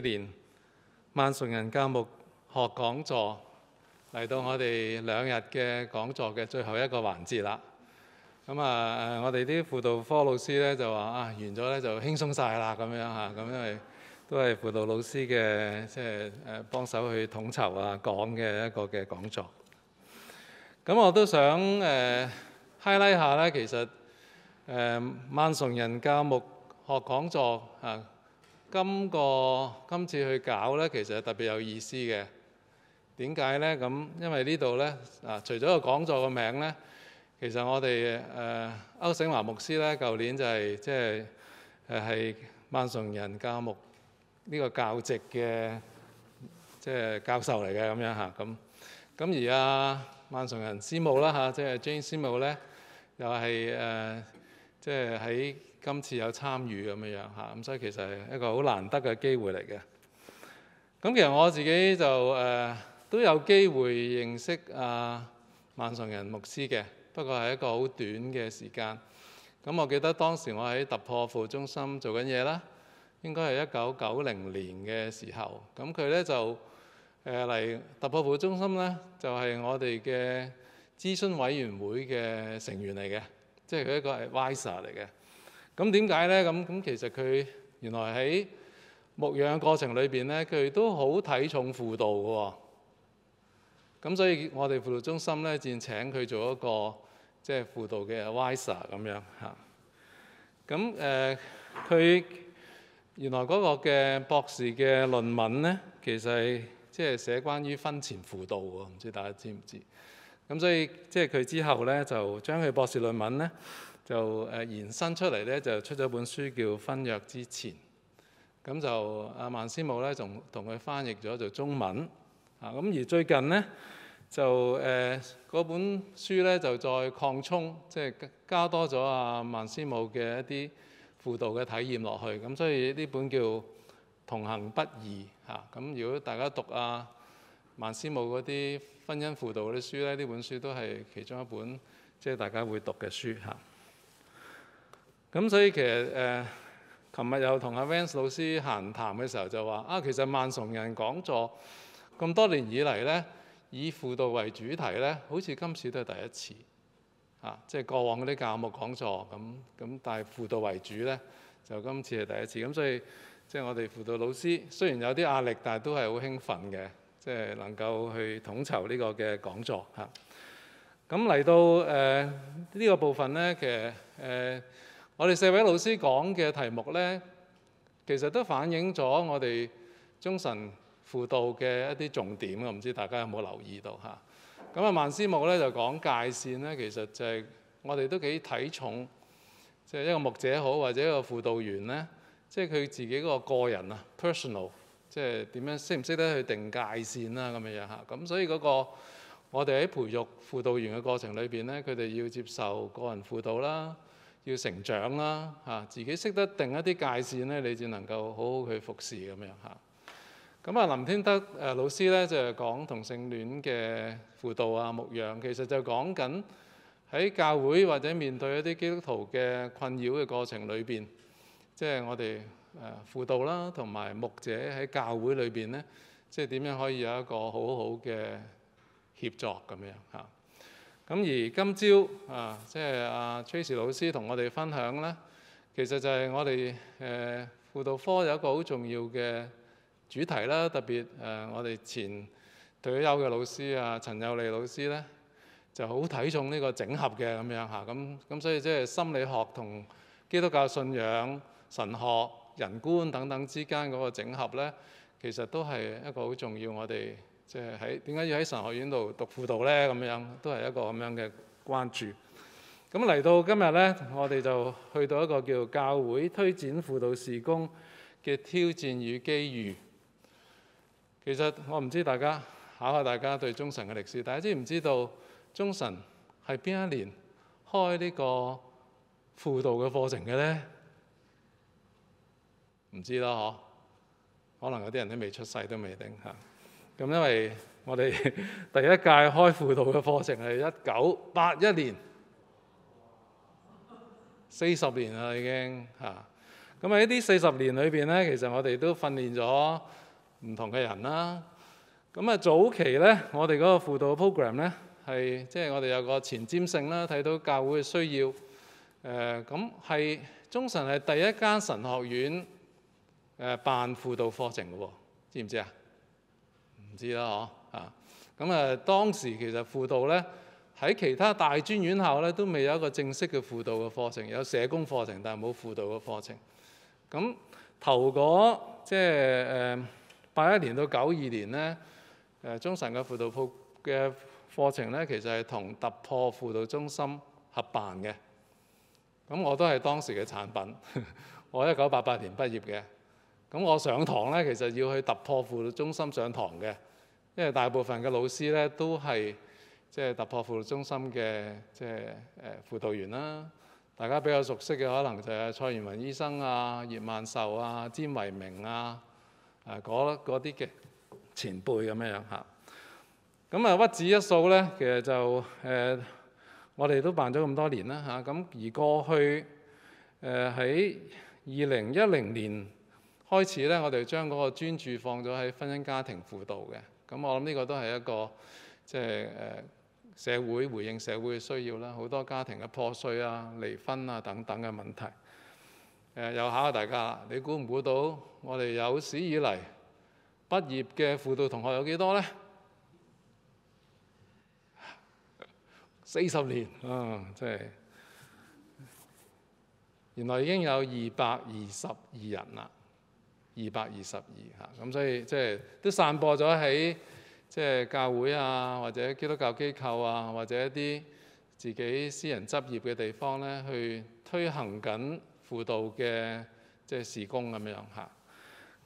年萬崇仁教牧學講座嚟到我哋兩日嘅講座嘅最後一個環節啦。咁啊，我哋啲輔導科老師咧就話啊，完咗咧就輕鬆晒啦咁樣吓。咁因為都係輔導老師嘅即係誒幫手去統籌啊講嘅一個嘅講座。咁我都想誒 highlight 下咧，其實誒萬崇仁教牧學講座嚇。今個今次去搞咧，其實係特別有意思嘅。點解咧？咁因為呢度咧，啊，除咗個講座個名咧，其實我哋誒歐醒華牧師咧，舊年就係即係誒係萬崇仁教牧呢個教席嘅即係教授嚟嘅咁樣嚇。咁咁而啊萬崇仁師母啦嚇，即係 Jane 師母咧，又係誒即係喺。今次有參與咁樣樣嚇，咁所以其實係一個好難得嘅機會嚟嘅。咁其實我自己就誒都有機會認識阿萬崇仁牧師嘅，不過係一個好短嘅時間。咁我記得當時我喺突破輔導中心做緊嘢啦，應該係一九九零年嘅時候。咁佢咧就誒嚟突破輔導中心咧，就係我哋嘅諮詢委員會嘅成員嚟嘅，即係佢一個係 adviser 嚟嘅。咁點解呢？咁咁其實佢原來喺牧養過程裏邊呢，佢都好睇重輔導嘅喎、哦。咁所以我哋輔導中心呢，便請佢做一個即係、就是、輔導嘅 advisor 咁樣嚇。咁誒，佢、呃、原來嗰個嘅博士嘅論文呢，其實即係寫關於婚前輔導喎，唔知大家知唔知？咁所以即係佢之後呢，就將佢博士論文呢，就誒延伸出嚟咧，就出咗本書叫《婚約之前》，咁就阿萬、啊、師母咧，仲同佢翻譯咗做中文啊。咁而最近咧就誒嗰、啊、本書咧就再擴充，即、就、係、是、加多咗阿萬師母嘅一啲輔導嘅體驗落去。咁所以呢本叫《同行不易》嚇、啊。咁如果大家讀阿、啊、萬師母嗰啲婚姻輔導嗰啲書咧，呢本書都係其中一本，即、就、係、是、大家會讀嘅書嚇。啊。咁所以其實誒，琴、呃、日又同阿 Vance 老師閒談嘅時候就話啊，其實萬崇仁講座咁多年以嚟呢，以輔導為主題呢，好似今次都係第一次啊！即係過往嗰啲教牧講座咁咁，但係輔導為主呢，就今次係第一次。咁所以即係我哋輔導老師雖然有啲壓力，但係都係好興奮嘅，即係能夠去統籌呢個嘅講座嚇。咁、啊、嚟到誒呢、呃這個部分呢，其實誒。呃我哋四位老師講嘅題目咧，其實都反映咗我哋中神輔導嘅一啲重點啊！唔知大家有冇留意到嚇？咁啊，萬思木咧就講界線咧，其實就係我哋都幾睇重，即係一個牧者好，或者一個輔導員咧，即係佢自己個個人啊，personal，即係點樣識唔識得去定界線啦咁嘅樣嚇。咁所以嗰個我哋喺培育輔導員嘅過程裏邊咧，佢哋要接受個人輔導啦。要成長啦，嚇自己識得定一啲界線咧，你先能夠好好去服侍咁樣嚇。咁啊，林天德誒老師咧就係講同性戀嘅輔導啊、牧養，其實就講緊喺教會或者面對一啲基督徒嘅困擾嘅過程裏邊，即係我哋誒輔導啦，同埋牧者喺教會裏邊咧，即係點樣可以有一個好好嘅協助咁樣嚇。咁而今朝啊，即係阿 Trace 老師同我哋分享咧，其實就係我哋誒輔導科有一個好重要嘅主題啦。特別誒，我哋前退休嘅老師啊，陳幼麗老師咧，就好睇重呢個整合嘅咁樣嚇。咁咁所以即係心理學同基督教信仰、神學、人觀等等之間嗰個整合咧，其實都係一個好重要我哋。即係喺點解要喺神學院度讀輔導呢？咁樣都係一個咁樣嘅關注。咁嚟到今日呢，我哋就去到一個叫做教會推展輔導事工嘅挑戰與機遇。其實我唔知大家，考下大家對中神嘅歷史，大家知唔知道中神係邊一年開呢個輔導嘅課程嘅呢？唔知咯，可能有啲人都未出世都未定嚇。咁因為我哋第一屆開輔導嘅課程係一九八一年，四十年啦已經嚇。咁喺呢四十年裏邊呢，其實我哋都訓練咗唔同嘅人啦。咁啊，早期呢，我哋嗰個輔導 program 呢，係即係我哋有個前瞻性啦，睇到教會嘅需要。咁、呃、係中神係第一間神學院誒、呃、辦輔導課程嘅喎，知唔知啊？知啦，嗬啊，咁啊，當時其實輔導咧，喺其他大專院校咧，都未有一個正式嘅輔導嘅課程，有社工課程，但係冇輔導嘅課程。咁、嗯、頭嗰即係誒八一年到九二年咧，誒中神嘅輔導嘅課程咧，其實係同突破輔導中心合辦嘅。咁、嗯、我都係當時嘅產品， 我一九八八年畢業嘅。咁、嗯、我上堂咧，其實要去突破輔導中心上堂嘅。因為大部分嘅老師咧都係即係突破輔導中心嘅，即係誒輔導員啦。大家比較熟悉嘅可能就係蔡元文醫生啊、葉萬壽啊、詹維明啊，誒嗰啲嘅前輩咁樣嚇。咁啊屈指一數咧，其實就誒、呃、我哋都辦咗咁多年啦嚇。咁、啊、而過去誒喺二零一零年開始咧，我哋將嗰個專注放咗喺婚姻家庭輔導嘅。咁我諗呢個都係一個即係社會回應社會嘅需要啦，好多家庭嘅破碎啊、離婚啊等等嘅問題。誒、呃、又考下大家啦，你估唔估到我哋有史以嚟畢業嘅輔導同學有幾多呢？四十年啊，即、嗯、係原來已經有二百二十二人啦。二百二十二吓，咁所以即係、就是、都散播咗喺即係教會啊，或者基督教機構啊，或者一啲自己私人執業嘅地方咧，去推行緊輔導嘅即係事工咁樣吓，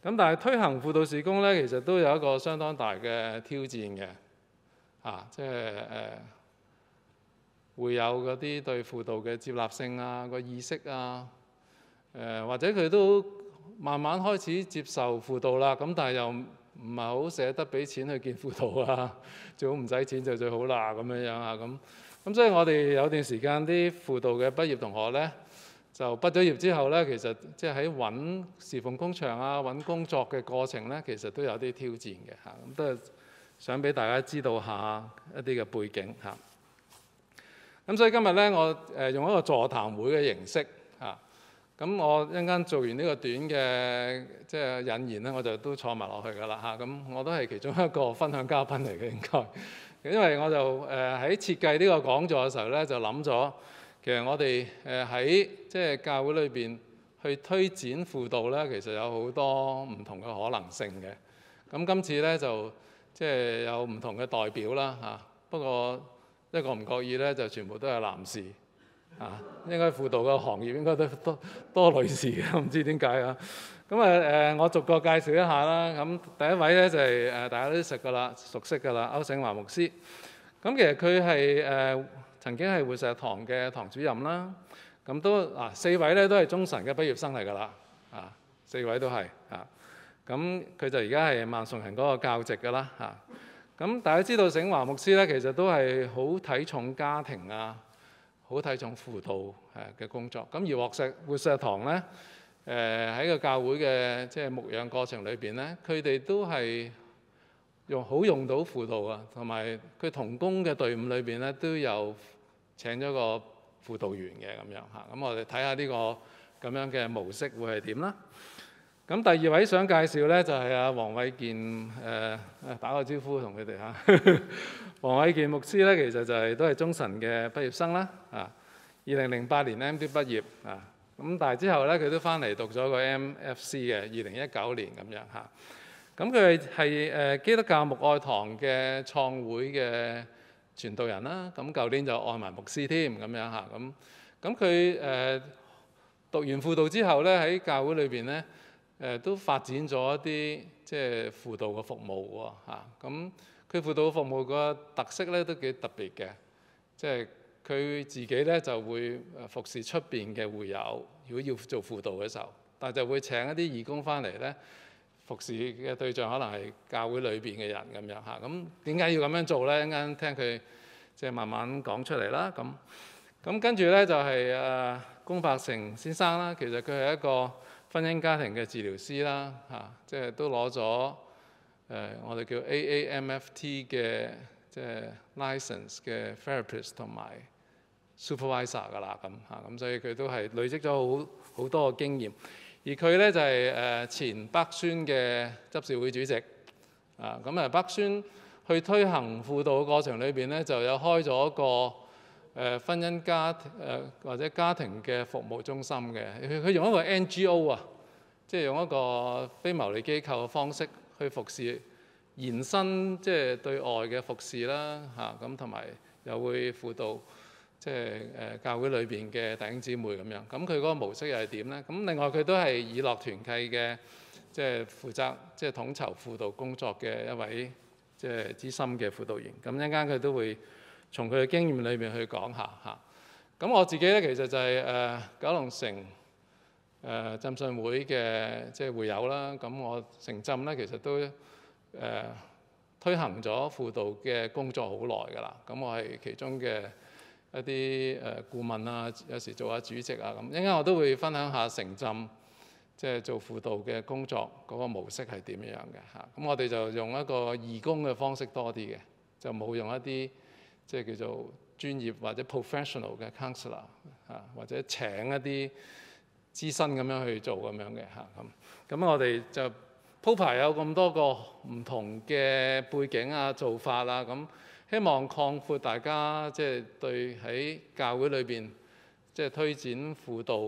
咁但係推行輔導事工咧，其實都有一個相當大嘅挑戰嘅吓，即係誒會有嗰啲對輔導嘅接納性啊，那個意識啊，誒、呃、或者佢都。慢慢開始接受輔導啦，咁但係又唔係好捨得俾錢去見輔導啊，最好唔使錢就最好啦咁樣樣啊，咁咁所以我哋有段時間啲輔導嘅畢業同學呢，就畢咗業之後呢，其實即係喺揾侍奉工場啊、揾工作嘅過程呢，其實都有啲挑戰嘅嚇，咁、啊、都係想俾大家知道一下一啲嘅背景嚇。咁、啊、所以今日呢，我誒、呃、用一個座談會嘅形式嚇。啊。咁我一陣間做完呢個短嘅即係引言咧，我就都坐埋落去㗎啦嚇。咁、啊、我都係其中一個分享嘉賓嚟嘅應該，因為我就誒喺、呃、設計呢個講座嘅時候咧，就諗咗其實我哋誒喺即係教會裏邊去推展輔導咧，其實有好多唔同嘅可能性嘅。咁今次咧就即係、就是、有唔同嘅代表啦嚇、啊。不過一個唔覺意咧，就全部都係男士。啊，應該輔導嘅行業應該都多多女士嘅，唔知點解啊？咁啊誒，我逐個介紹一下啦。咁第一位咧就係、是、誒大家都識㗎啦，熟悉㗎啦，歐醒華牧師。咁其實佢係誒曾經係活石堂嘅堂主任啦。咁都啊四位咧都係中神嘅畢業生嚟㗎啦。啊四位都係啊。咁佢就而家係萬崇仁嗰個教席㗎啦。啊咁大家知道醒華牧師咧，其實都係好睇重家庭啊。好睇重輔導誒嘅工作，咁而活石活石堂呢，誒、呃、喺個教會嘅即係牧養過程裏邊呢，佢哋都係用好用到輔導啊，同埋佢同工嘅隊伍裏邊呢，都有請咗個輔導員嘅咁樣嚇，咁我哋睇下呢個咁樣嘅模式會係點啦。咁第二位想介紹咧，就係啊黃偉健誒，打個招呼同佢哋嚇。黃偉健牧師咧，其實就係都係中神嘅畢業生啦。啊，二零零八年 M.Div 畢業啊，咁但係之後咧，佢都翻嚟讀咗個 M.F.C 嘅，二零一九年咁樣嚇。咁佢係誒基督教牧愛堂嘅創會嘅傳道人啦。咁舊年就愛埋牧師添咁樣嚇。咁咁佢誒讀完輔導之後咧，喺教會裏邊咧，誒都發展咗一啲即係輔導嘅服務喎。咁佢輔導服務個特色咧都幾特別嘅，即係佢自己咧就會服侍出邊嘅會友，如果要做輔導嘅時候，但係就會請一啲義工翻嚟咧，服侍嘅對象可能係教會裏邊嘅人咁樣嚇，咁點解要咁樣做咧？一陣間聽佢即係慢慢講出嚟啦，咁咁跟住咧就係、是、啊龔柏成先生啦，其實佢係一個。婚姻家庭嘅治療師啦，嚇、啊，即係都攞咗誒我哋叫 AAMFT 嘅即係 license 嘅 therapist 同埋 supervisor 噶啦，咁、啊、嚇，咁所以佢都係累積咗好好多嘅經驗。而佢咧就係、是、誒前北宣嘅執事會主席啊，咁啊北宣去推行輔導嘅過程裏邊咧，就有開咗一個。誒婚姻家誒或者家庭嘅服務中心嘅，佢佢用一個 NGO 啊，即係用一個非牟利機構嘅方式去服侍，延伸即係對外嘅服侍啦嚇，咁同埋又會輔導，即係誒教會裏邊嘅弟兄姊妹咁樣。咁佢嗰個模式又係點咧？咁另外佢都係以樂團契嘅，即係負責即係統籌輔導工作嘅一位即係資深嘅輔導員。咁一陣間佢都會，從佢嘅經驗裏面去講下嚇，咁我自己咧其實就係、是、誒、呃、九龍城誒、呃、浸信會嘅即係會友啦。咁我城浸咧其實都誒、呃、推行咗輔導嘅工作好耐㗎啦。咁我係其中嘅一啲誒顧問啊，有時做下主席啊咁。一陣間我都會分享下城浸，即係做輔導嘅工作嗰、那個模式係點樣嘅嚇。咁、啊、我哋就用一個義工嘅方式多啲嘅，就冇用一啲。即係叫做專業或者 professional 嘅 counselor 嚇、啊，或者請一啲資深咁樣去做咁樣嘅嚇，咁、啊、咁我哋就鋪排有咁多個唔同嘅背景啊、做法啦、啊，咁、啊、希望擴闊大家即係、就是、對喺教會裏邊即係推展輔導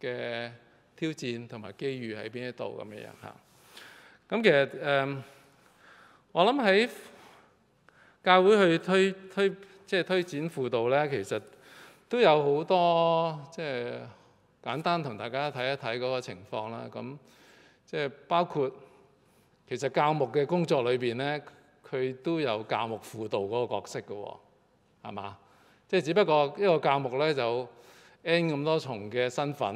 嘅挑戰同埋機遇喺邊一度咁樣嚇。咁、啊、其實誒、嗯，我諗喺。教會去推推即係推展輔導呢，其實都有好多即係簡單同大家睇一睇嗰個情況啦。咁即係包括其實教牧嘅工作裏邊呢，佢都有教牧輔導嗰個角色嘅喎，係嘛？即係只不過一個教牧呢，就 N 咁多重嘅身份，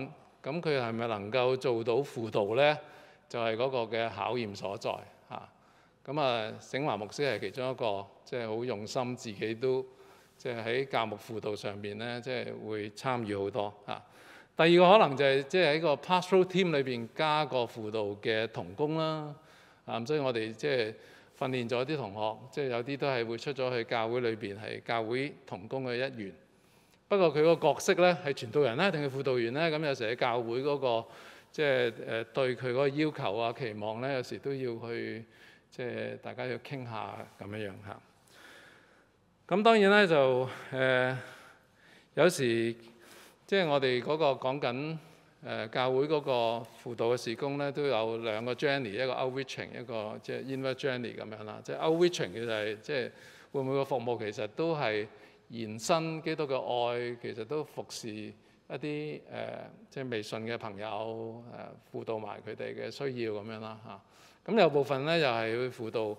咁佢係咪能夠做到輔導呢？就係嗰個嘅考驗所在。咁啊、嗯，醒華牧師係其中一個，即係好用心，自己都即係喺教牧輔導上面咧，即係會參與好多嚇、啊。第二個可能就係、是、即係喺個 pastoral team 裏邊加個輔導嘅同工啦。啊，所以我哋即係訓練咗啲同學，即係有啲都係會出咗去教會裏邊係教會同工嘅一員。不過佢個角色咧係傳道人咧，定係輔導員咧？咁有時喺教會嗰、那個即係誒對佢嗰個要求啊、期望咧，有時都要去。即係大家要傾下咁樣樣嚇。咁當然咧就誒、呃、有時即係我哋嗰、那個講緊、呃、教會嗰個輔導嘅事工咧，都有兩個 journey，一個 outreach，一個即係 inner journey 咁樣啦。即係 outreach 其實係、就是、即係會唔會個服務其實都係延伸基督嘅愛，其實都服侍一啲誒、呃、即係未信嘅朋友誒、呃、輔導埋佢哋嘅需要咁樣啦嚇。咁有部分咧，又係去輔導，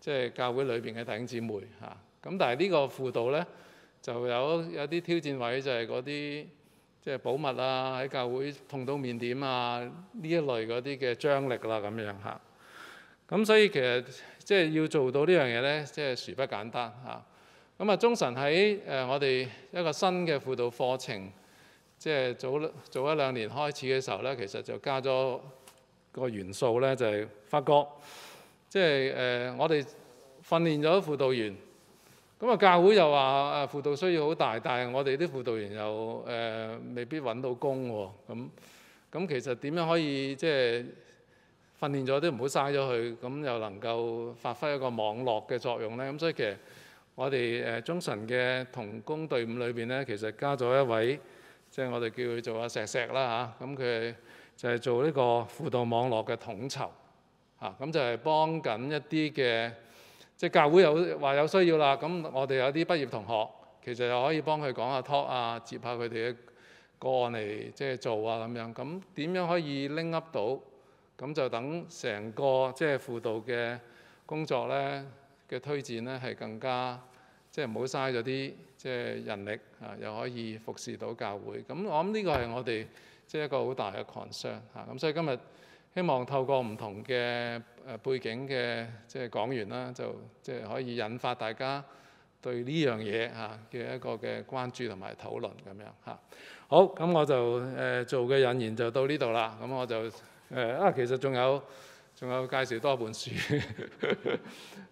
即係教會裏邊嘅弟兄姊妹嚇。咁但係呢個輔導咧，就有有啲挑戰位，就係嗰啲即係保密啊，喺教會碰到面點啊，呢一類嗰啲嘅張力啦咁樣嚇。咁所以其實即係要做到呢樣嘢咧，即係殊不簡單嚇。咁啊，中神喺誒我哋一個新嘅輔導課程，即係早早一兩年開始嘅時候咧，其實就加咗。個元素呢就係發覺，即係誒我哋訓練咗輔導員，咁啊教會又話誒輔導需要好大，但係我哋啲輔導員又誒未必揾到工喎，咁咁其實點樣可以即係訓練咗啲唔好嘥咗佢，咁又能夠發揮一個網絡嘅作用呢？咁所以其實我哋誒中神嘅同工隊伍裏邊呢，其實加咗一位，即係我哋叫佢做阿石石啦吓，咁佢。就係做呢個輔導網絡嘅統籌嚇，咁、啊、就係幫緊一啲嘅，即、就、係、是、教會有話有需要啦。咁我哋有啲畢業同學，其實又可以幫佢講下 talk 啊，接下佢哋嘅個案嚟即係做啊咁樣。咁點樣可以拎 up 到？咁、啊、就等成個即係、就是、輔導嘅工作呢嘅推薦呢，係更加即係唔好嘥咗啲即係人力嚇、啊，又可以服侍到教會。咁我諗呢個係我哋。即係一個好大嘅 concern 嚇、啊，咁所以今日希望透過唔同嘅誒、呃、背景嘅即係講員啦，就即、是、係、啊、可以引發大家對呢樣嘢嚇嘅一個嘅關注同埋討論咁樣嚇。好，咁我就誒、呃、做嘅引言就到呢度啦。咁我就誒啊，其實仲有仲有介紹多一本書。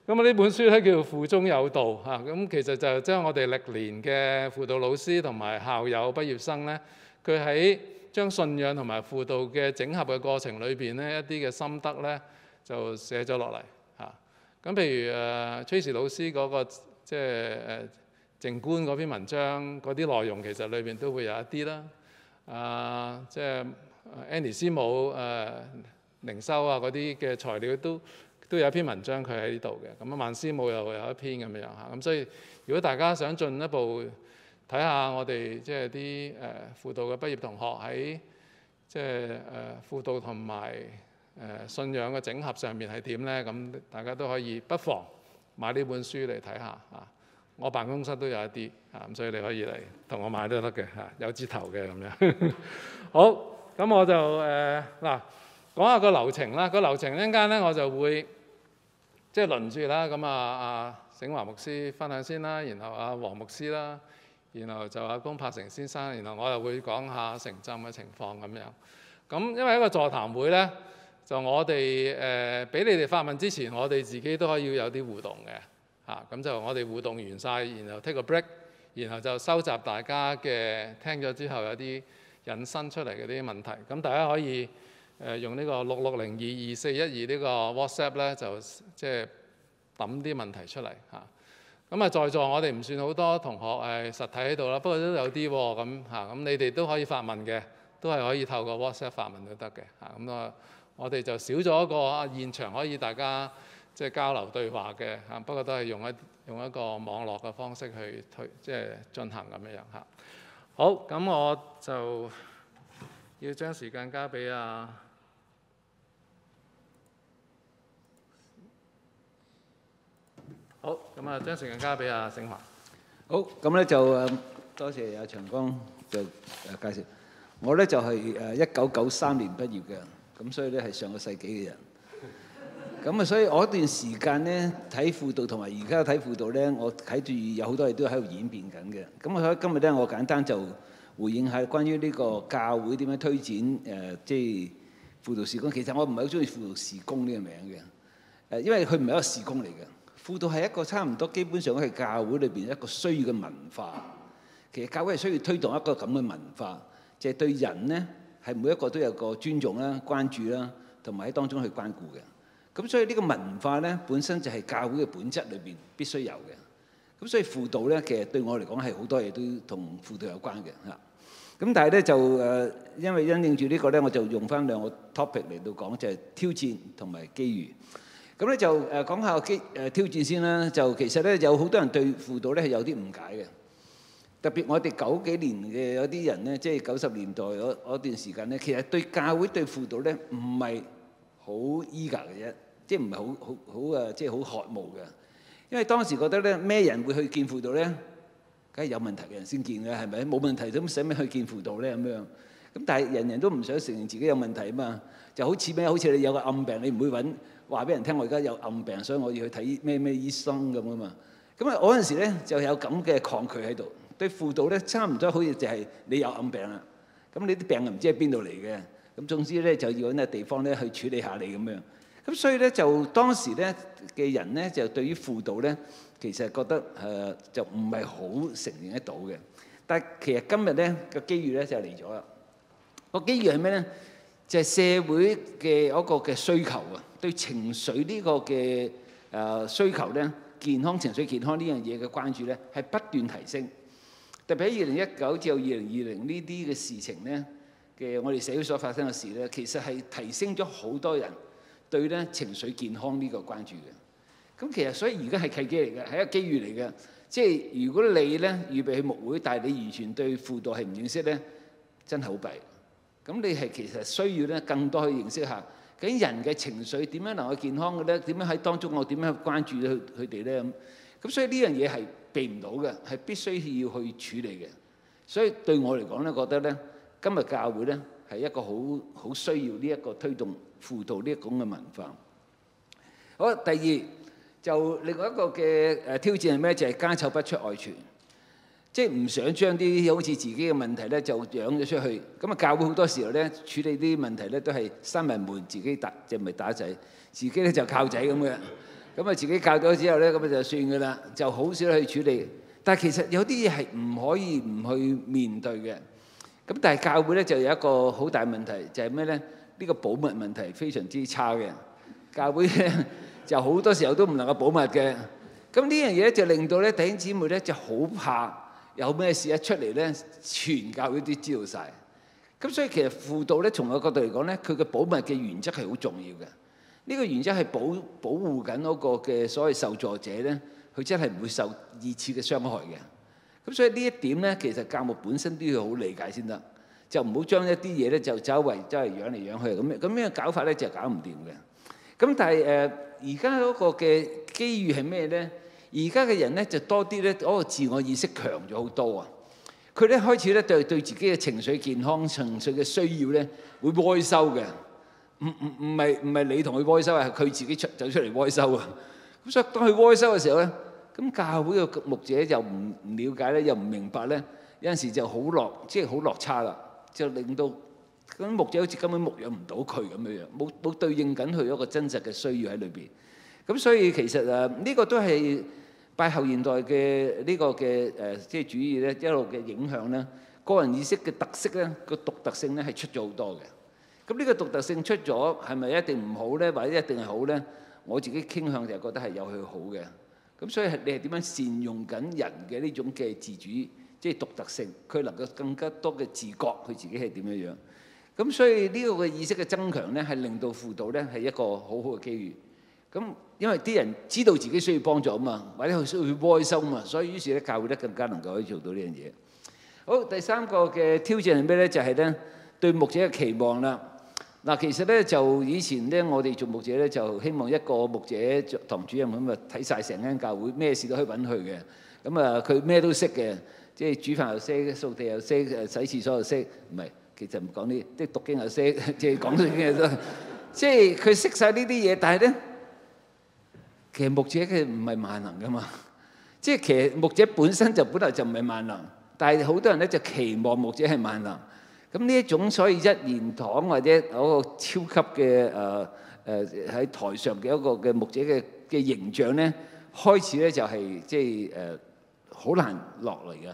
咁啊，呢本書咧叫做《負中有道》嚇。咁、啊、其實就將我哋歷年嘅輔導老師同埋校友畢業生咧，佢喺將信仰同埋輔導嘅整合嘅過程裏邊呢，一啲嘅心得呢，就寫咗落嚟嚇。咁、啊、譬如誒、呃、崔老師嗰、那個即係誒靜觀嗰篇文章嗰啲內容，其實裏面都會有一啲啦。啊，即係 Annie 師母誒靈修啊嗰啲嘅材料都都有一篇文章佢喺呢度嘅。咁啊，萬師母又有一篇咁樣嚇。咁、啊、所以如果大家想進一步，睇下我哋即係啲誒輔導嘅畢業同學喺即係誒、呃、輔導同埋誒信仰嘅整合上面係點咧？咁大家都可以不妨買呢本書嚟睇下啊！我辦公室都有一啲啊，咁所以你可以嚟同我買都得嘅嚇，有折頭嘅咁樣。 好，咁我就誒嗱、呃、講下個流程啦。個流程一陣間咧，我就會即係輪住啦。咁啊啊醒華牧師分享先啦、啊，然後阿、啊、黃牧師啦。然後就阿公柏成先生，然後我又會講下城鎮嘅情況咁樣。咁因為一個座談會呢，就我哋誒俾你哋發問之前，我哋自己都可以有啲互動嘅嚇。咁、啊、就我哋互動完晒，然後 take a break，然後就收集大家嘅聽咗之後有啲引申出嚟嘅啲問題。咁、啊、大家可以誒、呃、用呢個六六零二二四一二呢個 WhatsApp 呢，就即係揼啲問題出嚟嚇。啊咁啊，在座我哋唔算好多同學係實體喺度啦，不過都有啲喎咁嚇，咁你哋都可以發問嘅，都係可以透過 WhatsApp 發問都得嘅嚇。咁啊，我哋就少咗一個現場可以大家即係、就是、交流對話嘅嚇，不過都係用一用一個網絡嘅方式去推即係進行咁樣樣嚇。好，咁我就要將時間交俾啊。好，咁啊，將時間交俾阿勝華。好，咁咧就誒，多謝阿長江嘅介紹。我咧就係誒一九九三年畢業嘅，咁所以咧係上個世紀嘅人。咁啊，所以我一段時間咧睇輔導，同埋而家睇輔導咧，我睇住有好多嘢都喺度演變緊嘅。咁啊，今日咧我簡單就回應下關於呢個教會點樣推展誒，即係輔導事工。其實我唔係好中意輔導事工呢個名嘅，誒，因為佢唔係一個事工嚟嘅。輔導係一個差唔多基本上都係教會裏邊一個需要嘅文化，其實教會係需要推動一個咁嘅文化，即係對人咧係每一個都有個尊重啦、關注啦，同埋喺當中去關顧嘅。咁所以呢個文化咧本身就係教會嘅本質裏邊必須有嘅。咁所以輔導咧其實對我嚟講係好多嘢都同輔導有關嘅嚇。咁但係咧就誒，因為因應住呢個咧，我就用返兩個 topic 嚟到講，就係挑戰同埋機遇。咁咧就誒講下個挑誒挑戰先啦。就其實咧有好多人對輔導咧係有啲誤解嘅，特別我哋九幾年嘅有啲人咧，即係九十年代嗰嗰段時間咧，其實對教會對輔導咧唔係好依格嘅啫，即係唔係好好好啊，即係好渴慕嘅。因為當時覺得咧，咩人會去見輔導咧？梗係有問題嘅人先見㗎，係咪？冇問題都唔使咩去見輔導咧咁樣。咁但係人人都唔想承認自己有問題啊嘛，就好似咩？好似你有個暗病，你唔會揾。話俾人聽，我而家有暗病，所以我要去睇咩咩醫生咁啊嘛。咁啊，我嗰陣時咧就有咁嘅抗拒喺度。對輔導咧，差唔多好似就係你有暗病啦。咁你啲病又唔知喺邊度嚟嘅。咁總之咧，就要揾個地方咧去處理下你咁樣。咁所以咧，就當時咧嘅人咧，就對於輔導咧，其實覺得誒、呃、就唔係好承認得到嘅。但係其實今日咧個機遇咧就嚟咗啦。個機遇係咩咧？就係、是、社會嘅一個嘅需求啊！對情緒呢個嘅誒需求呢，健康情緒健康呢樣嘢嘅關注呢，係不斷提升。特別喺二零一九至二零二零呢啲嘅事情呢，嘅，我哋社會所發生嘅事呢，其實係提升咗好多人對呢情緒健康呢個關注嘅。咁其實所以而家係契機嚟嘅，係一個機遇嚟嘅。即係如果你呢預備去牧會，但係你完全對輔導係唔認識呢，真係好弊。咁你係其實需要呢更多去認識下。究竟人嘅情緒點樣能夠健康嘅呢？點樣喺當中我點樣關注佢佢哋呢？咁，咁所以呢樣嘢係避唔到嘅，係必須要去處理嘅。所以對我嚟講呢，我覺得呢今日教會呢係一個好好需要呢一個推動輔導呢一咁嘅文化。好，第二就另外一個嘅誒挑戰係咩？就係家醜不出外傳。即係唔想將啲好似自己嘅問題咧，就養咗出去。咁啊，教會好多時候咧，處理啲問題咧都係閂埋門，自己打即係唔係打仔，自己咧就靠仔咁嘅。咁啊，自己教咗之後咧，咁就算㗎啦，就好少去處理。但係其實有啲嘢係唔可以唔去面對嘅。咁但係教會咧就有一個好大問題，就係咩咧？呢個保密問題非常之差嘅。教會咧 就好多時候都唔能夠保密嘅。咁呢樣嘢咧就令到咧弟兄姊妹咧就好怕。有咩事一出嚟咧，全教會都知道晒。咁所以其實輔導咧，從我個角度嚟講咧，佢嘅保密嘅原則係好重要嘅。呢個原則係保保護緊嗰個嘅所謂受助者咧，佢真係唔會受二次嘅傷害嘅。咁所以呢一點咧，其實教牧本身都要好理解先得，就唔好將一啲嘢咧就走嚟走嚟養嚟養去。咁咁樣搞法咧就搞唔掂嘅。咁但係誒，而家嗰個嘅機遇係咩咧？而家嘅人咧就多啲咧，嗰個自我意識強咗好多啊！佢咧開始咧對對自己嘅情緒健康、情緒嘅需要咧會哀收嘅，唔唔唔係唔係你同佢哀收啊，係佢自己出走出嚟哀收啊！咁所以當佢哀收嘅時候咧，咁教會嘅牧者就唔唔瞭解咧，又唔明白咧，有陣時就好落即係好落差啦，就令到咁牧者好似根本牧養唔到佢咁樣樣，冇冇對應緊佢嗰個真實嘅需要喺裏邊。咁所以其實誒呢個都係。拜後現代嘅呢個嘅誒、呃、即係主義咧，一路嘅影響咧，個人意識嘅特色咧，個獨特性咧係出咗好多嘅。咁呢個獨特性出咗，係咪一定唔好咧，或者一定係好咧？我自己傾向就係覺得係有佢好嘅。咁所以係你係點樣善用緊人嘅呢種嘅自主，即係獨特性，佢能夠更加多嘅自覺，佢自己係點樣樣。咁所以呢個嘅意識嘅增強咧，係令到輔導咧係一個好好嘅機遇。咁因為啲人知道自己需要幫助啊嘛，或者佢需要開心啊嘛，所以於是咧教會咧更加能夠可以做到呢樣嘢。好，第三個嘅挑戰係咩咧？就係咧對牧者嘅期望啦。嗱，其實咧就以前咧我哋做牧者咧就希望一個牧者做堂主任咁啊，睇曬成間教會，咩事都可以揾佢嘅。咁啊佢咩都識嘅，即係煮飯又識，掃地又識，誒洗廁所又識。唔係，其實唔講呢，即係讀經又識，即係講啲嘢都。即係佢識曬呢啲嘢，但係咧。其實牧者佢唔係萬能㗎嘛，即係其實牧者本身就本來就唔係萬能，但係好多人咧就期望牧者係萬能，咁呢一種所以一言堂或者有個超級嘅誒誒喺台上嘅一個嘅牧者嘅嘅形象咧，開始咧就係即係誒好難落嚟㗎，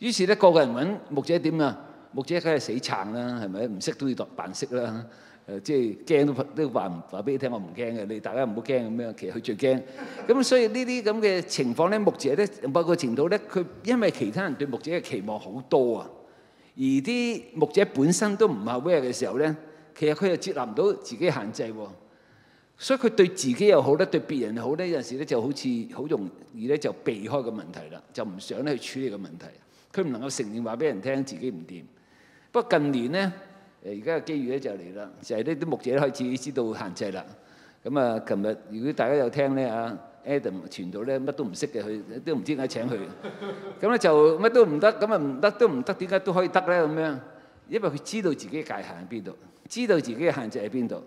於是咧個個人揾牧者點啊？牧者梗係死撐啦，係咪？唔識都要扮識啦。誒即係驚都都話唔話俾你聽，我唔驚嘅。你大家唔好驚咁樣。其實佢最驚。咁所以呢啲咁嘅情況咧，牧者咧，某個程度咧，佢因為其他人對牧者嘅期望好多啊，而啲牧者本身都唔合韻嘅時候咧，其實佢又接納唔到自己限制喎。所以佢對自己又好咧，對別人又好咧，有陣時咧就好似好容易咧就避開個問題啦，就唔想咧去處理個問題。佢唔能夠承認話俾人聽自己唔掂。不過近年咧。誒而家嘅機遇咧就嚟啦，就係呢啲牧者開始知道限制啦。咁啊，琴日如果大家有聽咧啊，Adam 傳道咧乜都唔識嘅，佢都唔知點解請佢。咁咧就乜都唔得，咁啊唔得都唔得，點解都可以得咧？咁樣，因為佢知道自己嘅界限喺邊度，知道自己嘅限制喺邊度。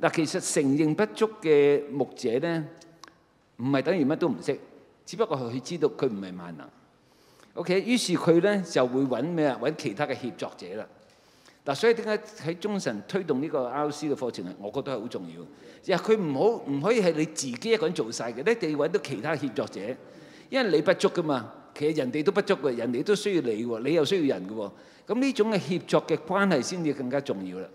嗱，其實承認不足嘅牧者咧，唔係等於乜都唔識，只不過佢知道佢唔係萬能。OK，於是佢咧就會揾咩？揾其他嘅協作者啦。嗱，所以點解喺中神推動呢個 RC 嘅課程咧？我覺得係好重要。因為佢唔好唔可以係你自己一個人做晒嘅，你哋要揾到其他協作者，因為你不足噶嘛。其實人哋都不足嘅，人哋都需要你喎，你又需要人嘅喎。咁呢種嘅協作嘅關係先至更加重要啦。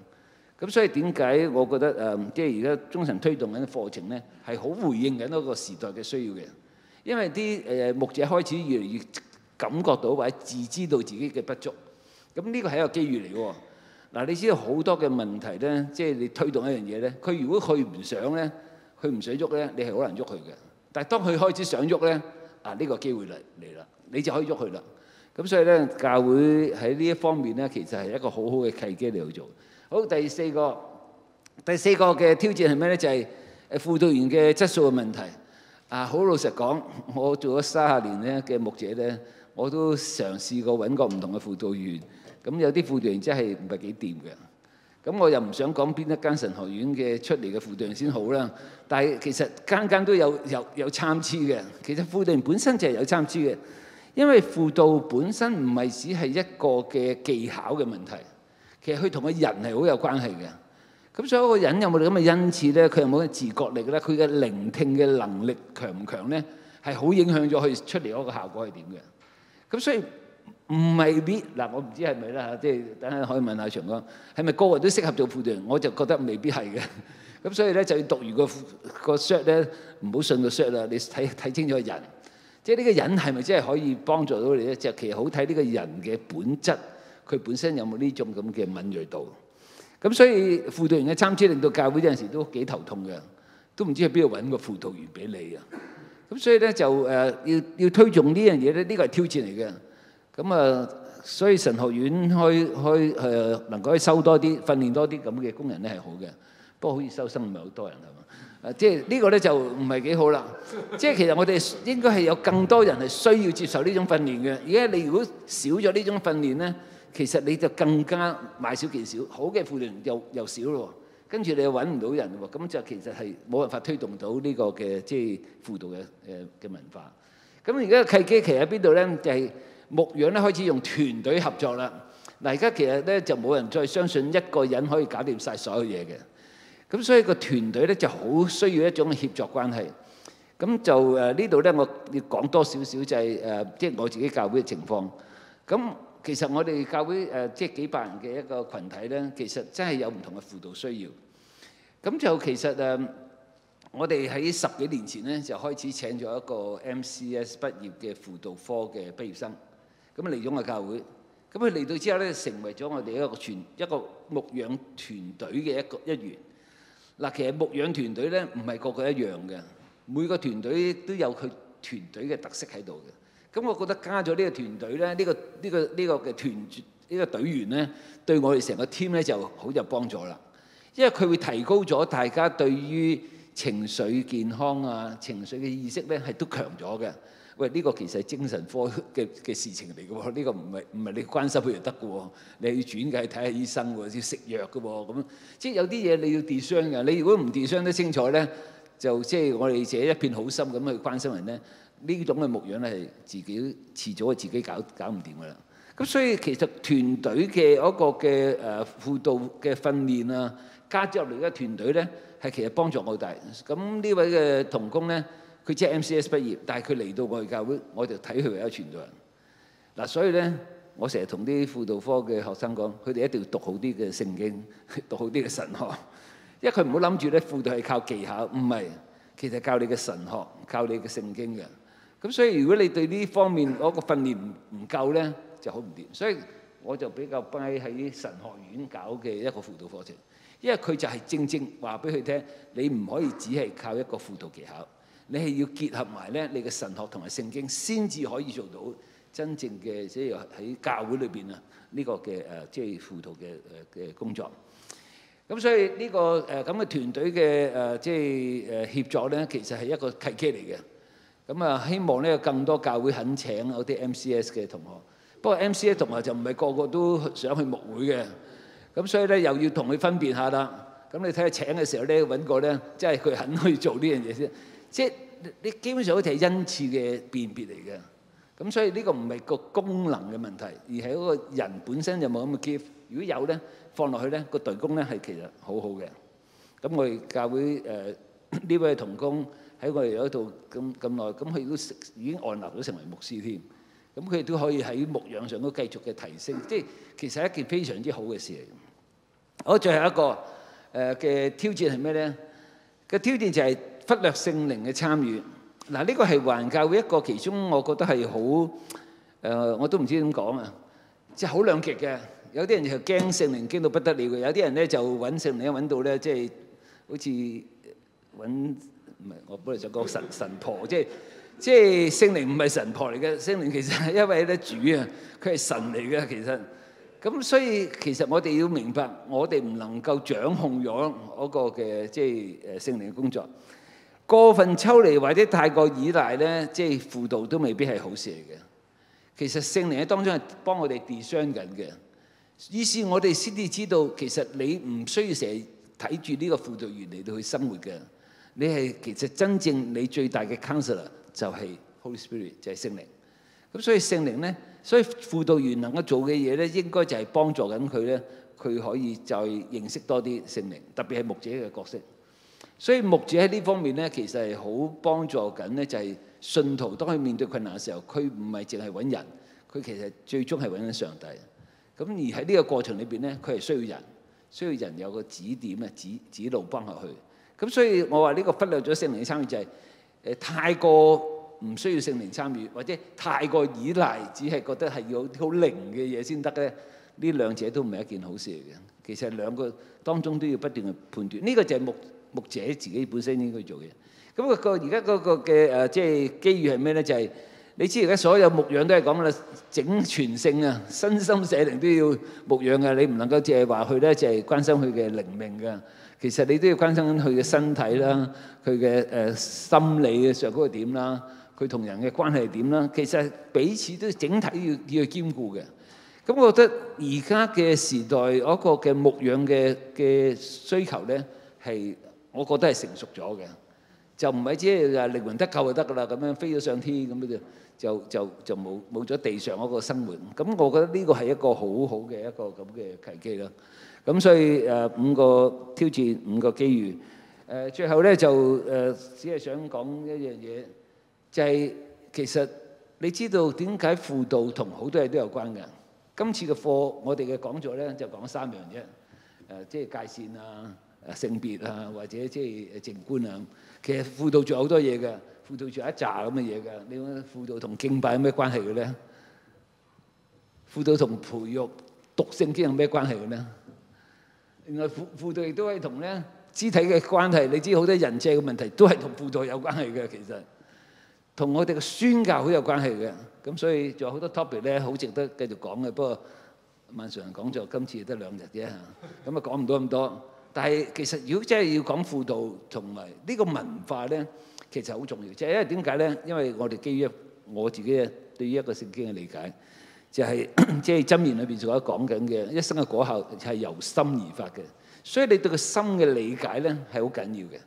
咁所以點解我覺得誒、呃，即係而家中神推動緊課程咧，係好回應緊嗰個時代嘅需要嘅，因為啲誒、呃、牧者開始越嚟越感覺到或者自知道自己嘅不足，咁呢個係一個機遇嚟嘅喎。嗱，你知道好多嘅問題咧，即係你推動一樣嘢咧，佢如果佢唔想咧，佢唔想喐咧，你係好難喐佢嘅。但係當佢開始想喐咧，嗱，啊，呢個機會嚟嚟啦，你就可以喐佢啦。咁所以咧，教會喺呢一方面咧，其實係一個好好嘅契機嚟去做。好，第四個，第四個嘅挑戰係咩咧？就係，誒，輔導員嘅質素嘅問題。啊，好老實講，我做咗卅年咧嘅牧者咧，我都嘗試過揾個唔同嘅輔導員。咁有啲輔導員真係唔係幾掂嘅，咁我又唔想講邊一間神學院嘅出嚟嘅輔導員先好啦，但係其實間間都有有有參差嘅。其實輔導員本身就係有參差嘅，因為輔導本身唔係只係一個嘅技巧嘅問題，其實佢同個人係好有關係嘅。咁所以個人有冇咁嘅恩賜咧，佢有冇嘅自覺力咧，佢嘅聆聽嘅能力強唔強咧，係好影響咗佢出嚟嗰個效果係點嘅。咁所以。唔未必嗱，我唔知係咪啦，即係等下可以問下長哥係咪個個都適合做輔導員？我就覺得未必係嘅。咁所以咧就要讀完個個 shut 咧，唔好信個 shut 啦。你睇睇清楚人，即係呢個人係咪真係可以幫助到你咧？即係其實好睇呢個人嘅本質，佢本身有冇呢種咁嘅敏鋭度。咁所以輔導員嘅參差令到教會有陣時都幾頭痛嘅，都唔知係邊度搵個輔導員俾你啊！咁所以咧就誒要要推動呢樣嘢咧，呢個係挑戰嚟嘅。咁啊、嗯，所以神學院開開誒能夠收多啲、訓練多啲咁嘅工人咧係好嘅，不過好似收生唔係好多人係嘛啊！即係呢個咧就唔係幾好啦。即係其實我哋應該係有更多人係需要接受呢種訓練嘅。而家你如果少咗呢種訓練咧，其實你就更加買少見少，好嘅輔導又又少咯。跟住你又揾唔到人喎，咁就其實係冇辦法推動到呢個嘅即係輔導嘅誒嘅文化。咁而家契機其實喺邊度咧？就係、是。牧養咧開始用團隊合作啦。嗱，而家其實咧就冇人再相信一個人可以搞掂曬所有嘢嘅。咁所以個團隊咧就好需要一種協作關係。咁就誒呢度咧，我要講多少少就係誒，即係我自己教會嘅情況。咁其實我哋教會誒即係幾百人嘅一個羣體咧，其實真係有唔同嘅輔導需要。咁就其實誒，我哋喺十幾年前咧就開始請咗一個 MCS 畢業嘅輔導科嘅畢業生。咁啊，嚟咗個教會，咁佢嚟到之後，咧，成為咗我哋一個全一個牧養團隊嘅一個一員。嗱，其實牧養團隊咧唔係個個一樣嘅，每個團隊都有佢團隊嘅特色喺度嘅。咁我覺得加咗呢個團隊咧，呢、呢個呢、呢個呢、呢個嘅、呢個、團呢、呢個隊員咧，對我哋成個 team 咧、呃、就好有幫助啦。因為佢會提高咗大家對於情緒健康啊、情緒嘅意識咧，係都強咗嘅。喂，呢個其實精神科嘅嘅事情嚟嘅喎，呢個唔係唔係你關心佢就得嘅喎，你要轉介睇下醫生喎，要食藥嘅喎，咁即係有啲嘢你要電商嘅，你如果唔電商得清楚咧，就即係我哋自己一片好心咁去關心人咧，呢種嘅牧養咧係自己遲早係自己搞搞唔掂嘅啦。咁所以其實團隊嘅嗰個嘅誒輔導嘅訓練啊，加咗入嚟嘅團隊咧，係其實幫助好大。咁呢位嘅同工咧。佢即係 M.C.S 畢業，但係佢嚟到我哋教會，我就睇佢為咗傳道人嗱、啊。所以咧，我成日同啲輔導科嘅學生講，佢哋一定要讀好啲嘅聖經，讀好啲嘅神學，因為佢唔好諗住咧輔導係靠技巧，唔係其實教你嘅神學，靠你嘅聖經嘅。咁所以如果你對呢方面嗰、那個訓練唔唔夠咧，就好唔掂。所以我就比較擺喺神學院搞嘅一個輔導課程，因為佢就係正正話俾佢聽，你唔可以只係靠一個輔導技巧。你係要結合埋咧，你嘅神學同埋聖經，先至可以做到真正嘅，即係喺教會裏邊啊呢個嘅誒，即係輔導嘅誒嘅工作。咁所以呢個誒咁嘅團隊嘅誒即係誒協助咧，其實係一個契機嚟嘅。咁啊，希望咧有更多教會肯請嗰啲 MCS 嘅同學。不過 MCS 同學就唔係個個都想去牧會嘅。咁所以咧又要同佢分辨下啦。咁你睇下請嘅時候咧，揾個咧，即係佢肯去做呢樣嘢先。即係你基本上好似係恩賜嘅辨別嚟嘅，咁所以呢個唔係個功能嘅問題，而係嗰個人本身就冇咁嘅 gift。如果有咧，放落去咧，個隊工咧係其實好好嘅。咁我哋教會誒呢位同工喺我哋有一度咁咁耐，咁佢都已經按立咗成為牧師添。咁佢都可以喺牧養上都繼續嘅提升，即係其實係一件非常之好嘅事嚟。好，最後一個誒嘅挑戰係咩咧？個挑戰就係，忽略聖靈嘅參與，嗱呢個係環教會一個其中，我覺得係好誒，我都唔知點講啊，即係好兩極嘅。有啲人就驚聖靈驚到不得了嘅，有啲人咧就揾聖靈，揾到咧即係好似揾唔係，我本嚟想講神神婆，即係即係聖靈唔係神婆嚟嘅，聖靈其實係一位咧主啊，佢係神嚟嘅其實。咁所以其實我哋要明白，我哋唔能夠掌控咗嗰個嘅即係誒聖靈嘅工作。過分抽離或者太過倚賴咧，即係輔導都未必係好事嚟嘅。其實聖靈喺當中係幫我哋啓彰緊嘅，於是我哋先至知道，其實你唔需要成日睇住呢個輔導員嚟到去生活嘅。你係其實真正你最大嘅 counselor 就係 Holy Spirit，就係聖靈。咁所以聖靈咧，所以輔導員能夠做嘅嘢咧，應該就係幫助緊佢咧，佢可以再認識多啲聖靈，特別係牧者嘅角色。所以牧者喺呢方面咧，其實係好幫助緊咧，就係信徒當佢面對困難嘅時候，佢唔係淨係揾人，佢其實最終係揾緊上帝。咁而喺呢個過程裏邊咧，佢係需要人，需要人有個指點啊、指指路幫下去。咁所以我話，呢個忽略咗聖靈嘅參與就係、是、誒、呃，太過唔需要聖靈參與或者太過依賴，只係覺得係要好靈嘅嘢先得咧。呢兩者都唔係一件好事嚟嘅。其實兩個當中都要不斷去判斷呢、這個就係牧。牧者自己本身應該做嘅，咁個個而家嗰個嘅誒，即係機遇係咩咧？就係你知而家所有牧養都係講啦，整全性啊，身心社靈都要牧養嘅，你唔能夠淨係話佢咧，就係關心佢嘅靈命嘅。其實你都要關心佢嘅身體啦，佢嘅誒心理嘅上嗰個點啦，佢同人嘅關係點啦。其實彼此都整體要要兼顧嘅。咁我覺得而家嘅時代嗰個嘅牧養嘅嘅需求咧係。我覺得係成熟咗嘅，就唔係只係靈魂得救就得噶啦，咁樣飛咗上天咁樣就就就就冇冇咗地上嗰個生活。咁我覺得呢個係一個好好嘅一個咁嘅契機啦。咁所以誒五個挑戰，五個機遇，誒最後咧就誒只係想講一樣嘢，就係其實你知道點解輔導同好多嘢都有關嘅。今次嘅課，我哋嘅講座咧就講三樣啫，誒即係界線啊。啊，性別啊，或者即係靜觀啊，其實輔導仲有好多嘢嘅，輔導仲有一紮咁嘅嘢嘅。你講輔導同敬拜有咩關係嘅咧？輔導同培育毒性之間有咩關係嘅咧？另外輔輔導亦都係同咧肢體嘅關係。你知好多人際嘅問題都係同輔導有關係嘅，其實同我哋嘅宣教好有關係嘅。咁所以仲有好多 topic 咧，好值得繼續講嘅。不過萬崇仁講座今次得兩日啫，咁啊講唔到咁多。但係其實如果真係要講輔導同埋呢個文化咧，其實好重要。即係因為點解咧？因為我哋基於我自己嘅對於一個聖經嘅理解，就係即係箴言裏邊仲有講緊嘅一生嘅果效係由心而發嘅。所以你對個心嘅理解咧係好緊要嘅。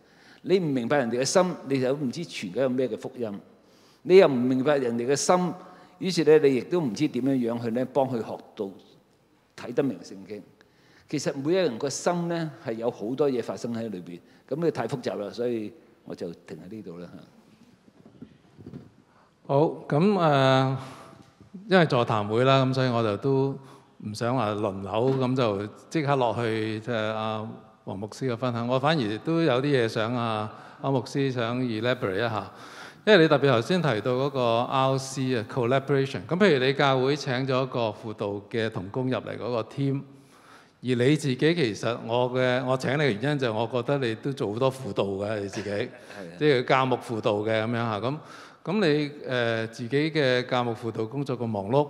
你唔明白人哋嘅心，你就唔知傳緊有咩嘅福音。你又唔明白人哋嘅心，於是咧你亦都唔知點樣樣去咧幫佢學到睇得明聖經。其實每一個人個心咧係有好多嘢發生喺裏邊，咁你太複雜啦，所以我就停喺呢度啦嚇。好，咁誒，uh, 因為座談會啦，咁所以我就都唔想話輪流，咁就即刻落去即係阿黃牧師嘅分享。我反而都有啲嘢想阿阿、啊、牧師想 elaborate 一下，因為你特別頭先提到嗰個 RC 啊，collaboration。咁譬如你教會請咗個輔導嘅同工入嚟嗰個 team。而你自己其實我嘅我請你嘅原因就係我覺得你都做好多輔導嘅你自己，即係 的教牧輔導嘅咁樣嚇咁咁你誒、呃、自己嘅教牧輔導工作嘅忙碌，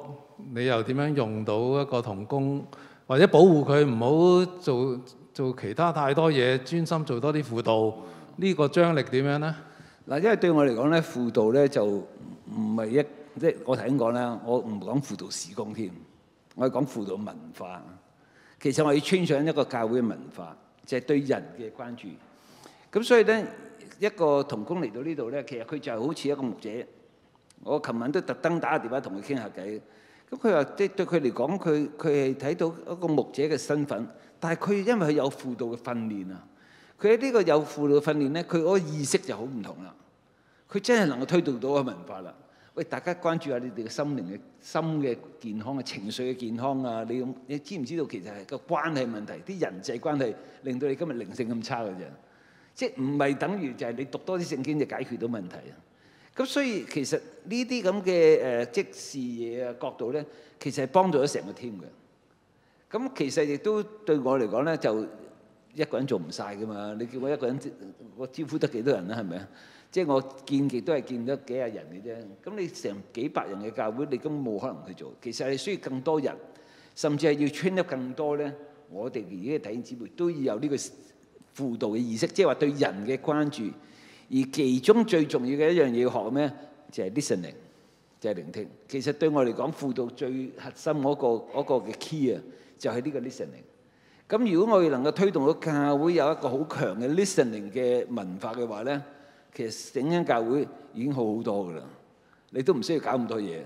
你又點樣用到一個同工，或者保護佢唔好做做其他太多嘢，專心做多啲輔導呢、這個張力點樣呢？嗱，因為對我嚟講咧，輔導呢就唔係一即係我頭先講咧，我唔講輔導事工添，我係講輔導文化。其實我要穿上一個教會嘅文化，就係對人嘅關注。咁所以呢，一個童工嚟到呢度呢，其實佢就好似一個牧者。我琴晚都特登打個電話同佢傾下偈。咁佢話，即係對佢嚟講，佢佢係睇到一個牧者嘅身份。但係佢因為佢有輔導嘅訓練啊，佢喺呢個有輔導嘅訓練呢，佢嗰個意識就好唔同啦。佢真係能夠推動到一個文化啦。喂，大家關注下你哋嘅心靈嘅心嘅健康啊，情緒嘅健康啊，你你知唔知道其實係個關係問題，啲人際關係令到你今日靈性咁差嘅啫。即係唔係等於就係你讀多啲聖經就解決到問題啊？咁所以其實呢啲咁嘅誒即視野啊、角度咧，其實係幫助咗成個 team 嘅。咁其實亦都對我嚟講咧，就一個人做唔曬㗎嘛。你叫我一個人，我招呼得幾多人咧？係咪啊？即係我見極都係見到幾廿人嘅啫，咁你成幾百人嘅教會，你都冇可能去做。其實你需要更多人，甚至係要 train 得更多咧。我哋而家弟兄姊妹都要有呢個輔導嘅意識，即係話對人嘅關注。而其中最重要嘅一樣嘢要學咩？就係 listening，就係聆聽。其實對我嚟講，輔導最核心嗰個嗰個嘅 key 啊，就係呢個 listening。咁如果我哋能夠推動到教會有一個好強嘅 listening 嘅文化嘅話咧，其實整緊教會已經好好多噶啦，你都唔需要搞咁多嘢，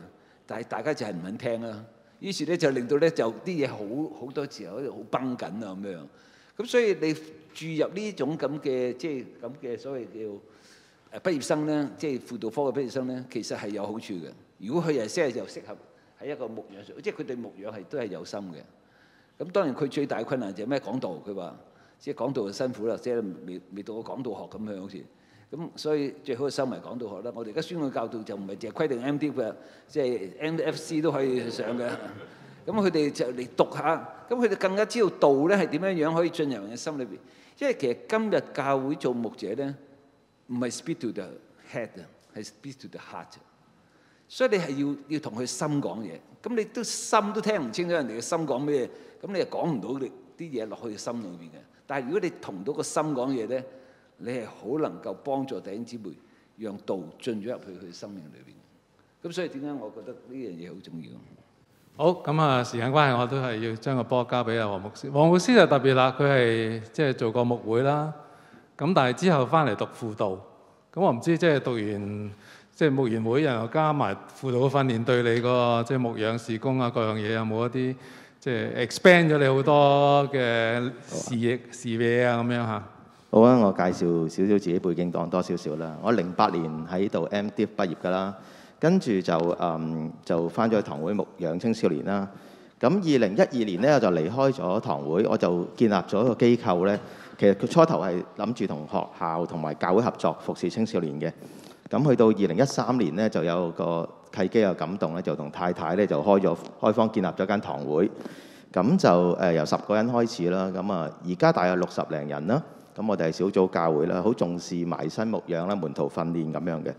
但係大家就係唔肯聽啦。於是咧就令到咧就啲嘢好好多時候好似好崩緊啊咁樣。咁所以你注入呢種咁嘅即係咁嘅所謂叫誒畢、呃、業生咧，即係輔導科嘅畢業生咧，其實係有好處嘅。如果佢又識就適、是、合喺一個牧養上，即係佢對牧養係都係有心嘅。咁當然佢最大困難就係咩講道，佢話即係講道就辛苦啦，即係未未到個講道學咁樣好似。咁所以最好嘅收埋講道學啦。我哋而家宣教教導就唔係淨係規定 M.D. 嘅，即係 M.F.C. 都可以上嘅。咁佢哋就嚟讀下，咁佢哋更加知道道咧係點樣樣可以進入人嘅心裏邊。因為其實今日教會做牧者咧，唔係 speed to the head 啊，係 speed to the heart 啊。所以你係要要同佢心講嘢。咁你都心都聽唔清楚人哋嘅心講咩，咁你又講唔到啲嘢落去心裏邊嘅。但係如果你同到個心講嘢咧，你係好能夠幫助頂姊妹，讓道進咗入去佢生命裏邊。咁所以點解我覺得呢樣嘢好重要？好，咁啊時間關係，我都係要將個波交俾阿黃牧師。黃牧師就特別啦，佢係即係做過牧會啦。咁但係之後翻嚟讀輔導。咁我唔知即係、就是、讀完即係牧員會，然後加埋輔導嘅訓練，對你個即係牧養事工啊，各樣嘢有冇一啲即係、就是、expand 咗你好多嘅視野、視野啊咁樣嚇？好啊！我介紹少少自己背景，講多少少啦。我零八年喺度 M.Div. 畢業㗎啦，跟住就誒、嗯、就返咗去堂會牧養青少年啦。咁二零一二年呢，我就離開咗堂會，我就建立咗一個機構呢。其實佢初頭係諗住同學校同埋教會合作服侍青少年嘅。咁去到二零一三年呢，就有個契機有感動咧，就同太太咧就開咗開荒，建立咗間堂會。咁就誒、呃、由十個人開始啦。咁啊，而家大約六十零人啦。咁我哋係小組教會啦，好重視埋身牧養啦、門徒訓練咁樣嘅。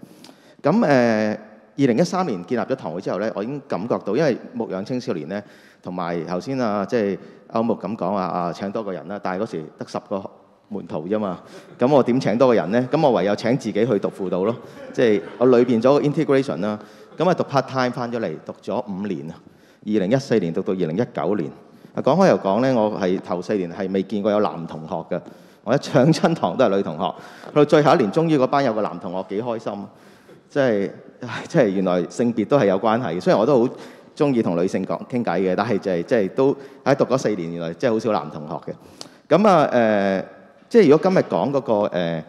咁誒，二零一三年建立咗堂會之後呢，我已經感覺到，因為牧養青少年呢，同埋頭先啊，即係歐牧咁講話啊，請多個人啦。但係嗰時得十個門徒啫嘛，咁我點請多個人呢？咁我唯有請自己去讀輔導咯，即係我裏邊咗個 integration 啦。咁啊，讀 part time 翻咗嚟，讀咗五年啊，二零一四年讀到二零一九年。啊，講開又講呢，我係頭四年係未見過有男同學嘅。我一上親堂都係女同學，去到最後一年終於嗰班有個男同學，幾開心，即係即係原來性別都係有關係嘅。雖然我都好鍾意同女性講傾偈嘅，但係就係即係都喺讀咗四年，原來即係好少男同學嘅。咁啊誒，即係如果今日講嗰個、呃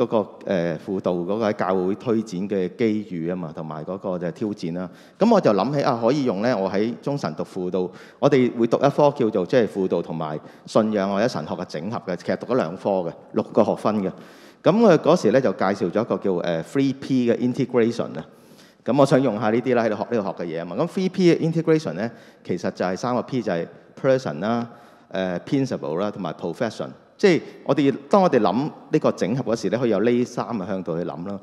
嗰、嗰個誒、呃、輔導嗰個喺教會推展嘅機遇啊嘛，同埋嗰個就係挑戰啦。咁我就諗起啊，可以用咧，我喺中神讀輔導，我哋會讀一科叫做即係輔導同埋信仰或者神學嘅整合嘅。其實讀咗兩科嘅，六個學分嘅。咁我嗰時咧就介紹咗一個叫誒 Three P 嘅 Integration 啊。咁我想用下呢啲啦，喺度學呢度學嘅嘢啊嘛。咁 Three P 嘅 Integration 咧，其實就係三個 P，就係 Person 啦、呃、誒 Principle 啦同埋 Profession。即係我哋當我哋諗呢個整合嗰時咧，可以有呢三個向度去諗啦。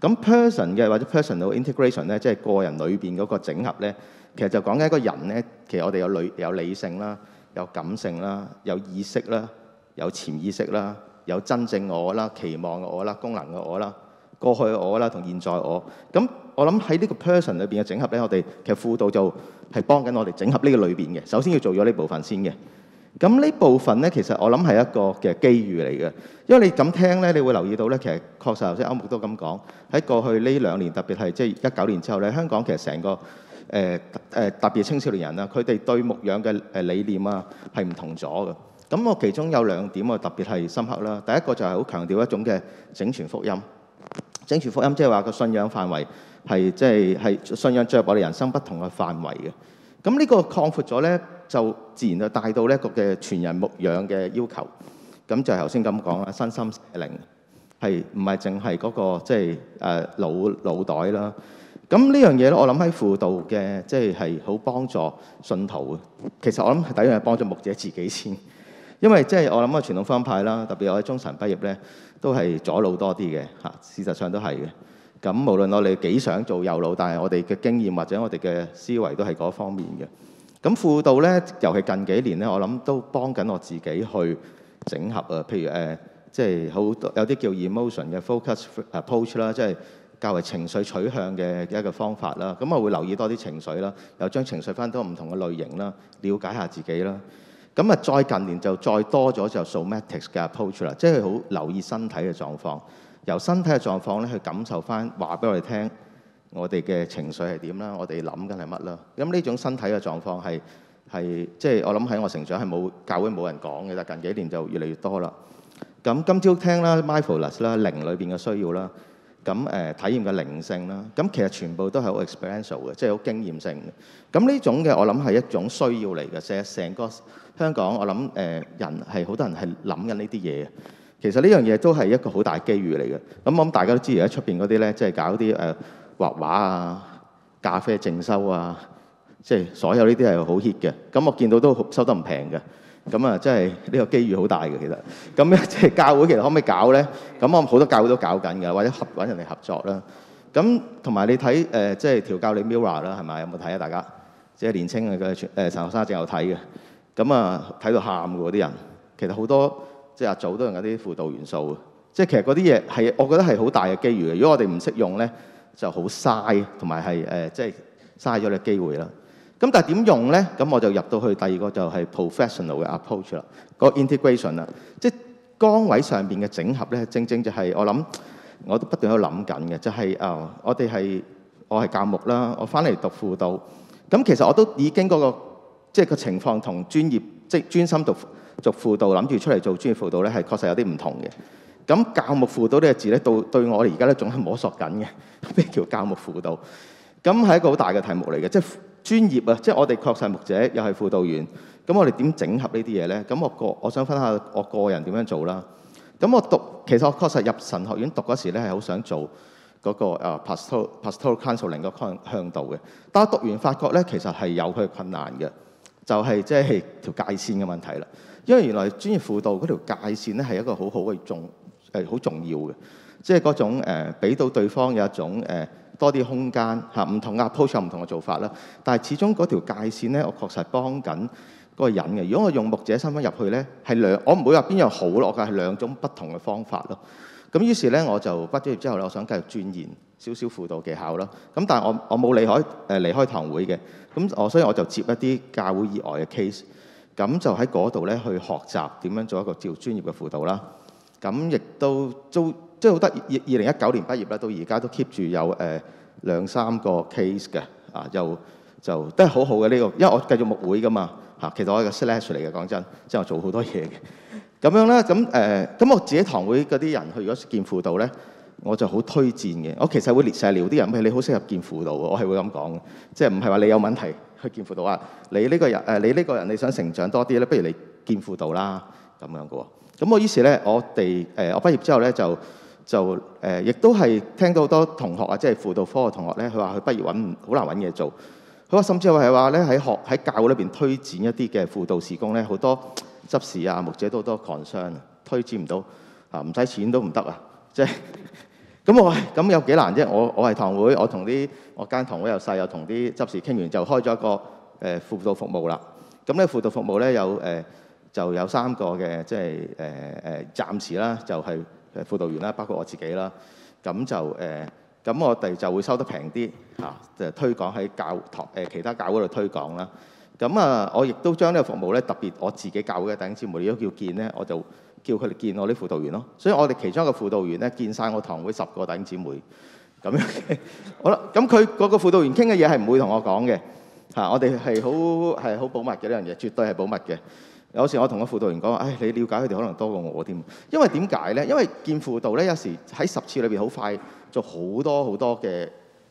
咁 person 嘅或者 personal integration 咧，即係個人裏邊嗰個整合咧，其實就講緊一個人咧。其實我哋有理有理性啦，有感性啦，有意識啦，有潛意識啦，有真正我啦，期望嘅我啦，功能嘅我啦，過去嘅我啦，同現在我。咁我諗喺呢個 person 裏邊嘅整合咧，我哋其實輔導就係幫緊我哋整合呢個裏邊嘅。首先要做咗呢部分先嘅。咁呢部分呢，其實我諗係一個嘅機遇嚟嘅，因為你咁聽呢，你會留意到呢，其實確實即係歐牧都咁講，喺過去呢兩年，特別係即係一九年之後呢，香港其實成個誒誒、呃呃、特別青少年人啊，佢哋對牧養嘅誒理念啊係唔同咗嘅。咁我其中有兩點我特別係深刻啦。第一個就係好強調一種嘅整全福音，整全福音即係話個信仰範圍係即係係信仰進入我哋人生不同嘅範圍嘅。咁呢個擴闊咗呢。就自然就帶到呢個嘅全人牧養嘅要求，咁就係頭先咁講啦，身心靈係唔係淨係嗰個即係誒腦腦袋啦？咁呢樣嘢咧，我諗喺輔導嘅即係係好幫助信徒嘅。其實我諗係第一樣係幫助牧者自己先，因為即係我諗嘅傳統方派啦，特別我喺中神畢業咧，都係左腦多啲嘅嚇。事實上都係嘅。咁無論我哋幾想做右腦，但係我哋嘅經驗或者我哋嘅思維都係嗰方面嘅。咁輔導咧，尤其近幾年咧，我諗都幫緊我自己去整合啊。譬如誒、呃，即係好多有啲叫 emotion 嘅 focus approach 啦，即係較為情緒取向嘅一個方法啦。咁我會留意多啲情緒啦，又將情緒翻到唔同嘅類型啦，了解下自己啦。咁、嗯、啊，再近年就再多咗就 somatics 嘅 approach 啦，即係好留意身體嘅狀況，由身體嘅狀況咧去感受翻，話俾我哋聽。我哋嘅情緒係點啦？我哋諗緊係乜啦？咁呢種身體嘅狀況係係即係我諗喺我成長係冇教會冇人講嘅，但近幾年就越嚟越多啦。咁今朝聽啦 Mindfulness 啦，靈裏邊嘅需要啦，咁誒、呃、體驗嘅靈性啦，咁其實全部都係好 experiential 嘅，即係好經驗性嘅。咁呢種嘅我諗係一種需要嚟嘅，成、就、成、是、個香港我諗誒、呃、人係好多人係諗緊呢啲嘢，其實呢樣嘢都係一個好大機遇嚟嘅。咁我諗大家都知而家出邊嗰啲咧，即係、就是、搞啲誒。呃畫畫啊，咖啡淨收啊，即係所有呢啲係好 hit 嘅。咁我見到都收得唔平嘅。咁啊，真係呢個機遇好大嘅，其實。咁咧，即係教會其實可唔可以搞咧？咁我好多教會都搞緊㗎，或者合揾人哋合作啦。咁同埋你睇誒，即係調教你 MIRROR 啦，係咪？有冇睇啊？大家即係年青嘅嘅誒，殘、呃、學生正有睇嘅。咁啊，睇到喊㗎喎啲人。其實好多即係阿祖都用啲輔導元素嘅。即係其實嗰啲嘢係，我覺得係好大嘅機遇嘅。如果我哋唔識用咧，就好嘥，同埋係誒，即係嘥咗你機會啦。咁但係點用呢？咁我就入到去第二個就係 professional 嘅 approach 啦，個 integration 啦，即係崗位上邊嘅整合呢，正正就係、是、我諗，我都不斷喺度諗緊嘅，就係、是、啊、呃，我哋係我係教牧啦，我翻嚟讀輔導，咁其實我都已經嗰、那個即係個情況同專業即係專心讀讀輔導，諗住出嚟做專業輔導呢，係確實有啲唔同嘅。咁教牧輔導呢個字咧，對對我而家咧仲係摸索緊嘅，咩叫教牧輔導？咁係一個好大嘅題目嚟嘅，即係專業啊！即係我哋確實係牧者，又係輔導員，咁我哋點整合呢啲嘢咧？咁我個我想分下我個人點樣做啦。咁我讀其實我確實入神學院讀嗰時咧係好想做嗰個 pastoral pastoral counseling 個向導嘅，但係讀完發覺咧其實係有佢困難嘅，就係即係條界線嘅問題啦。因為原來專業輔導嗰條界線咧係一個好好嘅縱。係好重要嘅，即係嗰種誒，俾、呃、到對方有一種誒、呃、多啲空間嚇，唔同 approach，唔同嘅做法啦。但係始終嗰條界線咧，我確實係幫緊嗰個人嘅。如果我用牧者身份入去咧，係兩，我唔會話邊樣好落㗎，係兩種不同嘅方法咯。咁、嗯、於是咧，我就畢咗業之後咧，我想繼續鑽研少少輔導技巧啦。咁、嗯、但係我我冇離開誒離、呃、開堂會嘅，咁、嗯、我所以我就接一啲教會以外嘅 case，咁、嗯、就喺嗰度咧去學習點樣做一個叫專業嘅輔導啦。咁亦都都即係好得意，二零一九年畢業啦，到而家都 keep 住有誒、呃、兩三個 case 嘅啊，又就都係好好嘅呢個，因為我繼續牧會噶嘛嚇、啊，其實我係一個 slash 嚟嘅，講真，即係我做好多嘢嘅咁樣咧。咁誒咁我自己堂會嗰啲人佢如果見輔導咧，我就好推薦嘅。我其實會成日撩啲人譬如你好適合見輔導，我係會咁講嘅，即係唔係話你有問題去見輔導啊？你呢個人誒你呢個人你想成長多啲咧，不如你見輔導啦咁樣嘅喎。咁我於是咧，我哋誒、呃、我畢業之後咧，就就誒、呃、亦都係聽到好多同學啊，即係輔導科嘅同學咧，佢話佢畢業揾唔好難揾嘢做。佢話甚至係話咧喺學喺教會裏邊推展一啲嘅輔導事工咧，好多執事啊、牧者都好多 concern，推展唔到啊，唔使錢都唔得啊。即係咁 我咁有幾難啫？我我係堂會，我同啲我間堂會又細，又同啲執事傾完就開咗一個誒、呃、輔導服務啦。咁咧輔導服務咧有誒。呃呃就有三個嘅，即係誒誒，呃、暫時啦，就係誒輔導員啦，包括我自己啦。咁就誒，咁、呃、我哋就會收得平啲嚇，就、啊啊、推廣喺教堂誒其他教會度推廣啦。咁啊，我亦都將呢個服務咧特別我自己教嘅弟兄姊妹如果叫見咧，我就叫佢哋見我啲輔導員咯。所以我哋其中一個輔導員咧見晒我堂會十個弟兄姊妹咁樣 好啦。咁佢嗰個輔導員傾嘅嘢係唔會同我講嘅嚇，我哋係好係好保密嘅呢樣嘢，絕對係保密嘅。有時我同個輔導員講話，誒，你了解佢哋可能多過我添。因為點解咧？因為見輔導咧，有時喺十次裏邊好快做好多好多嘅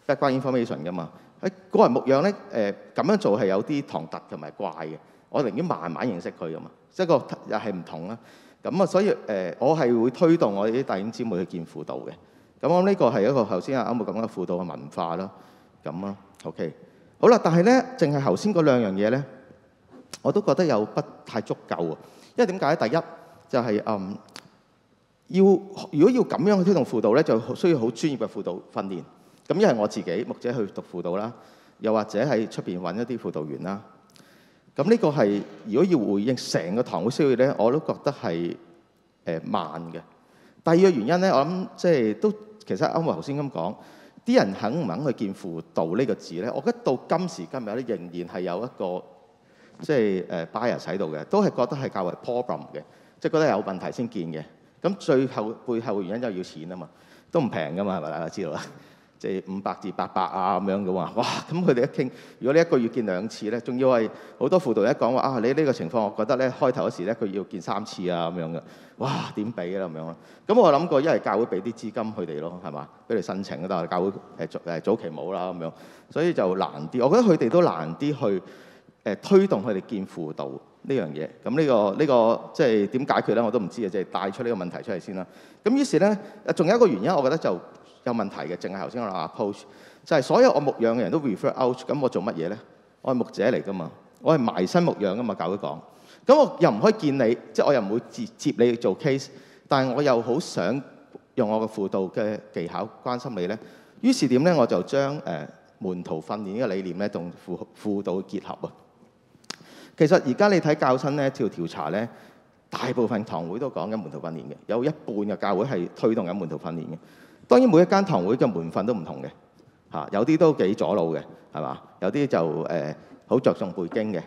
background information 噶嘛。喺、哎、個人牧養咧，誒、呃，咁樣做係有啲唐突同埋怪嘅。我寧願慢慢認識佢噶嘛，即係個又係唔同啦。咁啊，所以誒、呃，我係會推動我哋啲弟兄姊妹去見輔導嘅。咁我呢個係一個頭先阿歐姆講嘅輔導嘅文化啦，咁啊 OK 好啦，但係咧，淨係頭先嗰兩樣嘢咧。我都覺得有不太足夠啊，因為點解？第一就係、是、誒、嗯、要如果要咁樣去推動輔導呢，就需要好專業嘅輔導訓練。咁一係我自己目者去讀輔導啦，又或者喺出邊揾一啲輔導員啦。咁呢、這個係如果要回應成個堂會需要呢，我都覺得係誒、呃、慢嘅。第二個原因呢，我諗即係都其實啱啱頭先咁講，啲人肯唔肯去見輔導呢個字呢？我覺得到今時今日咧仍然係有一個。即係誒，Buyer 喺度嘅，都係覺得係較為 problem 嘅，即係覺得有問題先見嘅。咁最後背後嘅原因就係要錢啊嘛，都唔平噶嘛，係咪大家知道、就是、啊？即係五百至八百啊咁樣嘅喎，哇！咁佢哋一傾，如果你一個月見兩次咧，仲要係好多輔導一講話啊，你呢個情況，我覺得咧開頭嗰時咧佢要見三次啊咁樣嘅，哇！點俾啊咁樣啊？咁我諗過，一係教會俾啲資金佢哋咯，係嘛？俾佢申請，但係教會誒早早期冇啦咁樣，所以就難啲。我覺得佢哋都難啲去。誒，推動佢哋見輔導呢樣嘢，咁呢個呢、呢個即係點解決咧？我都唔知啊，即係帶出呢個問題出嚟先啦。咁於是咧，仲有一個原因，我覺得就有問題嘅，正係頭先我話 approach 就係所有我牧養嘅人都 refer out 咁，我做乜嘢咧？我係牧者嚟㗎嘛，我係埋身牧養㗎嘛，教佢講咁，我又唔可以見你，即係我又唔會接接你做 case，但係我又好想用我嘅輔導嘅技巧關心你咧。於是點咧？我就將誒、呃、門徒訓練呢個理念咧，同輔輔導結合啊。其實而家你睇教親咧，呢條調查咧，大部分堂會都講緊門徒訓練嘅，有一半嘅教會係推動緊門徒訓練嘅。當然每一間堂會嘅門訓都唔同嘅，嚇有啲都幾阻腦嘅，係嘛？有啲就誒好着重背經嘅。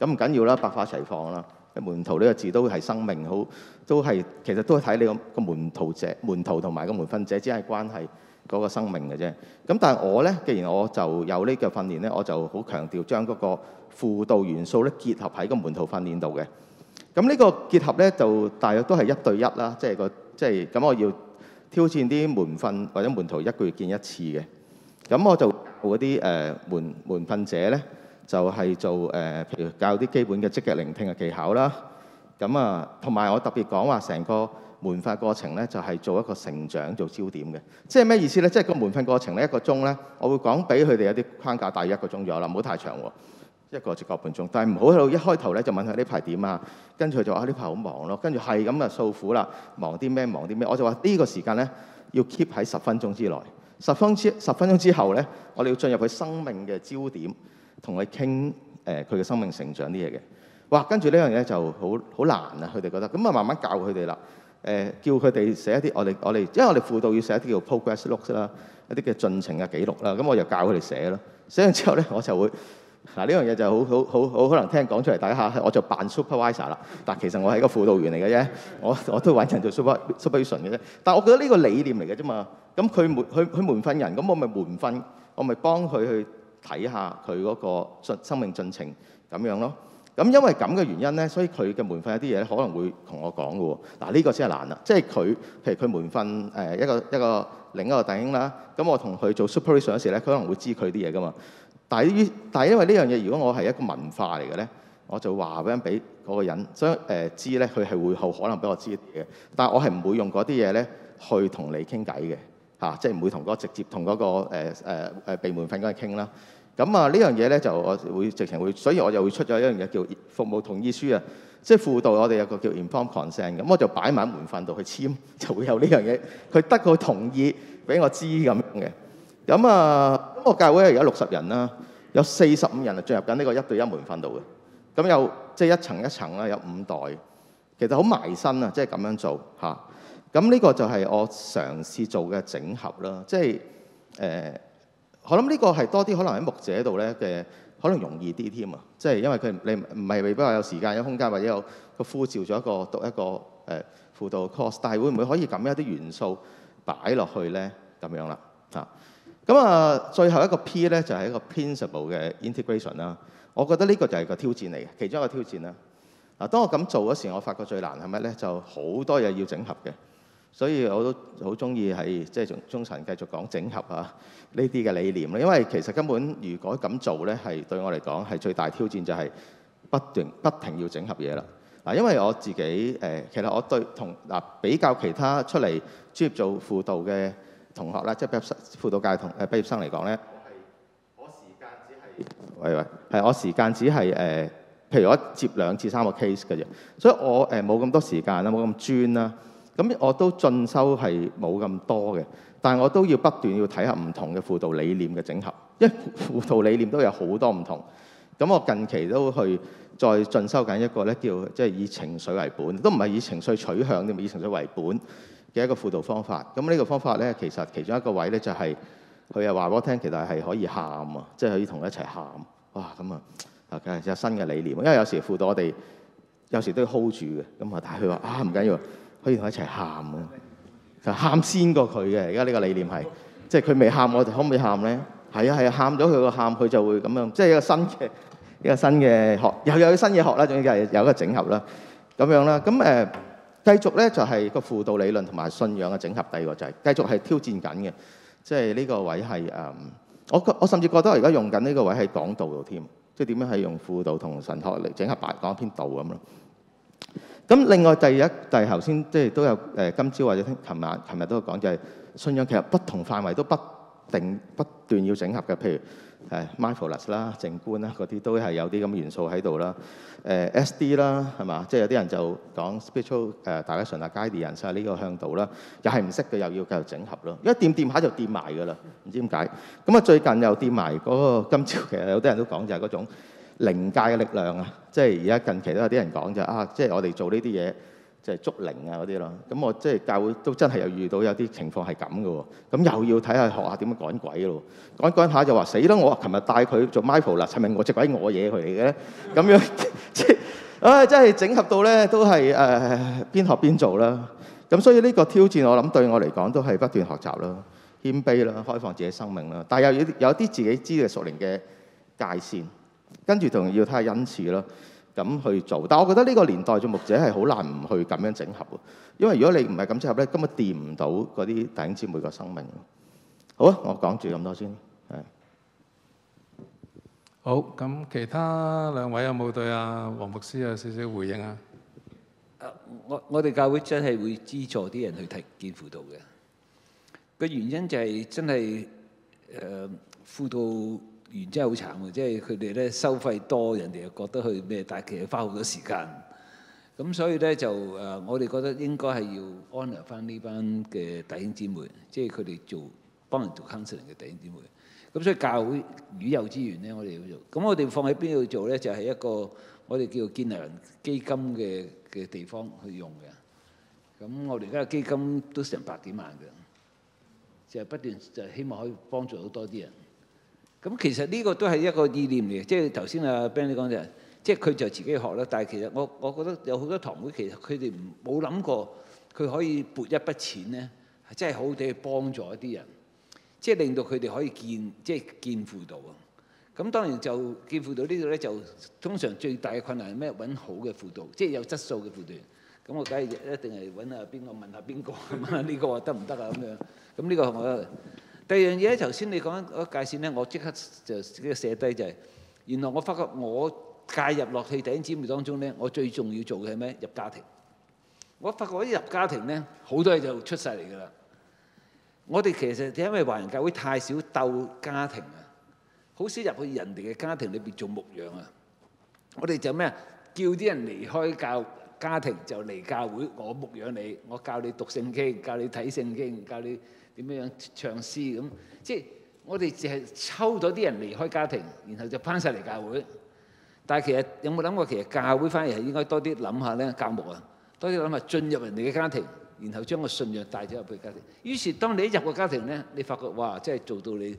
咁唔緊要啦，百花齊放啦。門徒呢個字都係生命，好都係其實都係睇你個個門徒者、門徒同埋個門訓者之間關係嗰，那個生命嘅啫。咁但係我咧，既然我就有呢個訓練咧，我就好強調將嗰，那個。輔導元素咧結合喺個門徒訓練度嘅，咁呢個結合咧就大約都係一對一啦，即係個即係咁我要挑戰啲門訓或者門徒一個月見一次嘅，咁我就嗰啲誒門門訓者咧就係做誒，譬如教啲基本嘅積極聆聽嘅技巧啦，咁啊同埋我特別講話成個門訓過程咧就係做一個成長做焦點嘅，即係咩意思咧？即係個門訓過程咧一個鐘咧，我會講俾佢哋有啲框架大約一個鐘左右啦，唔好太長喎。一個一個半鐘，但係唔好喺度一開頭咧就問佢呢排點啊？跟住就話呢排好忙咯、啊，跟住係咁啊訴苦啦，忙啲咩？忙啲咩？我就話呢個時間咧要 keep 喺十分鐘之內，十分之十分鐘之後咧，我哋要進入佢生命嘅焦點，同佢傾誒佢嘅生命成長啲嘢嘅。哇！跟住呢樣嘢就好好難啊，佢哋覺得咁啊，慢慢教佢哋啦。誒、呃，叫佢哋寫一啲我哋我哋，因為我哋輔導要寫一啲叫 progress notes 啦，一啲嘅進程嘅記錄啦，咁我就教佢哋寫咯。寫完之後咧，我就會。嗱呢樣嘢就好好好好可能聽講出嚟，大家下，我就扮 supervisor 啦。但其實我係一個輔導員嚟嘅啫，我我都揾人做 supervision 嘅啫。但我覺得呢個理念嚟嘅啫嘛。咁佢門佢佢門訓人，咁我咪門訓，我咪幫佢去睇下佢嗰個生命進程咁樣咯。咁因為咁嘅原因咧，所以佢嘅門訓有啲嘢可能會同我講嘅喎。嗱呢個先係難啦，即係佢譬如佢門訓誒一個一個，一個另一個弟兄啦。咁我同佢做 supervision 嘅時咧，佢可能會知佢啲嘢嘅嘛。但係於，但係因為呢樣嘢，如果我係一個文化嚟嘅咧，我就話俾俾嗰個人將誒、呃、知咧，佢係會好可能俾我知嘅。但我係唔會用嗰啲嘢咧去同你傾偈嘅，嚇、啊，即係唔會同嗰、那個、直接同嗰、那個誒誒被門訓嗰啲傾啦。咁啊，呢樣嘢咧就我會直情會，所以我又會出咗一樣嘢叫服務同意書啊，即係輔導我哋有個叫 informed consent 咁、啊，我就擺埋門訓度去簽，就會有呢樣嘢。佢得佢同意俾我知咁樣嘅。咁啊，我教會而家六十人啦，有四十五人啊，進入緊呢個一對一門訓道嘅。咁有即係、就是、一層一層啦，有五代，其實好埋身、就是、啊，即係咁樣做嚇。咁呢個就係我嘗試做嘅整合啦，即係誒，我諗呢個係多啲可能喺牧者度咧嘅，可能容易啲添啊。即係因為佢你唔係未必話有時間、有空間，或者有個呼召咗一個讀一個誒輔、呃、導 course 但係會唔會可以咁樣一啲元素擺落去咧？咁樣啦嚇。啊咁啊，最後一個 P 呢，就係、是、一個 principle 嘅 integration 啦。我覺得呢個就係個挑戰嚟嘅，其中一個挑戰啦。嗱、啊，當我咁做嗰時，我發覺最難係咩呢？就好多嘢要整合嘅，所以我都好中意係即係中，中神繼續講整合啊呢啲嘅理念，因為其實根本如果咁做呢，係對我嚟講係最大挑戰就係不斷不停要整合嘢啦。嗱、啊，因為我自己誒、呃，其實我對同嗱、啊、比較其他出嚟專業做輔導嘅。同學啦，即係畢業生、輔導界同誒畢業生嚟講咧，我係我時間只係喂喂，係我時間只係誒、呃，譬如我接兩至三個 case 嘅啫，所以我誒冇咁多時間啦，冇咁專啦，咁我都進修係冇咁多嘅，但係我都要不斷要睇下唔同嘅輔導理念嘅整合，因為輔導理念都有好多唔同。咁我近期都去再進修緊一個咧，叫即係以情緒為本，都唔係以情緒取向，定係以情緒為本。嘅一個輔導方法，咁呢個方法咧，其實其中一個位咧就係佢又話我聽，其實係可以喊啊，即係可以同佢一齊喊。哇，咁啊，啊，梗係有新嘅理念，因為有時輔導我哋，有時都要 hold 住嘅。咁啊，但係佢話啊，唔緊要，可以同佢一齊喊啊，就喊先過佢嘅。而家呢個理念係，即係佢未喊，我哋可唔可以喊咧？係啊，係啊，喊咗佢個喊，佢就會咁樣，即係一個新嘅一個新嘅學，又有新嘅學啦，總之係有一個整合啦，咁樣啦。咁誒。嗯繼續咧就係個輔導理論同埋信仰嘅整合，第二個就係繼續係挑戰緊嘅，即係呢個位係誒，我我甚至覺得我而家用緊呢個位係講道度添，即係點樣係用輔導同神學嚟整合埋講一篇道咁咯。咁另外第一，就係頭先即係都有誒，今朝或者聽琴晚琴日都有講就係信仰其實不同範圍都不定不斷要整合嘅，譬如誒 Mythos 啦、啊、is, 靜觀啦嗰啲都係有啲咁嘅元素喺度啦。誒、呃、SD 啦係嘛，即、就、係、是、有啲人就講 spiritual 誒、呃，大家神話階啲人就係呢個向度啦，又係唔識嘅又要繼續整合咯。碰碰一掂掂下就掂埋㗎啦，唔知點解。咁啊最近又掂埋嗰個今朝，其實有啲人都講就係嗰種靈界嘅力量啊，即係而家近期都有啲人講就係、啊，即、就、係、是、我哋做呢啲嘢。即係捉靈啊嗰啲咯，咁我即係教會都真係有遇到有啲情況係咁嘅喎，咁又要睇下學下點樣趕鬼咯。趕趕下就話死啦！我琴日帶佢做 Michael 啦，係咪我隻鬼我惹佢嚟嘅咁樣即係啊，真係整合到咧都係誒邊學邊做啦。咁所以呢個挑戰我諗對我嚟講都係不斷學習啦、謙卑啦、開放自己生命啦。但係又要有啲有啲自己知嘅屬靈嘅界線，跟住仲要睇下恩賜啦。咁去做，但我覺得呢個年代做牧者係好難唔去咁樣整合喎，因為如果你唔係咁整合咧，根本掂唔到嗰啲弟兄姊妹個生命。好啊，我講住咁多先。係。好，咁其他兩位有冇對阿黃牧師有少少回應啊？我我哋教會真係會資助啲人去睇見輔導嘅，個原因就係真係誒、呃、輔導。原真係好慘喎，即係佢哋咧收費多，人哋又覺得佢咩，但係其實花好多時間。咁所以咧就誒，我哋覺得應該係要安撫翻呢班嘅弟兄姊妹，即係佢哋做幫人做康復嘅弟兄姊妹。咁所以教會與有資源咧，我哋要做。咁我哋放喺邊度做咧？就係一個我哋叫做建糧基金嘅嘅地方去用嘅。咁我哋而家嘅基金都成百幾萬嘅，就係不斷就係希望可以幫助好多啲人，咁其實呢個都係一個意念嚟嘅，即係頭先阿 Benny 講就即係佢就自己學啦。但係其實我我覺得有好多堂會，其實佢哋冇諗過佢可以撥一筆錢咧，係真係好好地去幫助一啲人，即係令到佢哋可以見即係見輔導啊。咁當然就見輔導呢度咧，就通常最大嘅困難係咩？揾好嘅輔導，即係有質素嘅輔導。咁我梗係一定係揾下邊個問下邊個，問下呢、這個得唔得啊？咁樣咁呢、這個我。第二樣嘢咧，頭先你講緊個介紹咧，我即刻就寫低就係，原來我發覺我介入落去弟兄姊妹當中咧，我最重要做嘅係咩？入家庭。我發覺一入家庭咧，好多嘢就出曬嚟噶啦。我哋其實就因為華人教會太少鬥家庭啊，好少入去人哋嘅家庭裏邊做牧養啊。我哋就咩啊？叫啲人離開教家庭就嚟教會，我牧養你，我教你讀聖經，教你睇聖經，教你。點樣試樣唱詩咁？即係我哋淨係抽咗啲人離開家庭，然後就攀晒嚟教會。但係其實有冇諗過？其實教會反而係應該多啲諗下咧，教牧啊，多啲諗下進入人哋嘅家庭，然後將個信仰帶咗入去家庭。於是當你一入個家庭咧，你發覺哇，即係做到你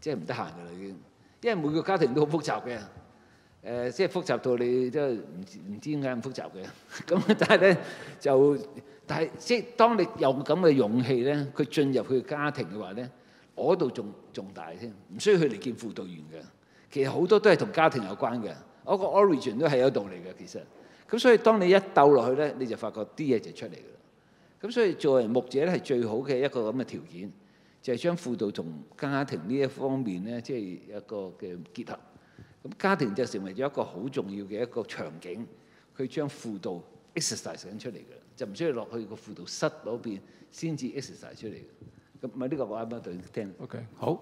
即係唔得閒㗎啦已經。因為每個家庭都好複雜嘅，誒、呃、即係複雜到你都唔唔知點解咁複雜嘅。咁、嗯、但係咧就～但係，即係當你有咁嘅勇氣咧，佢進入佢嘅家庭嘅話咧，我度仲仲大添，唔需要佢嚟見輔導員嘅。其實好多都係同家庭有關嘅，我、那個 origin 都係有道理嘅。其實，咁所以當你一鬥落去咧，你就發覺啲嘢就出嚟㗎啦。咁所以作為牧者咧，係最好嘅一個咁嘅條件，就係、是、將輔導同家庭呢一方面咧，即、就、係、是、一個嘅結合。咁家庭就成為咗一個好重要嘅一個場景，佢將輔導。exercise 出嚟嘅，就唔需要落去個輔導室嗰邊先至 exercise 出嚟嘅。咁咪呢個我啱啱對聽。OK，好。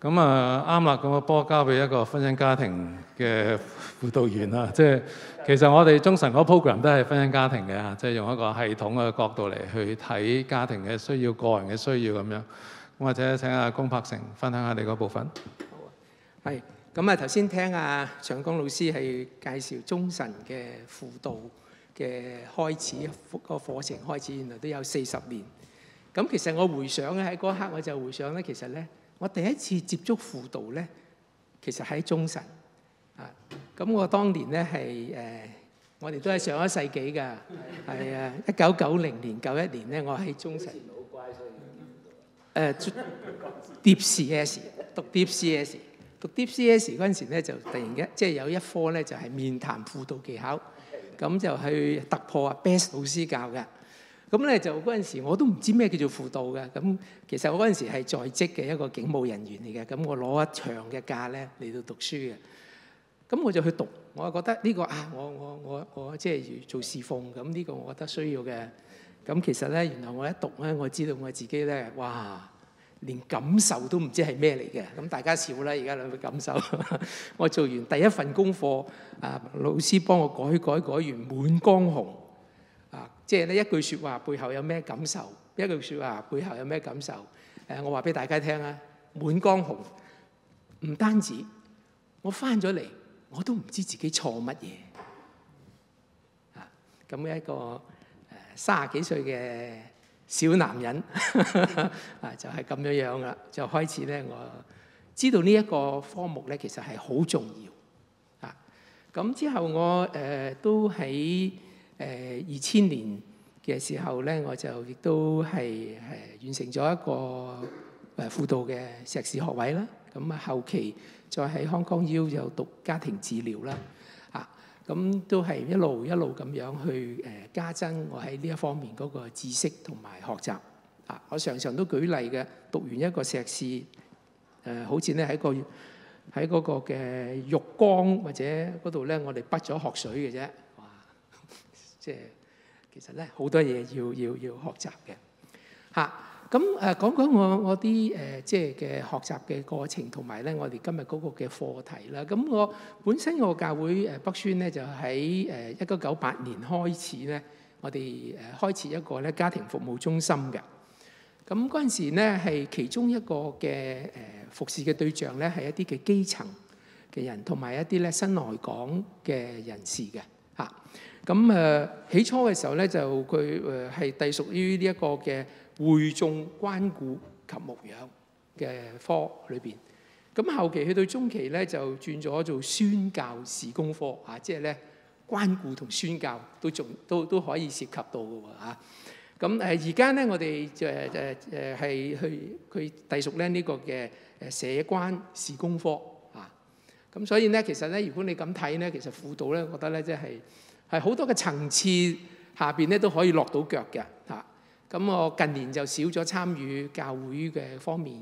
咁啊啱啦。咁我波交俾一個婚姻家庭嘅輔導員啊。即係其實我哋中神嗰 program 都係婚姻家庭嘅啊。即係用一個系統嘅角度嚟去睇家庭嘅需要、個人嘅需要咁樣。咁或者請阿龔柏成分享下你嗰部分。好啊。係。咁啊頭先聽阿長工老師係介紹中神嘅輔導。嘅開始，個課程開始原來都有四十年，咁其實我回想咧，喺嗰刻我就回想咧，其實咧我第一次接觸輔導咧，其實喺中神啊，咁我當年咧係誒，我哋都係上一世紀㗎。係啊，一九九零年九一年咧我喺中神，誒讀 DipCS 讀 DipCS 讀 DipCS 嗰陣時咧，就突然間即係有一科咧，就係面談輔導技巧。咁就去突破啊！Best 老師教嘅，咁咧就嗰陣時我都唔知咩叫做輔導嘅，咁其實我嗰陣時係在職嘅一個警務人員嚟嘅，咁我攞一場嘅假咧嚟到讀書嘅，咁我就去讀，我覺得呢個啊，我我我我即係做侍奉。咁呢個我覺得需要嘅，咁其實咧，原來我一讀咧，我知道我自己咧，哇！連感受都唔知係咩嚟嘅，咁大家笑啦！而家兩個感受， 我做完第一份功課，啊老師幫我改改改完《滿江紅》，啊即係呢一句説話背後有咩感受？一句説話背後有咩感受？誒我話俾大家聽啊，《滿江紅》唔單止我翻咗嚟，我都唔知自己錯乜嘢啊！咁一個三十幾歲嘅。小男人啊， 就係咁樣樣啦。就開始咧，我知道呢一個科目咧，其實係好重要啊。咁之後我誒、呃、都喺誒二千年嘅時候咧，我就亦都係誒、呃、完成咗一個誒輔導嘅碩士學位啦。咁啊，後期再喺 HKU 又讀家庭治療啦。咁都係一路一路咁樣去誒加增我喺呢一方面嗰個知識同埋學習啊！我常常都舉例嘅，讀完一個碩士誒，好似咧喺個喺嗰個嘅浴缸或者嗰度咧，我哋畢咗學水嘅啫。哇！即係其實咧好多嘢要要要學習嘅嚇。咁誒講講我我啲誒即係嘅學習嘅過程，同埋咧，我哋今日嗰個嘅課題啦。咁我本身我教會誒北宣咧，就喺誒一九九八年開始咧，我哋誒開始一個咧家庭服務中心嘅。咁嗰陣時咧，係其中一個嘅誒服侍嘅對象咧，係一啲嘅基層嘅人，同埋一啲咧新來港嘅人士嘅嚇。咁誒起初嘅時候咧，就佢誒係隸屬於呢一個嘅。會眾關顧及牧養嘅科裏邊，咁後期去到中期咧，就轉咗做宣教事工科啊，即係咧關顧同宣教都仲都都可以涉及到嘅喎，咁誒而家咧，我哋誒誒誒係去佢隸屬咧呢、這個嘅誒社關事工科啊，咁所以咧，其實咧，如果你咁睇咧，其實輔導咧，我覺得咧，即係係好多嘅層次下邊咧都可以落到腳嘅。咁我近年就少咗參與教會嘅方面，誒、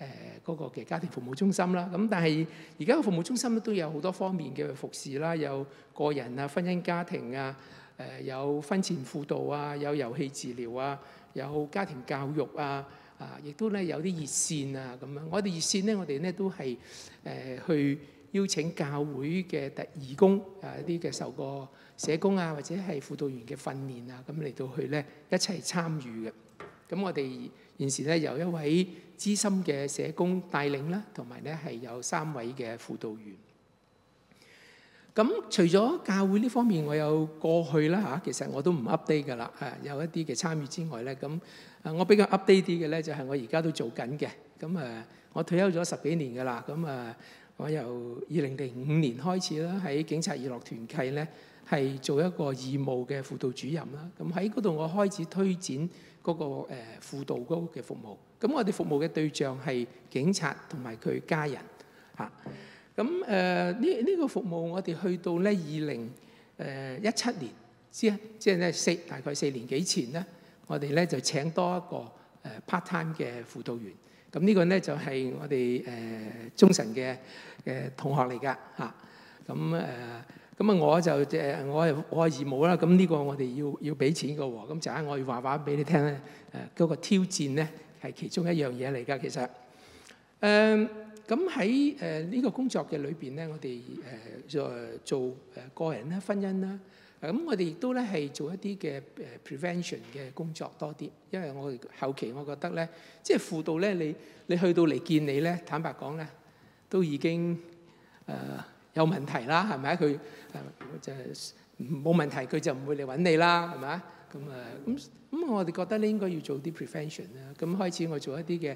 呃、嗰、那個嘅家庭服務中心啦。咁但係而家個服務中心都有好多方面嘅服侍啦，有個人啊、婚姻家庭啊，誒、呃、有婚前輔導啊，有遊戲治療啊，有家庭教育啊，啊、呃、亦都咧有啲熱線啊咁樣。我哋熱線咧，我哋咧都係誒、呃、去。邀請教會嘅特義工啊，一啲嘅受過社工啊，或者係輔導員嘅訓練啊，咁嚟到去咧一齊參與嘅。咁我哋現時咧有一位資深嘅社工帶領啦，同埋咧係有三位嘅輔導員。咁除咗教會呢方面，我有過去啦嚇，其實我都唔 update 㗎啦，係有一啲嘅參與之外咧，咁啊，我比較 update 啲嘅咧就係我而家都做緊嘅。咁誒，我退休咗十幾年㗎啦，咁誒。我由二零零五年開始啦，喺警察娛樂團契呢，係做一個義務嘅輔導主任啦。咁喺嗰度我開始推展嗰、那個誒、呃、輔導個嘅服務。咁我哋服務嘅對象係警察同埋佢家人嚇。咁誒呢呢個服務我哋去到呢二零誒一七年，即即咧四大概四年幾前呢，我哋呢就請多一個、呃、part time 嘅輔導員。咁呢個呢，就係、是、我哋誒、呃、中神嘅嘅同學嚟㗎嚇，咁、啊、誒，咁啊、呃、我就即係我係我係義務啦。咁呢個我哋要要俾錢嘅喎。咁就喺我要話話俾你聽咧、呃，誒、那、嗰個挑戰咧係其中一樣嘢嚟㗎。其實誒咁喺誒呢個工作嘅裏邊咧，我哋誒、呃、做做誒個人咧、啊、婚姻啦、啊，咁我哋亦都咧係做一啲嘅誒 prevention 嘅工作多啲，因為我後期我覺得咧，即係輔導咧，你你去到嚟見你咧，坦白講咧。都已經誒、呃、有問題啦，係咪？佢誒就冇問題，佢就唔會嚟搵你啦，係咪？咁啊咁，我哋覺得咧應該要做啲 prevention 啦。咁、嗯、開始我做一啲嘅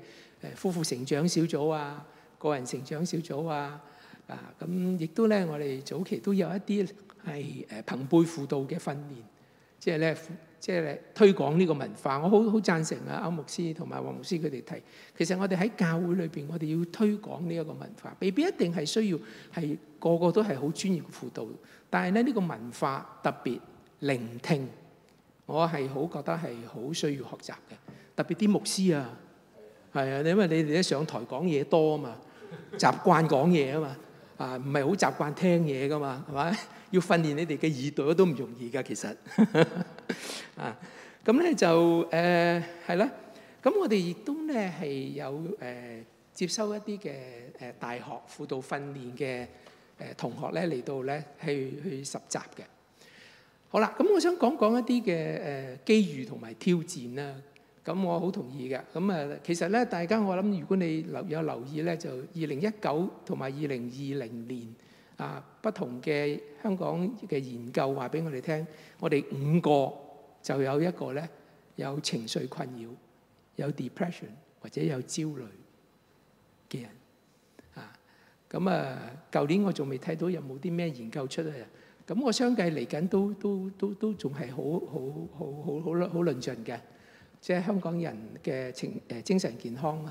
誒夫婦成長小組啊，個人成長小組啊，啊咁亦、嗯、都咧，我哋早期都有一啲係誒朋輩輔導嘅訓練，即係咧。即係推廣呢個文化，我好好贊成啊！歐牧師同埋黃牧師佢哋提，其實我哋喺教會裏邊，我哋要推廣呢一個文化。未必一定係需要係個個都係好專業輔導，但係咧呢個文化特別聆聽，我係好覺得係好需要學習嘅。特別啲牧師啊，係啊，因為你哋一上台講嘢多啊嘛，習慣講嘢啊嘛，啊唔係好習慣聽嘢噶嘛，係咪？要訓練你哋嘅耳朵都唔容易㗎，其實 啊，咁咧就誒係啦。咁、呃、我哋亦都咧係有誒、呃、接收一啲嘅誒大學輔導訓練嘅誒、呃、同學咧嚟到咧去去實習嘅。好啦，咁我想講講一啲嘅誒機遇同埋挑戰啦。咁我好同意嘅。咁啊，其實咧，大家我諗，如果你留有留意咧，就二零一九同埋二零二零年。啊，不同嘅香港嘅研究話俾我哋聽，我哋五個就有一個咧有情緒困擾，有 depression 或者有焦慮嘅人。啊，咁啊，舊年我仲未睇到有冇啲咩研究出嚟。咁我相繼嚟緊都都都都仲係好好好好好論好論盡嘅，即係香港人嘅情誒精神健康係。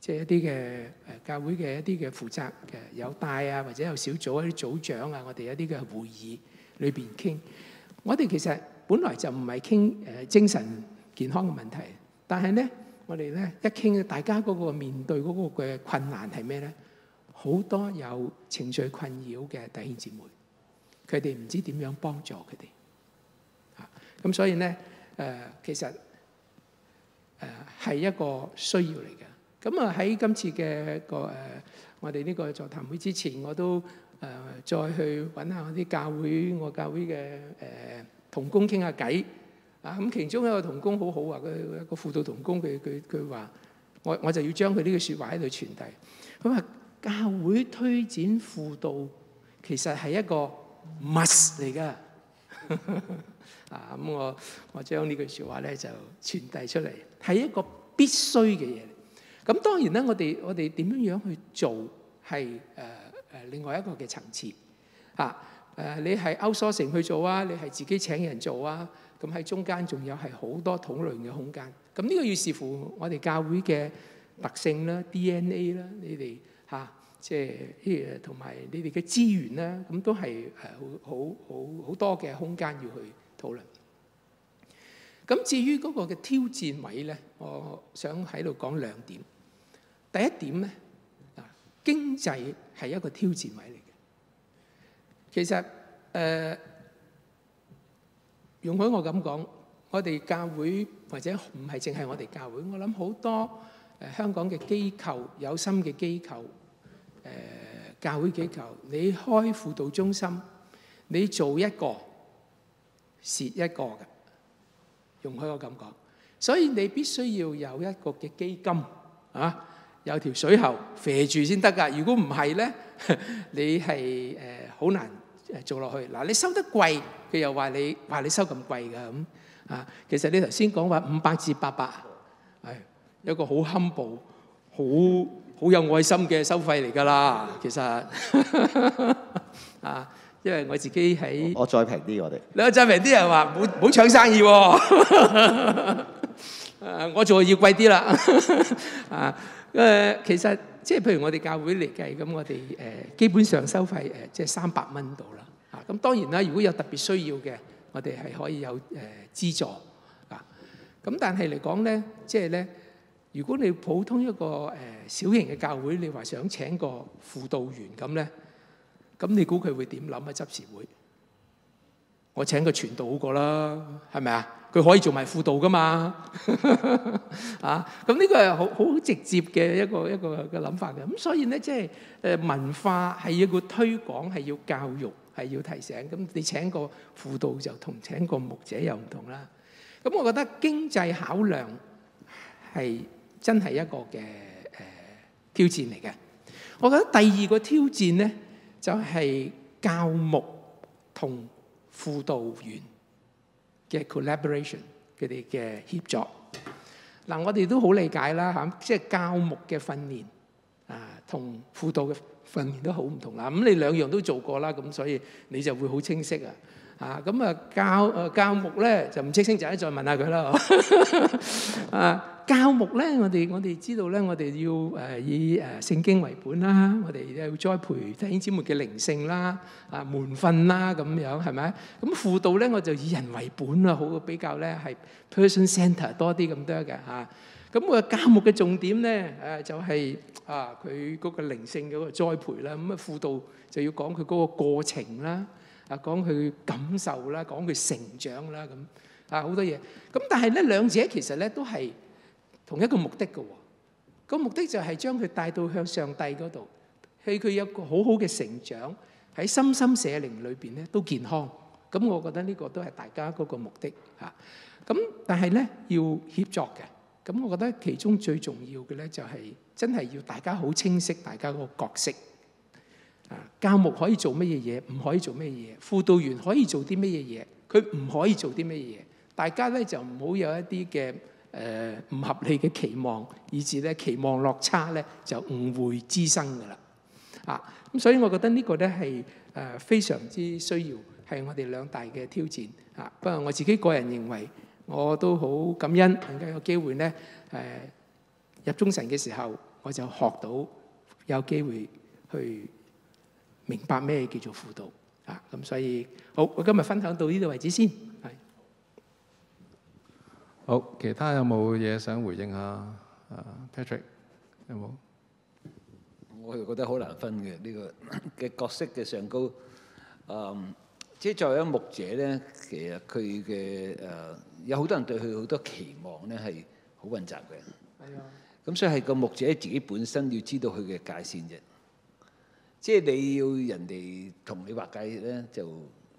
即係一啲嘅誒教會嘅一啲嘅負責嘅有帶啊，或者有小組一啲組長啊，我哋一啲嘅會議裏邊傾。我哋其實本來就唔係傾誒精神健康嘅問題，但係咧我哋咧一傾，大家嗰個面對嗰個嘅困難係咩咧？好多有情緒困擾嘅弟兄姊妹，佢哋唔知點樣幫助佢哋啊。咁所以咧誒，其實誒係一個需要嚟嘅。咁啊！喺今次嘅個誒我哋呢個座談會之前，我都誒、呃、再去揾下啲教會我教會嘅誒同工傾下偈啊。咁其中一個同工好好啊，佢個輔導同工佢佢佢話我我就要將佢呢句說話喺度傳遞。佢話教會推展輔導其實係一個 must 嚟嘅 啊。咁我我將呢句說話咧就傳遞出嚟，係一個必須嘅嘢。咁當然咧，我哋我哋點樣樣去做係誒誒另外一個嘅層次嚇誒，你係 outsourcing 去做啊，你係自己請人做啊，咁喺中間仲有係好多討論嘅空間。咁呢個要視乎我哋教會嘅特性啦、DNA 啦，你哋嚇即係誒，同埋你哋嘅資源啦，咁都係誒好好好好多嘅空間要去討論。咁至於嗰個嘅挑戰位咧，我想喺度講兩點。第一點咧，啊，經濟係一個挑戰位嚟嘅。其實誒，容許我咁講，我哋教會或者唔係淨係我哋教會，我諗好多誒香港嘅機構有心嘅機構，誒教會機構，你開輔導中心，你做一個蝕一個嘅，容許我咁講。所以你必須要有一個嘅基金啊。有條水喉肥、呃、住先得噶。如果唔係咧，你係誒好難誒做落去。嗱、呃，你收得貴，佢又話你話你收咁貴㗎咁啊。其實你頭先講話五百至八百，哎，係一個好謙卑、好好有愛心嘅收費嚟㗎啦。其實呵呵啊，因為我自己喺我，我再平啲，我哋你再平啲，人話唔好唔好搶生意喎，哦？呵呵 誒我仲要貴啲啦啊！誒其實即係譬如我哋教會嚟計，咁我哋誒基本上收費誒即係三百蚊度啦啊！咁當然啦，如果有特別需要嘅，我哋係可以有誒資助啊！咁但係嚟講咧，即係咧，如果你普通一個誒小型嘅教會，你話想請個輔導員咁咧，咁你估佢會點諗啊？執事會？我請個傳道好過啦，係咪啊？佢可以做埋輔導㗎嘛 啊？咁呢個係好好直接嘅一個一個嘅諗法嘅。咁所以咧，即係誒文化係一個推廣，係要教育，係要提醒。咁你請個輔導就同請個牧者又唔同啦。咁我覺得經濟考量係真係一個嘅誒、呃、挑戰嚟嘅。我覺得第二個挑戰咧就係、是、教牧同輔導員嘅 collaboration，佢哋嘅協助，嗱，我哋都好理解啦嚇，即係教牧嘅訓練啊，同輔導嘅訓練都好唔同啦。咁你兩樣都做過啦，咁所以你就會好清晰啊。啊，咁啊教啊教牧咧就唔即興就咧再問下佢啦。啊，教牧咧我哋我哋知道咧，我哋要誒以誒聖經為本啦，我哋要栽培弟兄姊妹嘅靈性啦，啊門訓啦，咁樣係咪？咁輔導咧我就以人為本啦，好比較咧係 person centre 多啲咁多嘅嚇。咁個教牧嘅重點咧誒就係啊佢嗰個靈性嘅嗰個栽培啦，咁啊輔導就要講佢嗰個過程啦。啊，講佢感受啦，講佢成長啦，咁啊好多嘢。咁但係咧，兩者其實咧都係同一個目的嘅喎。個目的就係將佢帶到向上帝嗰度，俾佢有個好好嘅成長，喺心心社靈裏邊咧都健康。咁我覺得呢個都係大家嗰個目的嚇。咁但係咧要協作嘅。咁我覺得其中最重要嘅咧就係真係要大家好清晰大家個角色。啊！教牧可以做乜嘢嘢，唔可以做乜嘢嘢；輔導員可以做啲乜嘢嘢，佢唔可以做啲乜嘢嘢。大家咧就唔好有一啲嘅誒唔合理嘅期望，以至咧期望落差咧就誤會滋生㗎啦。啊，咁所以我覺得呢個咧係誒非常之需要，係我哋兩大嘅挑戰。啊，不過我自己個人認為，我都好感恩而家有機會咧誒、啊、入中神嘅時候，我就學到有機會去。明白咩叫做輔導啊？咁所以好，我今日分享到呢度為止先。係好，其他有冇嘢想回應下啊？Patrick 有冇？我就覺得好難分嘅呢個嘅角色嘅上高。嗯，即係作為一個牧者咧，其實佢嘅誒有好多人對佢好多期望咧，係好混雜嘅。係啊。咁所以係個牧者自己本身要知道佢嘅界線啫。即係你要人哋同你畫界咧，就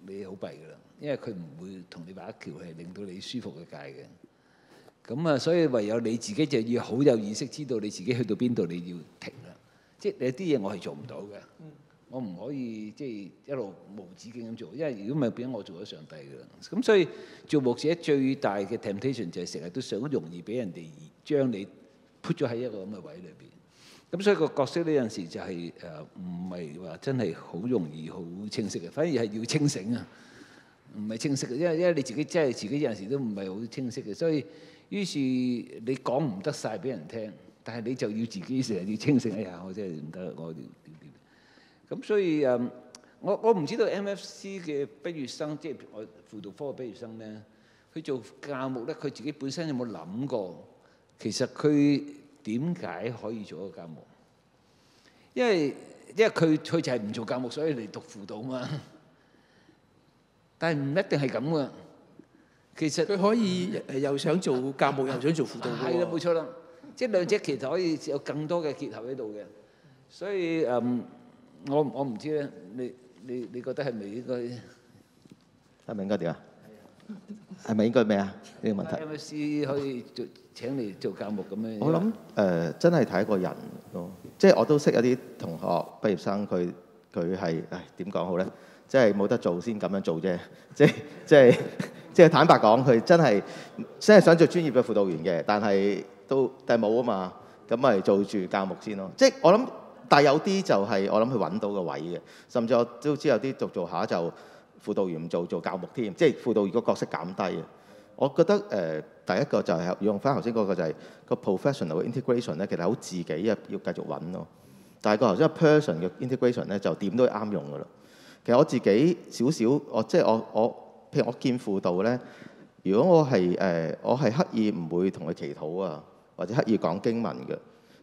你好弊噶啦，因為佢唔會同你畫一條係令到你舒服嘅界嘅。咁啊，所以唯有你自己就要好有意識，知道你自己去到邊度你要停啦。即係你有啲嘢我係做唔到嘅，我唔可以即係一路無止境咁做，因為如果唔係俾我做咗上帝噶啦。咁所以做牧者最大嘅 temptation 就係成日都想好容易俾人哋將你 put 咗喺一個咁嘅位裏邊。咁所以個角色呢陣時就係誒唔係話真係好容易好清晰嘅，反而係要清醒啊！唔係清晰嘅，因為因為你自己真係自己有陣時都唔係好清晰嘅，所以於是你講唔得晒俾人聽，但係你就要自己成日要清醒。哎呀，我真係唔得，我點點點。咁所以誒、呃，我我唔知道 MFC 嘅畢業生，即係我輔導科嘅畢業生咧，佢做教務咧，佢自己本身有冇諗過其實佢？點解可以做一個教牧？因為因為佢佢就係唔做教牧，所以嚟讀輔導嘛。但係唔一定係咁喎。其實佢可以又想做教牧，又想做輔導。係啦，冇錯啦。即係兩者其實可以有更多嘅結合喺度嘅。所以嗯，我我唔知咧。你你你覺得係咪應該？係咪應該點啊？係啊。係咪應該咩啊？呢個問題。MVC 可以做。請你做教務咁樣。我諗誒，真係睇一個人咯、啊。即係我都識有啲同學畢業生，佢佢係誒點講好咧、就是？即係冇得做先咁樣做啫。即即係即係坦白講，佢真係真係想做專業嘅輔導員嘅，但係都但係冇啊嘛。咁、嗯、咪做住教務先咯。即係我諗，但係有啲就係我諗去揾到個位嘅。甚至我都知有啲做做下就輔導員唔做，做教務添。即係輔導員個角色減低啊。我覺得誒。啊。第一個就係、是、用翻頭先嗰個、就是，就係個 professional integration 咧，其實好自己啊，要繼續揾咯。但係個頭先 person 嘅 integration 咧，就點都係啱用噶啦。其實我自己少少，我即係我我譬如我見輔導咧，如果我係誒、呃，我係刻意唔會同佢祈禱啊，或者刻意講經文嘅，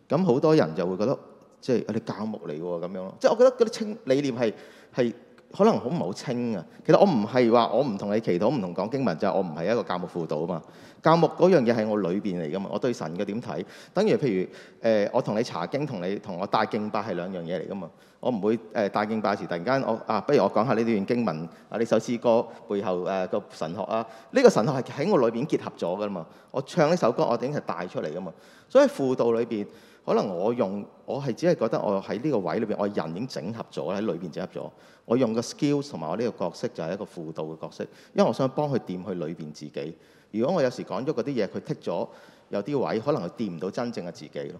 咁好多人就會覺得即係有啲教牧嚟喎咁樣咯。即係我覺得嗰啲理念係係。可能好唔好清啊？其實我唔係話我唔同你祈禱，唔同講經文，就係、是、我唔係一個教牧輔導啊嘛。教牧嗰樣嘢係我裏邊嚟噶嘛。我對神嘅點睇，等於譬如誒、呃，我同你查經同你同我帶敬拜係兩樣嘢嚟噶嘛。我唔會誒帶、呃、敬拜時突然間我啊，不如我講下呢段經文啊，呢首詩歌背後誒、啊、個神學啊，呢、這個神學係喺我裏邊結合咗噶啦嘛。我唱呢首歌，我已經係帶出嚟噶嘛。所以輔導裏邊。可能我用我係只係覺得我喺呢個位裏邊，我人已經整合咗喺裏邊整合咗。我用個 skills 同埋我呢個角色就係一個輔導嘅角色，因為我想幫佢掂去裏邊自己。如果我有時講咗嗰啲嘢，佢剔咗有啲位，可能佢掂唔到真正嘅自己咯。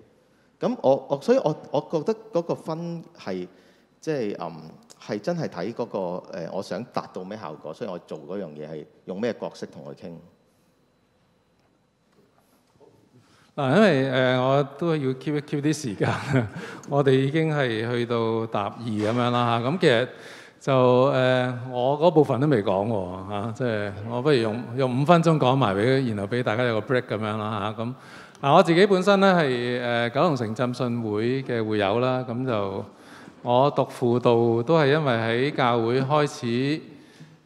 咁我我所以我我覺得嗰個分係即係嗯係真係睇嗰個、呃、我想達到咩效果，所以我做嗰樣嘢係用咩角色同佢傾。因為誒、呃、我都要 keep keep 啲時間 我哋已經係去到答二咁樣啦嚇。咁、啊、其實就誒、呃、我嗰部分都未講喎，即係我不如用用五分鐘講埋俾，然後俾大家有個 break 咁樣啦嚇，咁、啊、嗱、啊啊、我自己本身咧係誒九龍城浸信會嘅會友啦，咁、啊、就我讀輔導都係因為喺教會開始誒、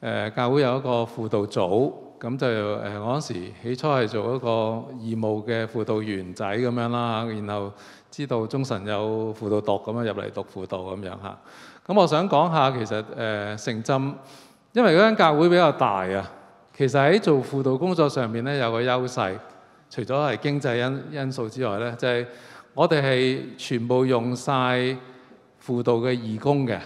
呃、教會有一個輔導組。咁就誒，我嗰時起初係做一個義務嘅輔導員仔咁樣啦，然後知道中神有輔導讀咁樣入嚟讀輔導咁樣吓。咁我想講下其實誒城浸，因為嗰間教會比較大啊，其實喺做輔導工作上面咧有個優勢，除咗係經濟因因素之外咧，就係、是、我哋係全部用晒輔導嘅義工嘅，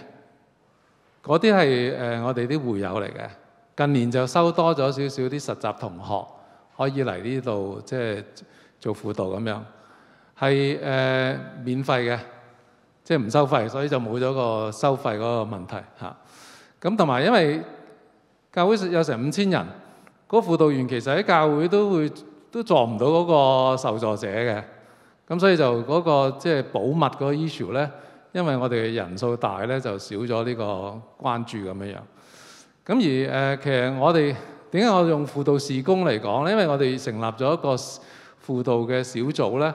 嗰啲係誒我哋啲會友嚟嘅。近年就收多咗少少啲實習同學可以嚟呢度即係做輔導咁樣，係誒、呃、免費嘅，即係唔收費，所以就冇咗個收費嗰個問題嚇。咁同埋因為教會有成五千人，嗰個輔導員其實喺教會都會都撞唔到嗰個受助者嘅，咁所以就嗰個即係保密嗰個 issue 咧，因為我哋嘅人數大咧，就少咗呢個關注咁樣。咁而誒，其實我哋點解我用輔導事工嚟講咧？因為我哋成立咗一個輔導嘅小組咧，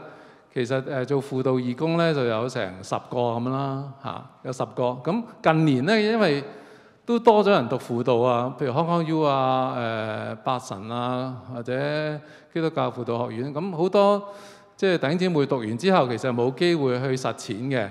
其實誒做輔導義工咧就有成十個咁樣啦嚇，有十個。咁近年咧，因為都多咗人讀輔導啊，譬如 Hong Kong U 啊、誒、呃、百神啊，或者基督教輔導學院，咁好多即係頂尖會讀完之後，其實冇機會去實踐嘅。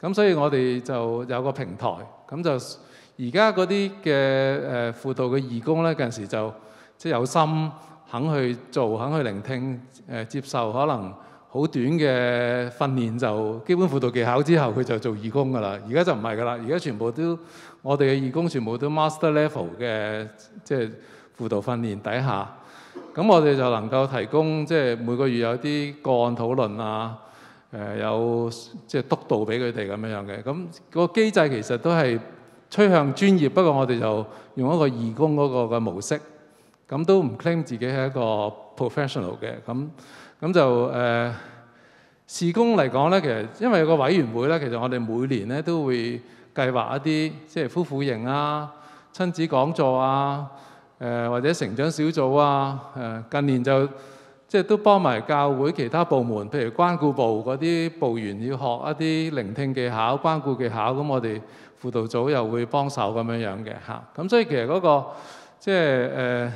咁所以我哋就有個平台，咁就。而家嗰啲嘅誒輔導嘅義工咧，近時就即係有心肯去做、肯去聆聽、誒、呃、接受，可能好短嘅訓練就基本輔導技巧之後，佢就做義工噶啦。而家就唔係噶啦，而家全部都我哋嘅義工全部都 master level 嘅，即係輔導訓練底下，咁我哋就能夠提供即係每個月有啲個案討論啊，誒、呃、有即係督導俾佢哋咁樣樣嘅。咁個機制其實都係。推向專業，不過我哋就用一個義工嗰個嘅模式，咁都唔 claim 自己係一個 professional 嘅，咁咁就誒、呃、事工嚟講呢，其實因為個委員會呢，其實我哋每年呢都會計劃一啲即係夫婦營啊、親子講座啊、誒、呃、或者成長小組啊，誒近年就即係都幫埋教會其他部門，譬如關顧部嗰啲部員要學一啲聆聽技巧、關顧技巧，咁我哋。輔導組又會幫手咁樣樣嘅嚇，咁所以其實嗰、那個即係誒、呃、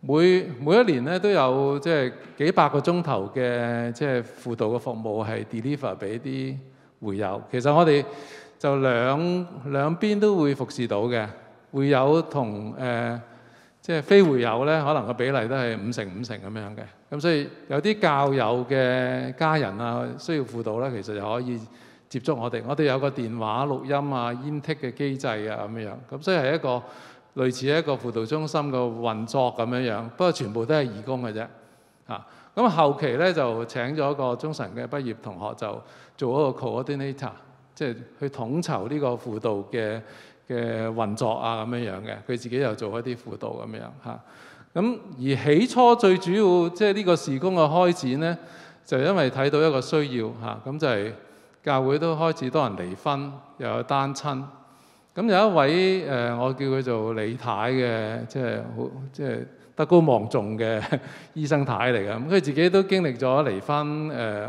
每每一年咧都有即係幾百個鐘頭嘅即係輔導嘅服務係 deliver 俾啲會友。其實我哋就兩兩邊都會服侍到嘅，會友同誒、呃、即係非會友咧，可能個比例都係五成五成咁樣嘅。咁所以有啲教友嘅家人啊，需要輔導咧，其實就可以。接觸我哋，我哋有個電話錄音啊、email 嘅機制啊，咁樣，咁所以係一個類似一個輔導中心嘅運作咁樣樣，不過全部都係義工嘅啫，嚇。咁、 嗯、後期咧就請咗個中神嘅畢業同學就做一個 Coordinator，即係去統籌呢個輔導嘅嘅運作啊咁樣樣嘅，佢自己又做一啲輔導咁樣嚇。咁、嗯、而起初最主要即係呢個事工嘅開展咧，就因為睇到一個需要嚇，咁、嗯嗯、就係、是。教會都開始多人離婚，又有單親。咁有一位誒、呃，我叫佢做李太嘅，即係好即係德高望重嘅 醫生太嚟嘅。咁佢自己都經歷咗離婚，誒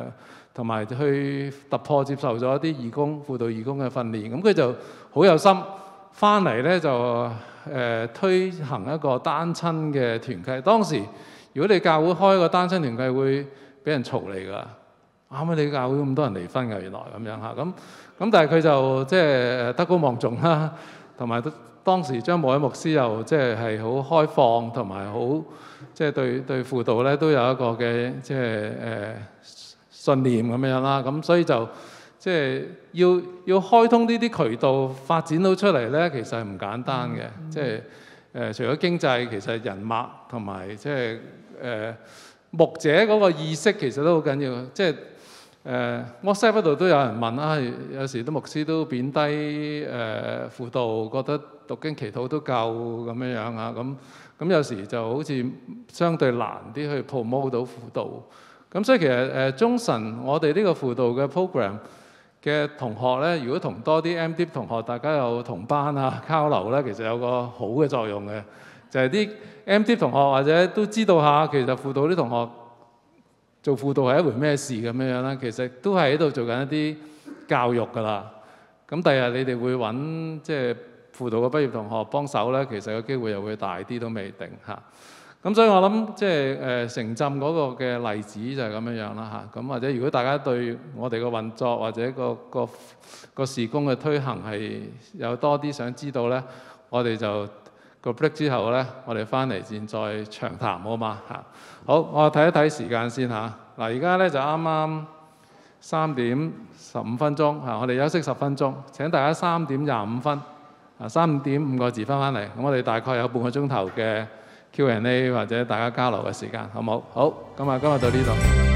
同埋去突破接受咗啲義工輔導義工嘅訓練。咁佢就好有心，翻嚟咧就誒、呃、推行一個單親嘅團契。當時如果你教會開個單親團契，會俾人嘈嚟㗎。啱啱你教會咁多人離婚㗎，原來咁樣嚇，咁咁但係佢就即係、就是、德高望重啦，同埋當時張慕皚牧師又即係係好開放，同埋好即係對對，對輔導咧都有一個嘅即係誒信念咁樣啦。咁所以就即係、就是、要要開通呢啲渠道發展到出嚟咧，其實係唔簡單嘅。即係誒除咗經濟，其實人脈同埋即係誒牧者嗰個意識其實都好緊要，即、就、係、是。誒、uh, WhatsApp 度都有人問啦、哎，有時啲牧師都貶低誒、uh, 輔導，覺得讀經祈禱都夠咁樣樣嚇，咁咁有時就好似相對難啲去 promote 到輔導。咁所以其實誒中、uh, 神，我哋呢個輔導嘅 program 嘅同學咧，如果同多啲 MD 同學大家有同班啊交流咧、啊，其實有個好嘅作用嘅，就係啲 MD 同學或者都知道下，其實輔導啲同學。做輔導係一回咩事咁樣樣啦，其實都係喺度做緊一啲教育噶啦。咁第日你哋會揾即係輔導嘅畢業同學幫手呢，其實個機會又會大啲都未定嚇。咁所以我諗即係誒城鎮嗰個嘅例子就係咁樣樣啦嚇。咁或者如果大家對我哋嘅運作或者個個個事工嘅推行係有多啲想知道呢，我哋就～個 break 之後呢，我哋翻嚟先再長談好嘛嚇。好，我睇一睇時間先嚇。嗱、啊，而家呢就啱啱三點十五分鐘嚇、啊，我哋休息十分鐘。請大家三點廿五分啊，三點五個字翻返嚟。咁我哋大概有半個鐘頭嘅 Q&A 或者大家交流嘅時間，好唔好？好，咁啊，今日到呢度。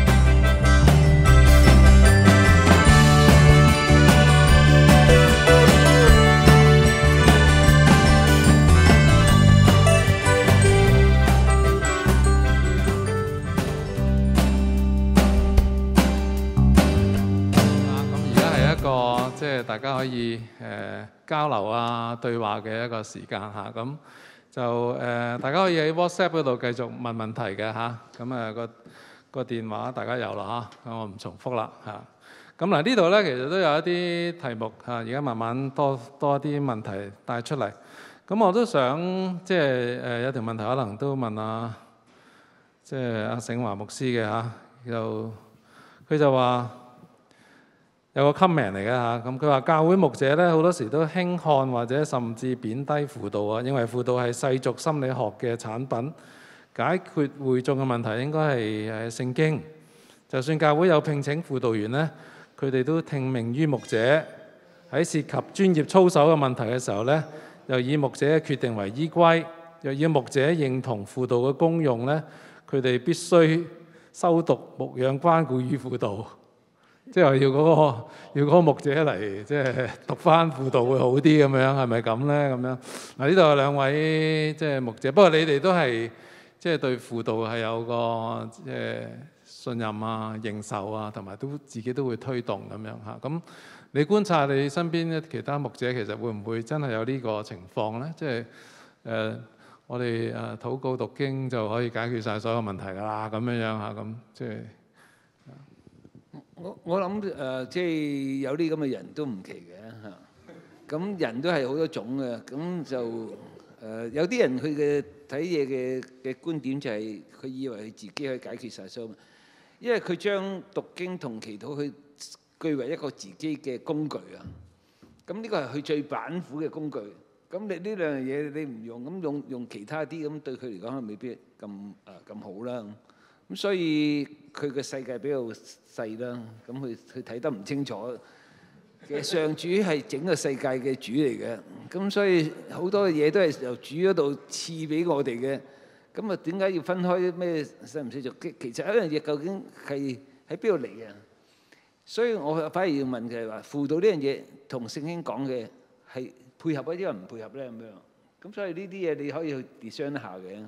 大家可以誒、呃、交流啊、對話嘅一個時間嚇，咁、啊嗯、就誒、呃、大家可以喺 WhatsApp 嗰度繼續問問題嘅嚇，咁啊、嗯、啊個個電話大家有啦嚇，咁、啊、我唔重複啦嚇。咁、啊、嗱，嗯啊、呢度咧其實都有一啲題目嚇，而、啊、家慢慢多多啲問題帶出嚟。咁、啊嗯、我都想即係誒有條問題可能都問下、啊，即係阿醒華牧師嘅嚇、啊，就佢就話。有個 comment 嚟嘅嚇，咁佢話教會牧者咧好多時都輕看或者甚至貶低輔導啊，認為輔導係世俗心理學嘅產品，解決會眾嘅問題應該係誒聖經。就算教會有聘請輔導員咧，佢哋都聽命於牧者。喺涉及專業操守嘅問題嘅時候咧，又以牧者決定為依歸，又以牧者認同輔導嘅功用咧，佢哋必須修讀牧養關顧與輔導。即係要嗰、那個要嗰牧者嚟，即係讀翻輔導會好啲咁樣，樣，係咪咁咧？咁樣嗱，呢度有兩位即係牧者，不過你哋都係即係對輔導係有個即係信任啊、認受啊，同埋都自己都會推動咁、啊、樣吓，咁你觀察你身邊啲其他牧者，其實會唔會真係有呢個情況咧？即係誒、呃，我哋誒禱告讀經就可以解決晒所有問題㗎啦，咁樣樣吓，咁即係。我我諗誒，即、呃、係、就是、有啲咁嘅人都唔奇嘅嚇。咁、啊、人都係好多種嘅，咁就誒、呃、有啲人佢嘅睇嘢嘅嘅觀點就係佢以為佢自己可以解決曬所有，因為佢將讀經同祈禱去據為一個自己嘅工具啊。咁、這、呢個係佢最板斧嘅工具。咁你呢兩樣嘢你唔用，咁用用其他啲咁對佢嚟講，未必咁誒咁好啦。咁、啊、所以。佢個世界比較細啦，咁佢佢睇得唔清楚。其實上主係整個世界嘅主嚟嘅，咁所以好多嘢都係由主嗰度賜俾我哋嘅。咁啊，點解要分開咩細唔細俗？其實一樣嘢究竟係喺邊度嚟啊？所以我反而要問佢：「係話，輔導呢樣嘢同聖經講嘅係配合啊，定係唔配合咧？咁樣。」咁，所以呢啲嘢你可以去 discuss 一下嘅。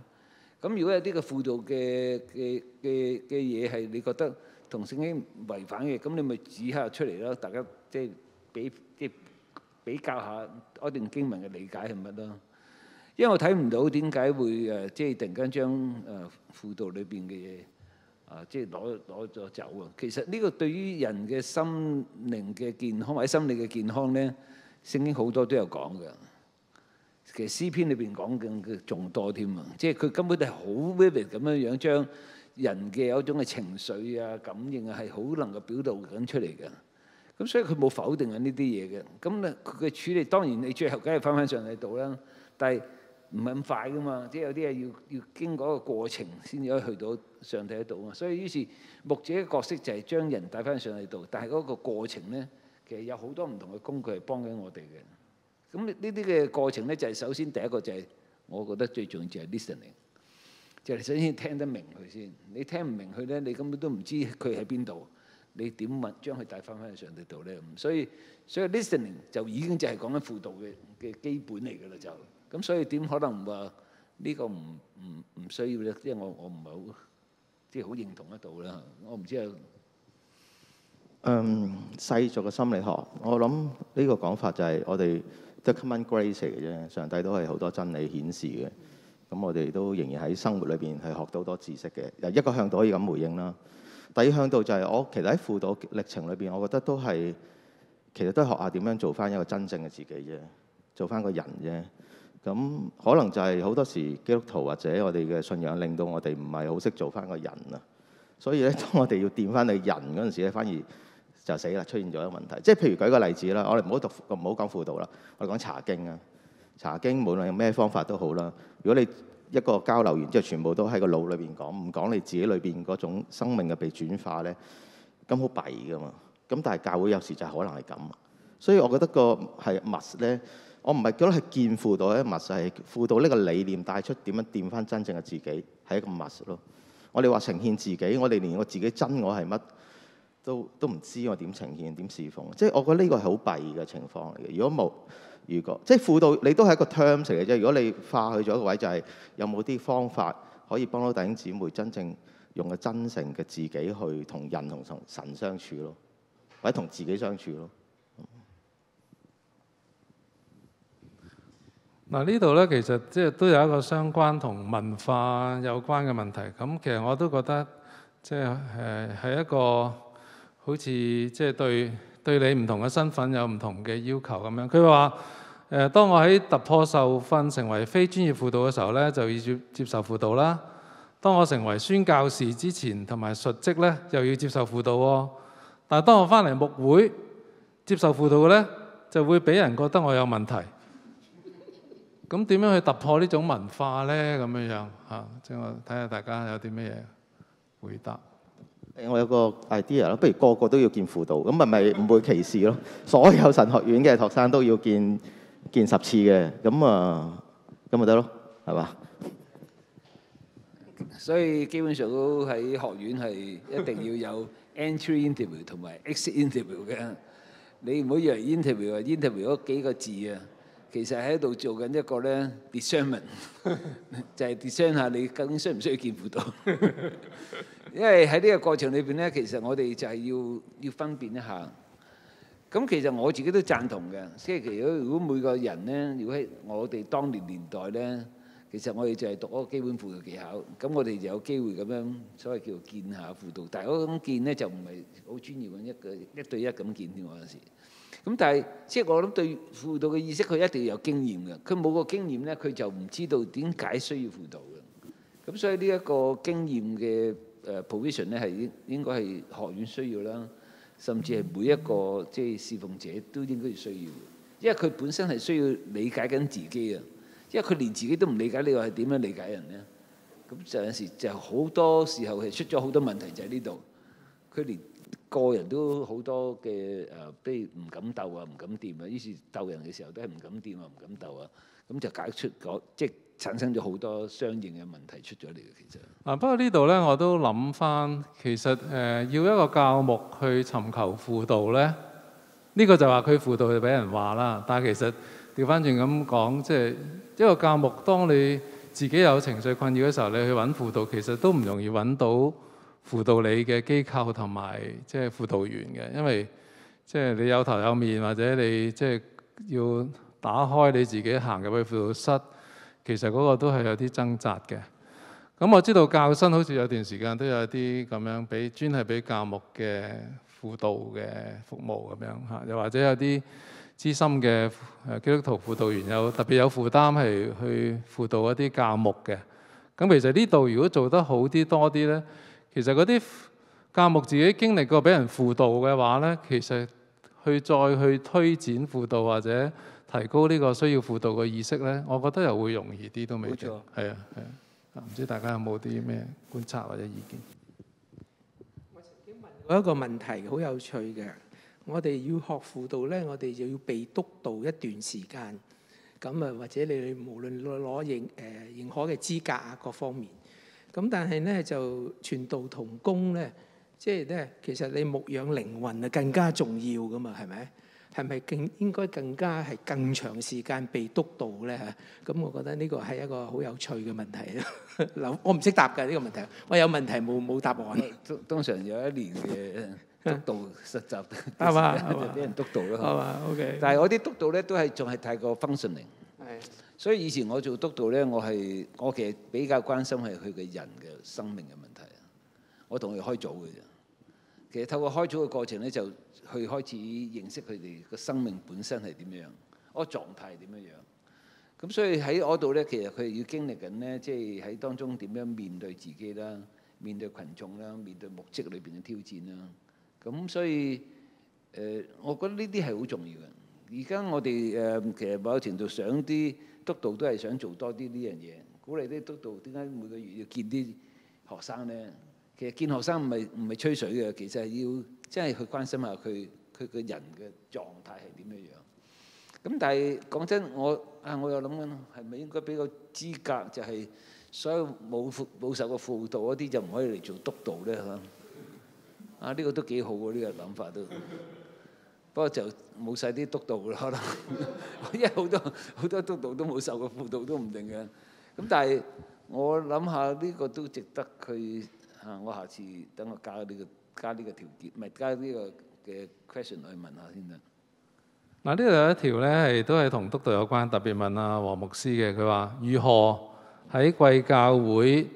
咁如果有啲嘅輔導嘅嘅嘅嘅嘢係你覺得同聖經違反嘅，咁你咪指下出嚟咯。大家即係比即係比較下嗰段經文嘅理解係乜咯？因為我睇唔到點解會誒即係突然間將誒輔導裏邊嘅嘢啊，即係攞攞咗走啊。其實呢個對於人嘅心靈嘅健康或者心理嘅健康咧，聖經好多都有講嘅。其實詩篇裏邊講嘅仲多添啊，即係佢根本係好 vivid 咁樣樣將人嘅有一種嘅情緒啊、感應啊、係好能夠表達緊出嚟嘅。咁所以佢冇否定緊呢啲嘢嘅。咁咧佢嘅處理當然你最後梗係翻返上帝度啦，但係唔係咁快噶嘛，即係有啲嘢要要經過一個過程先至可以去到上帝度啊。所以於是牧者嘅角色就係將人帶返上帝度，但係嗰個過程咧，其實有好多唔同嘅工具係幫緊我哋嘅。咁呢啲嘅過程咧，就係首先第一個就係，我覺得最重要就係 listening，就係首先聽得明佢先。你聽唔明佢咧，你根本都唔知佢喺邊度，你點問將佢帶翻翻去上帝度咧？咁所以，所以 listening 就已經就係講緊輔導嘅嘅基本嚟噶啦，就咁。所以點可能話呢個唔唔唔需要咧？即係我我唔係好即係好認同得到啦。我唔知啊。嗯，世俗嘅心理學，我諗呢個講法就係我哋。都 common grace 嘅啫，上帝都係好多真理顯示嘅。咁我哋都仍然喺生活裏邊係學到好多知識嘅。誒一個向度可以咁回應啦。第二向度就係，我其實喺輔導歷程裏邊，我覺得都係其實都係學下點樣做翻一個真正嘅自己啫，做翻個人啫。咁可能就係好多時基督徒或者我哋嘅信仰令到我哋唔係好識做翻個人啊。所以咧，當我哋要掂翻你人嗰陣時咧，反而～就死啦！出現咗一個問題，即係譬如舉個例子啦，我哋唔好讀唔好講輔導啦，我哋講查經啊。查經無論用咩方法都好啦。如果你一個交流完之後，全部都喺個腦裏邊講，唔講你自己裏邊嗰種生命嘅被轉化咧，咁好弊噶嘛。咁但係教會有時就可能係咁，所以我覺得個係密咧，我唔係覺得係見輔導咧密，係輔導呢個理念帶出點樣掂翻真正嘅自己係一個密咯。我哋話呈現自己，我哋連我自己真我係乜？都都唔知我點呈現點侍奉，即係我覺得呢個係好弊嘅情況嚟嘅。如果冇如果，即係輔導你都係一個 terms 嚟嘅啫。如果你化去咗個位，就係、是、有冇啲方法可以幫到弟兄姊妹真正用個真誠嘅自己去同人同神神相處咯，或者同自己相處咯。嗱呢度呢，其實即係都有一個相關同文化有關嘅問題。咁其實我都覺得即係誒係一個。好似即係對對你唔同嘅身份有唔同嘅要求咁樣。佢話：誒、呃，當我喺突破受訓成為非專業輔導嘅時候咧，就要接接受輔導啦。當我成為宣教士之前同埋述職咧，又要接受輔導喎、哦。但係當我翻嚟牧會接受輔導嘅咧，就會俾人覺得我有問題。咁點樣去突破呢種文化咧？咁樣樣嚇，即、啊、係我睇下大家有啲咩嘢回答。我有個 idea 啦，不如個個都要見輔導，咁咪咪唔會歧視咯。所有神學院嘅學生都要見見十次嘅，咁啊咁咪得咯，係嘛？所以基本上都喺學院係一定要有 entry interview 同埋 exit interview 嘅。你唔好以為 interview 啊 interview 嗰幾個字啊，其實喺度做緊一個咧 discernment，就係 discern 下你究竟需唔需要見輔導。因為喺呢個過程裏邊咧，其實我哋就係要要分辨一下。咁其實我自己都贊同嘅，即係如果如果每個人咧，如果喺我哋當年年代咧，其實我哋就係讀嗰個基本輔導技巧。咁我哋就有機會咁樣所謂叫做見下輔導，但係我咁見咧就唔係好專業嘅一個一對一咁見添嗰陣時。咁但係即係我諗對輔導嘅意識，佢一定要有經驗嘅。佢冇個經驗咧，佢就唔知道點解需要輔導嘅。咁所以呢一個經驗嘅。誒、uh, provision 咧係應應該係學院需要啦，甚至係每一個即係、就是、侍奉者都應該要需要，因為佢本身係需要理解緊自己啊，因為佢連自己都唔理解，你話係點樣理解人咧？咁就有時就好多時候係出咗好多問題，就喺呢度，佢連個人都好多嘅誒，比如唔敢鬥啊，唔敢掂啊，於是鬥人嘅時候都係唔敢掂啊，唔敢鬥啊，咁就解出嗰即。產生咗好多相應嘅問題出咗嚟嘅，其實嗱、啊。不過呢度呢，我都諗翻，其實誒、呃、要一個教牧去尋求輔導呢。呢、這個就話佢輔導就俾人話啦。但係其實調翻轉咁講，即係、就是、一個教牧，當你自己有情緒困擾嘅時候，你去揾輔導，其實都唔容易揾到輔導你嘅機構同埋即係輔導員嘅，因為即係、就是、你有頭有面，或者你即係、就是、要打開你自己行入去輔導室。啊。其實嗰個都係有啲掙扎嘅。咁我知道教生好似有段時間都有啲咁樣，樣，俾專係俾教牧嘅輔導嘅服務咁樣嚇，又或者有啲資深嘅基督徒輔導員有特別有負擔係去，去輔導一啲教牧嘅。咁其實呢度如果做得好啲多啲呢，其實嗰啲教牧自己經歷過俾人輔導嘅話呢，其實去再去推展輔導或者。提高呢個需要輔導嘅意識咧，我覺得又會容易啲都冇錯。係啊，係啊，唔知大家有冇啲咩觀察或者意見？我曾經問過一個問題好有趣嘅，我哋要學輔導咧，我哋就要被督導一段時間。咁啊，或者你無論攞認誒認可嘅資格啊，各方面。咁但係咧，就傳道同工咧，即係咧，其實你牧養靈魂啊，更加重要噶嘛，係咪？係咪更應該更加係更長時間被督導咧？嚇、啊、咁、嗯，我覺得呢個係一個好有趣嘅問題。嗱， 我唔識答㗎呢個問題。我有問題冇冇答案？通常有一年嘅督導實習，係嘛？ 就俾人督導咯。係嘛？OK。但係我啲督導咧都係仲係太過 functioning。係。 所以以前我做督導咧，我係我其實比較關心係佢嘅人嘅生命嘅問題。我同佢開組嘅，啫。其實透過開組嘅過程咧就。佢開始認識佢哋個生命本身係點樣，個狀態係點樣。咁所以喺嗰度咧，其實佢要經歷緊咧，即係喺當中點樣面對自己啦，面對羣眾啦，面對牧職裏邊嘅挑戰啦。咁所以誒，我覺得呢啲係好重要嘅。而家我哋誒其實某程度想啲督導都係想做多啲呢樣嘢，鼓勵啲督導點解每個月要見啲學生咧？其實見學生唔係唔係吹水嘅，其實係要。即係去關心下佢，佢個人嘅狀態係點樣樣，咁但係講真，我啊，我又諗緊係咪應該比較資格，就係所有冇冇受過輔導嗰啲就唔可以嚟做督導咧嚇？啊，呢個都幾好喎，呢個諗法都。不過就冇晒啲督導，可能因為好多好多督導都冇受過輔導都唔定嘅。咁但係我諗下呢個都值得佢嚇、啊，我下次等我教呢個。加呢個條件，唔係加呢個嘅 question 去問下先得。嗱、啊，呢度有一條咧，係都係同督導有關，特別問阿、啊、黃牧師嘅。佢話：如何喺貴教會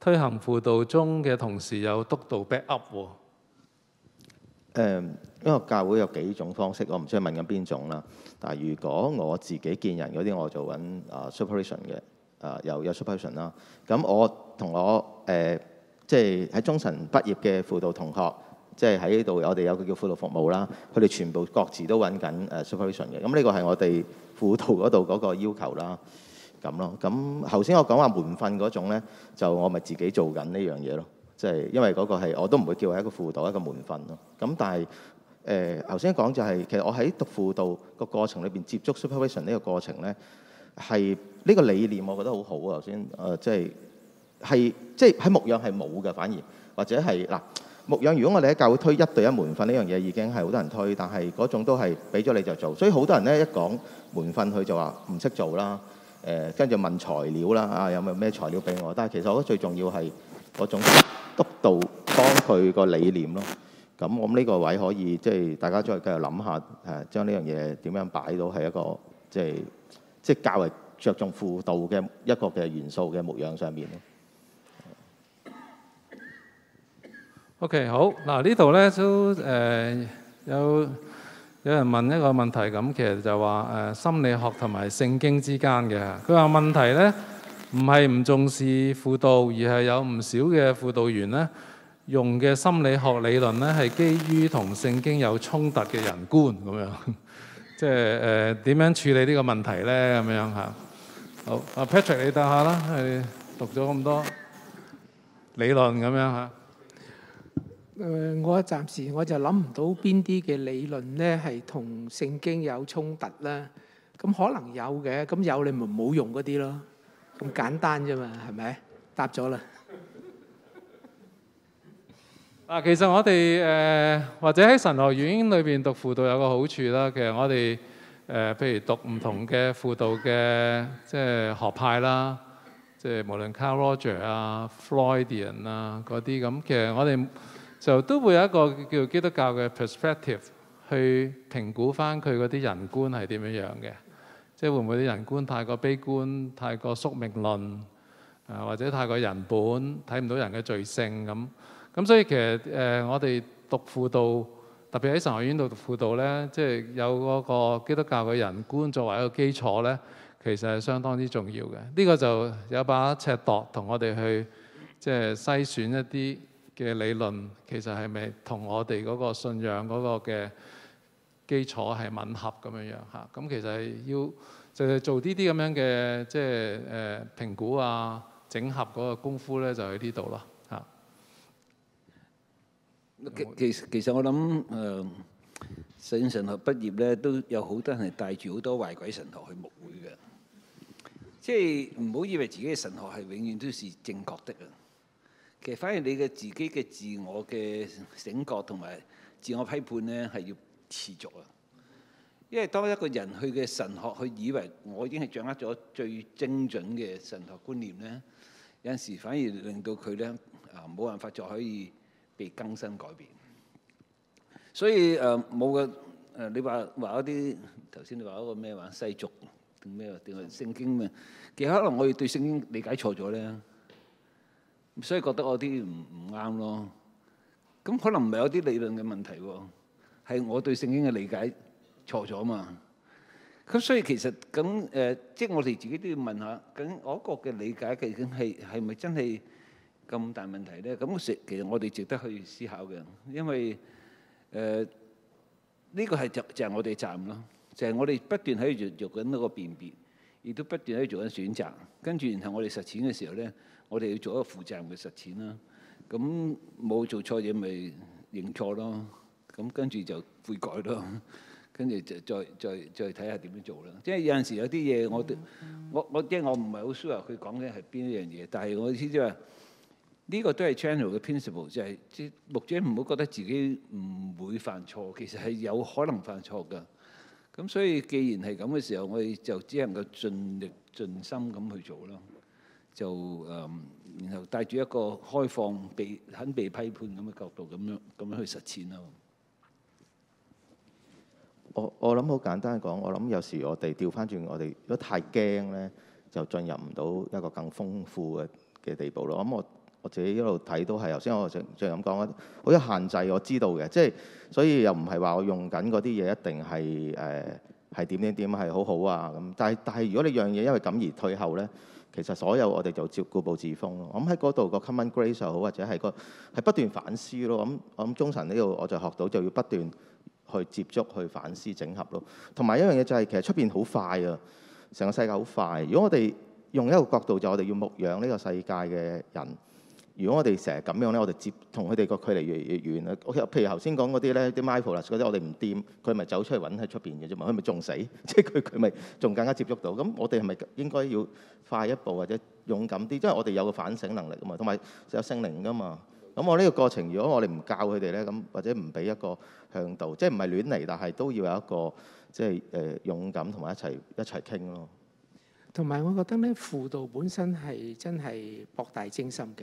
推行輔導中嘅同時有督導 back up？誒、嗯，因為教會有幾種方式，我唔知問緊邊種啦。但係如果我自己見人嗰啲，我就揾啊 supervision 嘅啊，又有 supervision 啦。咁我同我誒。呃即係喺中神畢業嘅輔導同學，即係喺呢度，我哋有個叫輔導服務啦。佢哋全部各自都揾緊誒 supervision 嘅。咁呢個係我哋輔導嗰度嗰個要求啦，咁咯。咁頭先我講話門訓嗰種咧，就我咪自己做緊呢樣嘢咯。即係因為嗰個係我都唔會叫係一個輔導一個門訓咯。咁但係誒頭先講就係其實我喺讀輔導個過程裏邊接觸 supervision 呢個過程咧，係呢個理念我覺得好好啊。頭先誒即係。呃就是係，即係喺牧養係冇㗎，反而或者係嗱，牧養如果我哋喺教會推一對一門訓呢樣嘢，已經係好多人推，但係嗰種都係俾咗你就做，所以好多人咧一講門訓，佢就話唔識做啦，誒跟住問材料啦，啊有冇咩材料俾我？但係其實我覺得最重要係嗰種督導幫佢個理念咯。咁我諗呢個位可以即係大家再繼續諗下，誒將呢樣嘢點樣擺到喺一個即係即係較為着重輔導嘅一個嘅元素嘅牧養上面咯。OK，好嗱，呢度咧都誒有有人問一個問題咁，其實就話誒心理學同埋聖經之間嘅。佢話問題咧唔係唔重視輔導，而係有唔少嘅輔導員咧用嘅心理學理論咧係基於同聖經有衝突嘅人觀咁樣，即係誒點樣處理呢個問題咧咁樣嚇。好，阿 Patrick 你答下啦，係讀咗咁多理論咁樣嚇。誒，我暫時我就諗唔到邊啲嘅理論咧係同聖經有衝突啦。咁可能有嘅，咁有你咪冇用嗰啲咯。咁簡單啫嘛，係咪答咗啦？嗱，其實我哋誒或者喺神學院裏邊讀輔導有個好處啦。其實我哋誒，譬如讀唔同嘅輔導嘅即係學派啦，即係無論 Carl Rogers 啊、Freudian 啊嗰啲咁，其實我哋。就都會有一個叫基督教嘅 perspective 去評估翻佢嗰啲人觀係點樣樣嘅，即係會唔會啲人觀太過悲觀、太過宿命論啊、呃，或者太過人本，睇唔到人嘅罪性咁。咁所以其實誒、呃，我哋讀輔導，特別喺神學院度讀輔導咧，即係有嗰個基督教嘅人觀作為一個基礎咧，其實係相當之重要嘅。呢個就有把尺度同我哋去即係篩選一啲。嘅理論其實係咪同我哋嗰個信仰嗰個嘅基礎係吻合咁樣樣嚇？咁、嗯、其實要就係、是、做呢啲咁樣嘅即係誒評估啊、整合嗰個功夫咧，就喺呢度咯嚇。嗯、其其其實我諗誒，信、呃、神學畢業咧都有好多人係帶住好多壞鬼神學去牧會嘅，即係唔好以為自己嘅神學係永遠都是正確的啊！其實反而你嘅自己嘅自我嘅醒覺同埋自我批判咧，係要持續啊！因為當一個人去嘅神學，佢以為我已經係掌握咗最精準嘅神學觀念咧，有陣時反而令到佢咧啊，冇辦法再可以被更新改變。所以誒冇嘅誒，你話話一啲頭先你話嗰個咩話西族定咩定係聖經啊？其實可能我哋對聖經理解錯咗咧。所以覺得我啲唔唔啱咯，咁可能唔係有啲理論嘅問題喎，係我對聖經嘅理解錯咗嘛？咁所以其實咁誒，即係我哋自己都要問下，咁我個嘅理解究竟係係咪真係咁大問題咧？咁實其實我哋值得去思考嘅，因為誒呢個係就就係我哋責任咯，就係我哋不斷喺度做緊嗰個辨別，亦都不斷喺度做緊選擇，跟住然後我哋實踐嘅時候咧。我哋要做一個負責任嘅實踐啦，咁冇做錯嘢咪認錯咯，咁跟住就悔改咯，跟住就再再再睇下點樣做啦。即係有陣時有啲嘢我我我即係我唔係好 sure 佢講嘅係邊一樣嘢，但係我意思即係話呢個都係 channel 嘅 principle，就係即係牧者唔好覺得自己唔會犯錯，其實係有可能犯錯㗎。咁所以既然係咁嘅時候，我哋就只能夠盡力盡心咁去做咯。就誒、嗯，然後帶住一個開放被肯被批判咁嘅角度，咁樣咁樣去實踐咯。我我諗好簡單講，我諗有時我哋調翻轉我哋，如果太驚咧，就進入唔到一個更豐富嘅嘅地步咯。咁我我，我自己一路睇都係頭先我正我正咁講好有限制，我知道嘅，即係所以又唔係話我用緊嗰啲嘢一定係誒係點點點係好好啊咁。但係但係如果你樣嘢因為咁而退後咧。其實所有我哋就照固步自封咯，我諗喺嗰度個 common grace 又好，或者係個係不斷反思咯，我諗我諗中神呢度，我就學到就要不斷去接觸、去反思、整合咯。同埋一樣嘢就係、是，其實出邊好快啊，成個世界好快。如果我哋用一個角度，就我哋要牧養呢個世界嘅人。如果我哋成日咁樣咧，我哋接同佢哋個距離越嚟越遠啊！譬如頭先講嗰啲咧，啲 micro 啦嗰啲，我哋唔掂，佢咪走出去揾喺出邊嘅啫嘛？佢咪仲死，即係佢佢咪仲更加接觸到。咁我哋係咪應該要快一步或者勇敢啲？因為我哋有個反省能力啊嘛，同埋有生靈聖靈噶嘛。咁我呢個過程，如果我哋唔教佢哋咧，咁或者唔俾一個向導，即係唔係亂嚟，但係都要有一個即係誒勇敢同埋一齊一齊傾咯。同埋我覺得咧，輔導本身係真係博大精深嘅。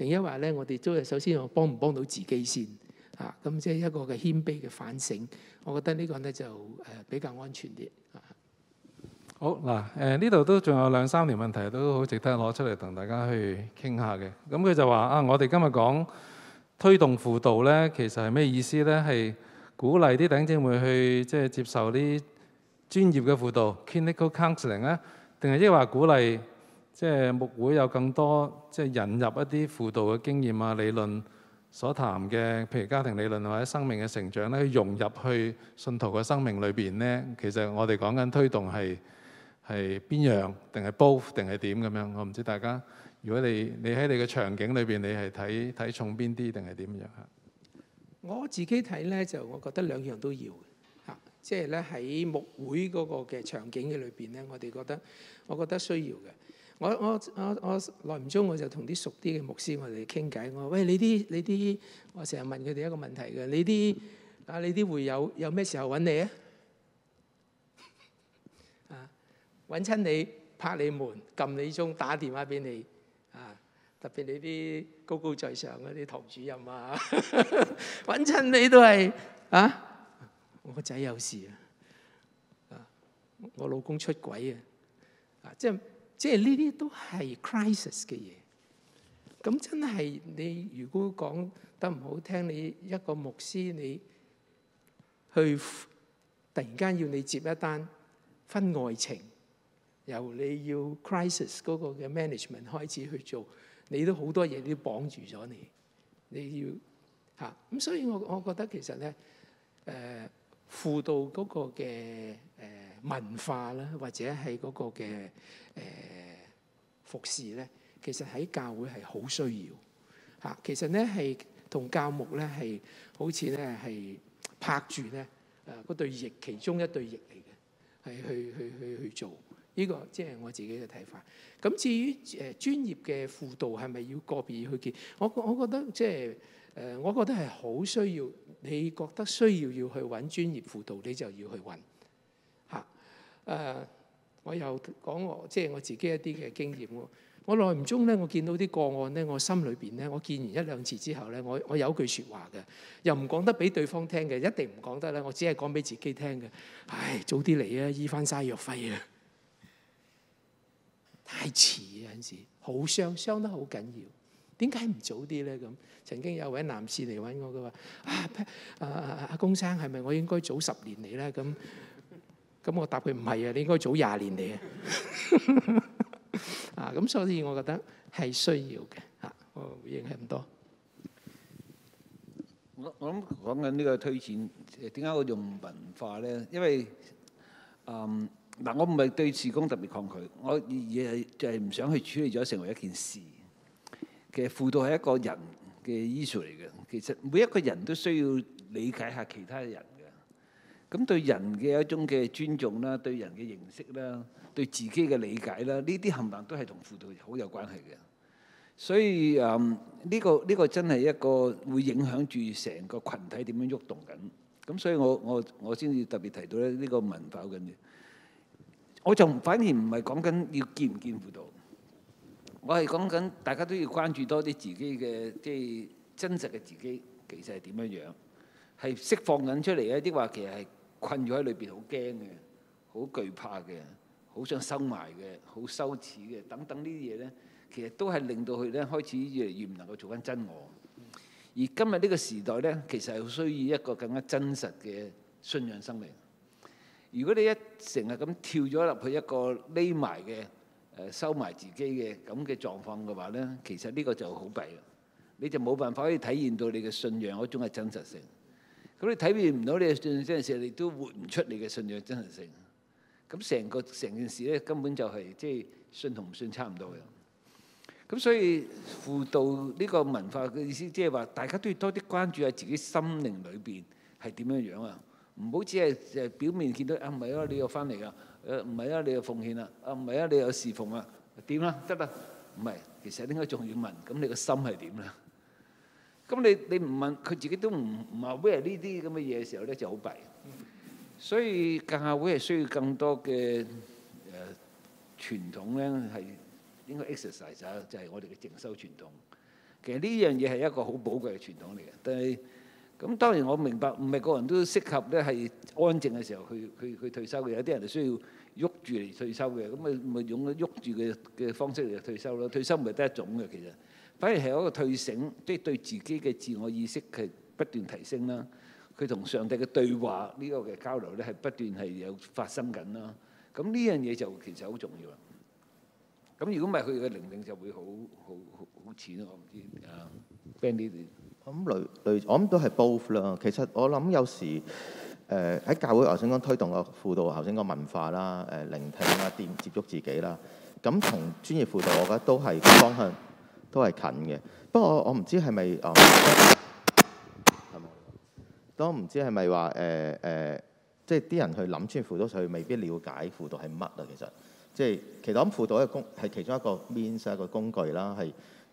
定一為咧，我哋都係首先我幫唔幫到自己先嚇，咁即係一個嘅謙卑嘅反省。我覺得個呢個咧就誒比較安全啲。好嗱，誒呢度都仲有兩三條問題都好值得攞出嚟同大家去傾下嘅。咁佢就話啊，我哋今日講推動輔導咧，其實係咩意思咧？係鼓勵啲頂正會去即係、就是、接受啲專業嘅輔導 （clinical c o u n s e l i n g 啊，定係即係話鼓勵？即係牧會有更多即係引入一啲輔導嘅經驗啊、理論所談嘅，譬如家庭理論或者生命嘅成長咧，融入去信徒嘅生命裏邊咧。其實我哋講緊推動係係邊樣，定係 both，定係點咁樣？我唔知大家，如果你你喺你嘅場景裏邊，你係睇睇重邊啲，定係點樣嚇？我自己睇咧，就我覺得兩樣都要嚇，即係咧喺牧會嗰個嘅場景嘅裏邊咧，我哋覺得我覺得需要嘅。我我我我耐唔中，我就同啲熟啲嘅牧師我哋傾偈。我話：喂，你啲你啲，我成日問佢哋一個問題嘅，你啲啊你啲會友有咩時候揾你啊？啊，揾親你拍你門撳你鐘打電話俾你啊！特別你啲高高在上嗰啲堂主任啊，揾親你都係啊，我個仔有事啊，啊，我老公出軌啊，啊，即係。即係呢啲都係 crisis 嘅嘢，咁真係，你如果講得唔好聽，你一個牧師你去突然間要你接一單婚外情，由你要 crisis 嗰個嘅 management 開始去做，你都好多嘢都綁住咗你，你要嚇咁，所以我我覺得其實咧誒輔導嗰個嘅誒。文化啦，或者係嗰個嘅誒、呃、服侍咧，其實喺教會係好需要吓，其實咧係同教牧咧係好似咧係拍住咧誒嗰對翼，其中一對翼嚟嘅，係去去去去做呢、這個即係我自己嘅睇法。咁至於誒專、呃、業嘅輔導係咪要個別去見？我我覺得即係誒我覺得係好需要。你覺得需要要去揾專業輔導，你就要去揾。誒，uh, 我又講我即係、就是、我自己一啲嘅經驗。我耐唔中咧，我見到啲個案咧，我心裏邊咧，我見完一兩次之後咧，我我有句説話嘅，又唔講得俾對方聽嘅，一定唔講得啦。我只係講俾自己聽嘅。唉，早啲嚟啊，醫翻晒藥費啊！ 太遲啊，有陣時好傷，傷得好緊要。點解唔早啲咧？咁曾經有位男士嚟揾我，佢話：啊，阿阿阿阿公生，係咪我應該早十年嚟咧？咁。咁我答佢唔係啊，你應該早廿年嚟 啊！啊，咁所以我覺得係需要嘅啊。我回應係咁多。我我諗講緊呢個推展，點解我用文化咧？因為嗯嗱，我唔係對事工特別抗拒，我而係就係唔想去處理咗成為一件事嘅輔導係一個人嘅 issue 嚟嘅。其實每一個人都需要理解下其他人。咁對人嘅一種嘅尊重啦，對人嘅認識啦，對自己嘅理解啦，呢啲冚唪唥都係同輔導好有關係嘅。所以誒，呢個呢個真係一個會影響住成個羣體點樣喐動緊。咁所以我我我先至特別提到咧呢個文化好緊要。我就反而唔係講緊要見唔見輔導，我係講緊大家都要關注多啲自己嘅即係真實嘅自己其實係點樣樣，係釋放緊出嚟嘅，即係話其實係。困住喺裏邊，好驚嘅，好懼怕嘅，好想收埋嘅，好羞恥嘅，等等呢啲嘢咧，其實都係令到佢咧開始越嚟越唔能夠做返真我。而今日呢個時代咧，其實係需要一個更加真實嘅信仰生命。如果你一成日咁跳咗入去一個匿埋嘅誒收埋自己嘅咁嘅狀況嘅話咧，其實呢個就好弊，你就冇辦法可以體現到你嘅信仰嗰種嘅真實性。咁你體現唔到你嘅信，呢件事你都活唔出你嘅信仰真實性。咁成個成件事咧，根本就係即係信同唔信差唔多嘅。咁所以輔導呢個文化嘅意思，即係話大家都要多啲關注下自己心靈裏邊係點樣樣啊。唔好只係誒表面見到啊，唔係啊，你又翻嚟啊，誒唔係啊，你又奉獻啊，啊唔係啊，你又侍奉啊，點啊得啦？唔係，其實應該仲要問，咁你個心係點咧？咁你你唔問佢自己都唔唔係咩呢啲咁嘅嘢嘅時候咧，就好弊，所以更教會係需要更多嘅誒、呃、傳統咧係應該 exercise 下，就係我哋嘅靜修傳統。其實呢樣嘢係一個好寶貴嘅傳統嚟嘅。但係咁當然我明白唔係個人都適合咧係安靜嘅時候去去去退休嘅，有啲人就需要喐住嚟退休嘅。咁咪咪用喐住嘅嘅方式嚟退休咯。退休唔係得一種嘅其實。反而係一個退省，即係對自己嘅自我意識，係不斷提升啦。佢同上帝嘅對話呢個嘅交流咧，係不斷係有發生緊啦。咁呢樣嘢就其實好重要啊。咁如果唔係，佢嘅聆聽就會好好好好淺。我唔知啊，Benny，咁類類，我諗都係 both 啦。其實我諗有時誒喺教會頭先講推動個輔導，頭先個文化啦、誒聆聽啊、接接觸自己啦，咁同專業輔導，我覺得都係方向。都係近嘅，不過我唔知係咪哦，嗯、 都唔知係咪話誒誒，即係啲人去諗，穿輔導佢未必了解輔導係乜啊。其實，即係其實諗輔導嘅工係其中一個 means 一個工具啦，係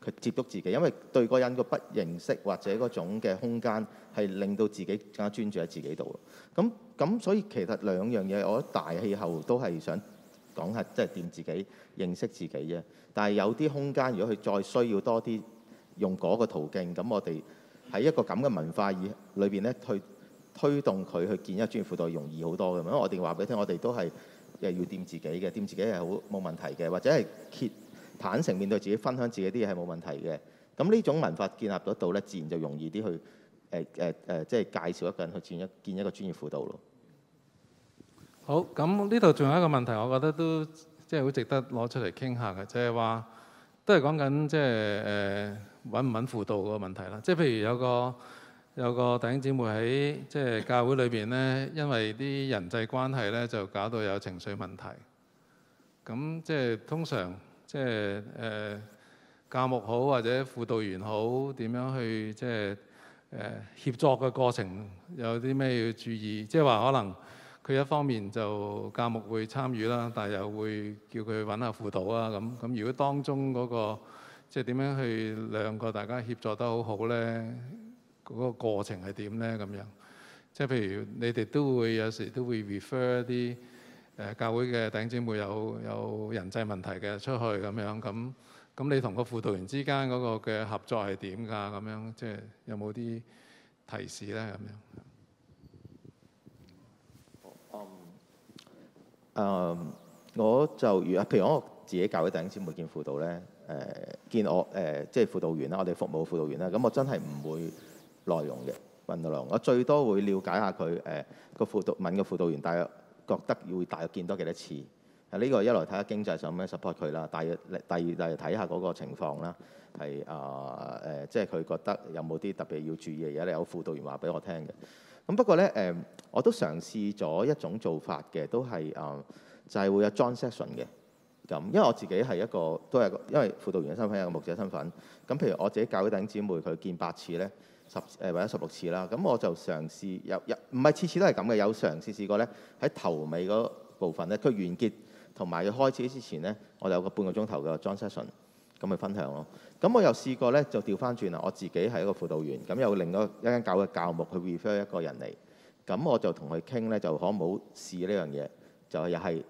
佢接觸自己，因為對個人個不認識或者嗰種嘅空間，係令到自己更加專注喺自己度。咁咁，所以其實兩樣嘢，我大氣候都係想講下，即係掂自己認識自己啫。但係有啲空間，如果佢再需要多啲用嗰個途徑，咁我哋喺一個咁嘅文化以裏邊咧，去推，推動佢去建一專業輔導，容易好多咁樣，因為我哋話俾你聽，我哋都係誒要掂自己嘅，掂自己係好冇問題嘅，或者係揭坦誠面對自己，分享自己啲嘢係冇問題嘅。咁呢種文化建立得到度咧，自然就容易啲去誒誒誒，即係介紹一個人去建一建一個專業輔導咯。好，咁呢度仲有一個問題，我覺得都，即係好值得攞出嚟傾下嘅，即係話都係講緊即係誒揾唔揾輔導嗰個問題啦。即係譬如有個有個弟兄姊妹喺即係教會裏邊咧，因為啲人際關係咧就搞到有情緒問題。咁即係通常即係誒、呃、教牧好或者輔導員好，點樣去即係誒協助嘅過程有啲咩要注意？即係話可能。佢一方面就教牧會參與啦，但係又會叫佢揾下輔導啊咁。咁如果當中嗰、那個即係點樣去兩個大家協助得好好咧，嗰、那個過程係點咧？咁樣即係譬如你哋都會有時都會 refer 一啲誒、呃、教會嘅弟兄姊妹有有人際問題嘅出去咁樣咁。咁你同個輔導員之間嗰個嘅合作係點㗎？咁樣即係有冇啲提示咧？咁樣。誒，um, 我就如啊，譬如我自己教嘅弟兄姊妹見輔導咧，誒、呃、見我誒、呃，即係輔導員啦，我哋服務輔導員啦，咁我真係唔會內容嘅問內容，我最多會了解下佢誒個輔導問嘅輔導員大約覺得會大約見多幾多次啊？呢、這個一來睇下經濟上，咩 support 佢啦，大約第二嚟睇下嗰個情況啦，係啊誒，即係佢覺得有冇啲特別要注意嘅嘢你有輔導員話俾我聽嘅。咁不過咧，誒、嗯，我都嘗試咗一種做法嘅，都係誒、呃，就係、是、會有 join session，嘅咁。因為我自己係一個都係因為輔導員嘅身份，有一個牧者身份。咁譬如我自己教啲弟兄姊妹，佢見八次咧，十誒、呃、或者十六次啦。咁我就嘗試有有唔係次次都係咁嘅，有嘗試試過咧喺頭尾嗰部分咧，佢完結同埋佢開始之前咧，我有個半個鐘頭嘅 join session。咁咪分享咯。咁我又試過咧，就調翻轉啦。我自己係一個輔導員，咁又另咗一間教嘅教牧去 refer 一個人嚟。咁我就同佢傾咧，就可唔好試呢樣嘢，就又係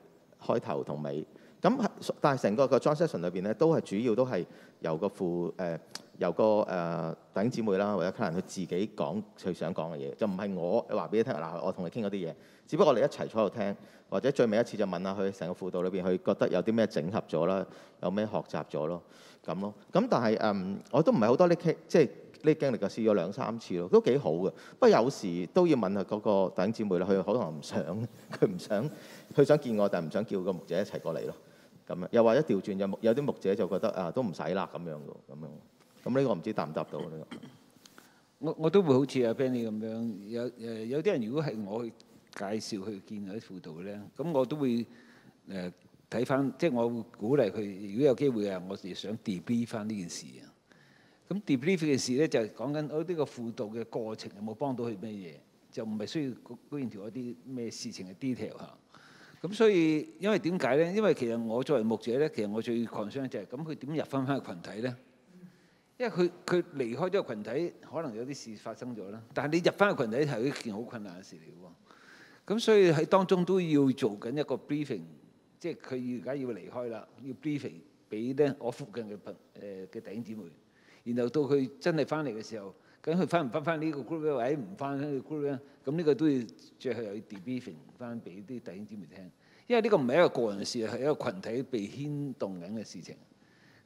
開頭同尾。咁但係成個個 session 裏邊咧，都係主要都係由個副。誒、呃。有個誒弟兄姊妹啦，或者可能佢自己講佢想講嘅嘢，就唔係我話俾你聽嗱。我同你傾嗰啲嘢，只不過我哋一齊坐度聽，或者最尾一次就問下佢成個輔導裏邊，佢覺得有啲咩整合咗啦，有咩學習咗咯，咁咯。咁但係嗯，我都唔係好多呢啲，即係呢啲經歷嘅試咗兩三次咯，都幾好嘅。不過有時都要問下、那、嗰個弟兄姊妹啦，佢可能唔想，佢唔想，佢想，想見我，但係唔想叫個牧者一齊過嚟咯，咁啊。又或者調轉有牧有啲牧者就覺得啊，都唔使啦咁樣嘅，咁樣。咁呢個唔知答唔答到你？我我都會好似阿 Benny 咁樣，有誒有啲人如果係我去介紹去見嗰啲輔導咧，咁我都會誒睇翻，即係我會鼓勵佢。如果有機會啊，我哋想 debrief 翻呢件事啊。咁 debrief 呢件事咧就講、是、緊我呢個輔導嘅過程有冇幫到佢咩嘢？就唔係需要居然調一啲咩事情嘅 detail 嚇。咁所以因為點解咧？因為其實我作為牧者咧，其實我最 concern 就係、是、咁，佢點入翻翻個群體咧？因為佢佢離開咗個群體，可能有啲事發生咗啦。但係你入翻個群體係一件好困難嘅事嚟嘅喎。咁所以喺當中都要做緊一個 briefing，即係佢而家要離開啦，要 briefing 俾咧我附近嘅朋誒嘅弟兄姊妹。然後到佢真係翻嚟嘅時候，咁佢翻唔翻翻呢個 group 咧？或者唔翻呢個 group 咧？咁呢個都要最後又要 debriefing 翻俾啲弟兄姊妹聽。因為呢個唔係一個個人事，係一個群體被牽動緊嘅事情。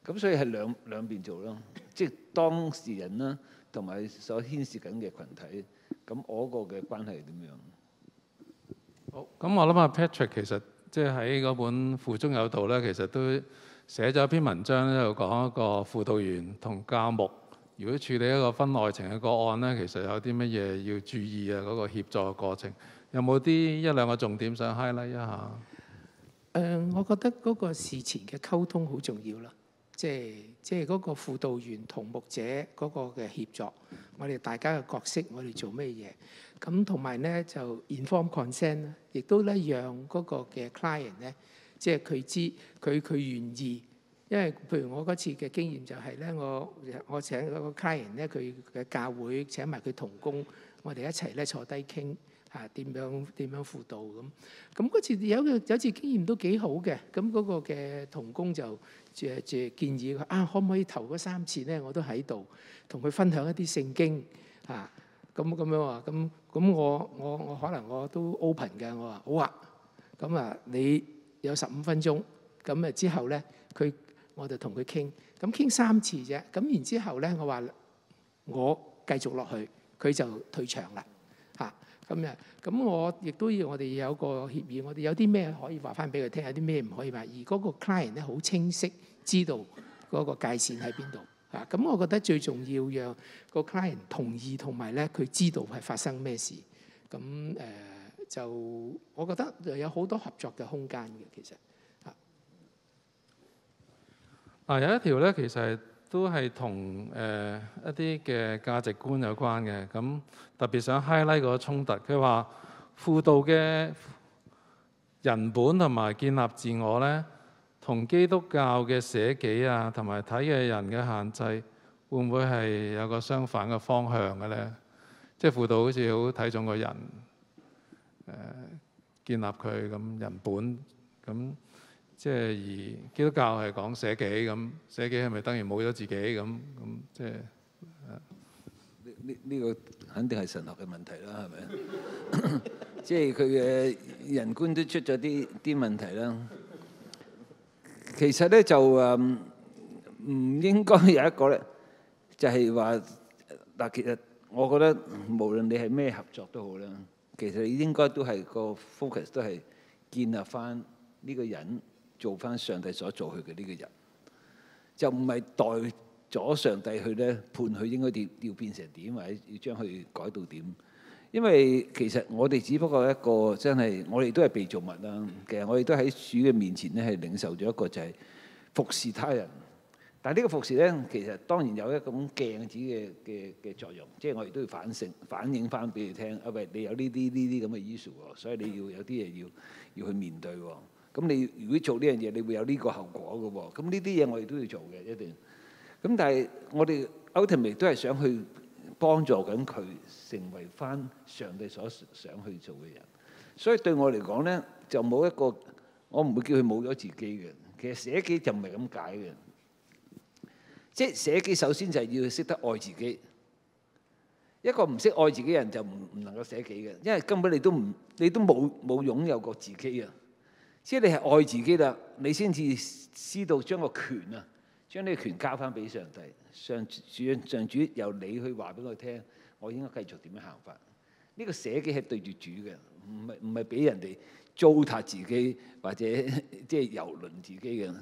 咁所以係兩兩邊做咯，即係當事人啦，同埋所牽涉緊嘅群體，咁我個嘅關係係點樣？好，咁我諗啊 Patrick 其實即係喺嗰本《附中有道》咧，其實都寫咗一篇文章咧，度講一個輔導員同教牧，如果處理一個婚外情嘅個案咧，其實有啲乜嘢要注意啊？嗰、那個協助嘅過程有冇啲一,一兩個重點想 highlight 一下？誒、嗯，我覺得嗰個事前嘅溝通好重要啦。即係即係嗰個輔導員同牧者嗰個嘅協助，我哋大家嘅角色我，我哋做咩嘢咁？同埋咧就 inform consent 啦，亦都咧讓嗰個嘅 client 咧，即係佢知佢、佢願意，因為譬如我嗰次嘅經驗就係咧，我我請嗰個 client 咧，佢嘅教會請埋佢同工，我哋一齊咧坐低傾。嚇，點樣點樣輔導咁。咁嗰次有個有次經驗都幾好嘅，咁嗰個嘅同工就誒、誒建議佢啊，可唔可以投嗰三次咧？我都喺度同佢分享一啲聖經嚇，咁咁樣話，咁咁我我我可能我都 open 嘅，我話好啊咁啊，你有十五分鐘咁。誒之後咧，佢我就同佢傾，咁傾三次啫。咁然之後咧，我話我繼續落去，佢就退場啦嚇。今日咁，我亦都要我哋有個協議。我哋有啲咩可以話翻俾佢聽，有啲咩唔可以話。而嗰個 client 咧，好清晰知道嗰個界線喺邊度啊。咁我覺得最重要，讓個 client 同意，同埋咧佢知道係發生咩事。咁誒，就我覺得有好多合作嘅空間嘅，其實啊，啊有一條咧，其實係。都係同誒一啲嘅價值觀有關嘅，咁特別想 highlight 個衝突。佢話輔導嘅人本同埋建立自我呢，同基督教嘅捨己啊，同埋睇嘅人嘅限制，會唔會係有個相反嘅方向嘅呢？即係輔導好似好睇重個人，誒建立佢咁人本咁。即係而基督教係講捨己咁，捨己係咪等於冇咗自己咁？咁即係呢呢呢個肯定係神學嘅問題啦，係咪？即係佢嘅人觀都出咗啲啲問題啦。其實咧就誒唔應該有一個咧，就係話嗱，其實我覺得無論你係咩合作都好啦，其實應該都係個 focus 都係建立返呢個人，做翻上帝所做佢嘅呢個人，就唔係代咗上帝去咧判佢應該要要變成點或者要將佢改到點。因為其實我哋只不過一個真係我哋都係被造物啦。其實我哋都喺主嘅面前咧係領受咗一個就係服侍他人。但係呢個服侍咧，其實當然有一種鏡子嘅嘅嘅作用。即係我哋都要反省、反映翻俾你聽。啊，喂，你有呢啲呢啲咁嘅 issue 喎，所以你要有啲嘢要要去面對喎。咁你如果做呢樣嘢，你會有呢個後果嘅喎。咁呢啲嘢我哋都要做嘅一定。咁但係我哋 ultimately 都係想去幫助緊佢成為翻上帝所想去做嘅人。所以對我嚟講咧，就冇一個我唔會叫佢冇咗自己嘅。其實捨己就唔係咁解嘅，即係捨己首先就係要識得愛自己。一個唔識愛自己嘅人就唔唔能夠捨己嘅，因為根本你都唔你都冇冇擁有過自己啊。即係你係愛自己啦，你先至知道將個權啊，將呢個權交翻俾上帝。上主上主由你去話俾我聽，我應該繼續點樣行法？呢個捨己係對住主嘅，唔係唔係俾人哋糟蹋自己或者即係遊輪自己嘅。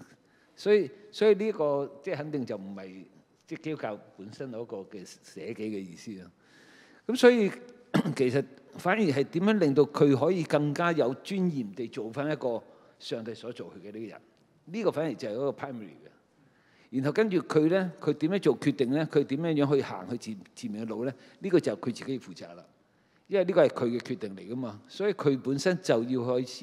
所以所以呢個即係肯定就唔係基督教本身嗰個嘅捨己嘅意思啊。咁所以其實反而係點樣令到佢可以更加有尊嚴地做翻一個？上帝所做佢嘅呢個人，呢、這個反而就係一個 primary 嘅、mm。Hmm. 然後跟住佢咧，佢點樣做決定咧？佢點樣樣去行去前前面嘅路咧？呢、這個就佢自己負責啦。因為呢個係佢嘅決定嚟噶嘛，所以佢本身就要開始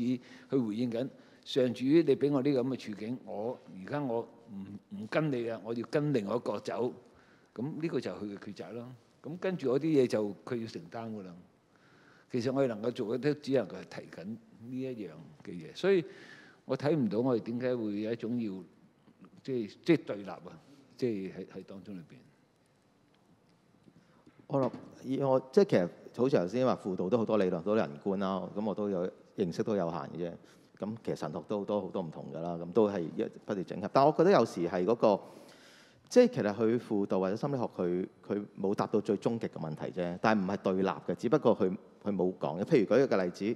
去回應緊上主。你俾我呢個咁嘅處境，我而家我唔唔跟你啊，我要跟另外一個走。咁、嗯、呢、這個就係佢嘅抉擇啦。咁、嗯、跟住嗰啲嘢就佢要承擔噶啦。其實我哋能夠做嘅都只能係佢提緊呢一樣嘅嘢，所以我睇唔到我哋點解會有一種要即即對立啊，即係喺喺當中裏邊。我諗我即係其實好似頭先話輔導都好多理論，好多人觀啦，咁我都有認識都有限嘅啫。咁其實神學都好多好多唔同㗎啦，咁都係一不斷整合。但係我覺得有時係嗰、那個，即係其實佢輔導或者心理學佢佢冇達到最終極嘅問題啫，但係唔係對立嘅，只不過佢佢冇講。譬如舉一個例子，誒、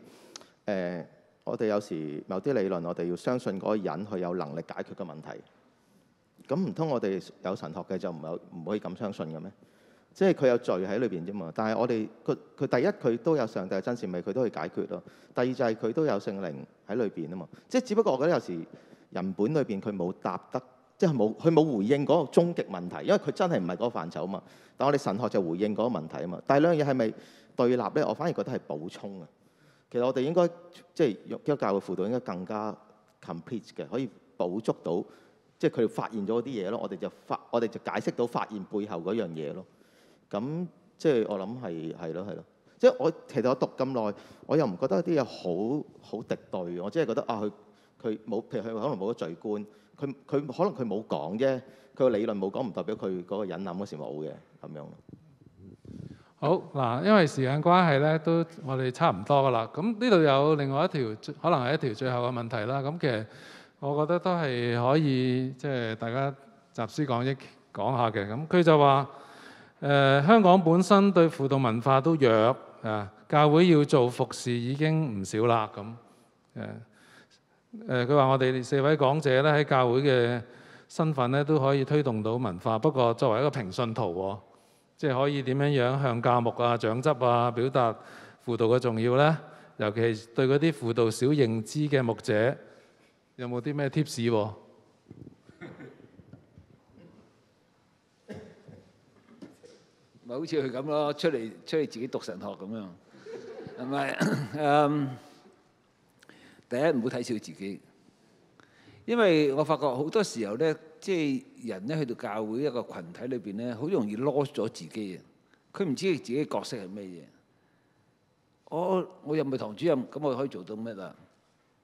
呃，我哋有時某啲理論，我哋要相信嗰個人佢有能力解決嘅問題。咁唔通我哋有神學嘅就唔有唔可以咁相信嘅咩？即係佢有罪喺裏邊啫嘛。但係我哋佢佢第一佢都有上帝嘅真善美，佢都可以解決咯。第二就係佢都有聖靈喺裏邊啊嘛。即係只不過我覺得有時人本裏邊佢冇答得。即係冇，佢冇回應嗰個終極問題，因為佢真係唔係嗰個範疇啊嘛。但我哋神學就回應嗰個問題啊嘛。但係兩樣嘢係咪對立咧？我反而覺得係補充啊。其實我哋應該即係基督教嘅輔導應該更加 complete 嘅，可以補足到即係佢發現咗啲嘢咯。我哋就發，我哋就解釋到發現背後嗰樣嘢咯。咁即係我諗係係咯係咯。即係我，即我其實我讀咁耐，我又唔覺得啲嘢好好敵對，我只係覺得啊，佢佢冇，譬如佢可能冇咗罪觀。佢佢可能佢冇講啫，佢個理論冇講，唔代表佢嗰個引諗嗰時冇嘅咁樣。好嗱，因為時間關係咧，都我哋差唔多㗎喇。咁呢度有另外一條，可能係一條最後嘅問題啦。咁其實我覺得都係可以即係大家集思廣益講下嘅。咁佢就話誒，香港本身對輔導文化都弱啊，教會要做服侍已經唔少啦咁誒。誒佢話我哋四位講者咧，喺教會嘅身份咧都可以推動到文化，不過作為一個平信徒、哦、即係可以點樣樣向教牧啊、長執啊表達輔導嘅重要咧，尤其係對嗰啲輔導少認知嘅牧者，有冇啲咩 tips？咪好似佢咁咯，出嚟出嚟自己讀神學咁樣，係咪？嗯。第一，唔好睇小自己，因為我發覺好多時候咧，即係人咧去到教會一個群體裏邊咧，好容易 lost 咗自己嘅。佢唔知自己角色係咩嘢。我我又唔係堂主任，咁我可以做到咩啦？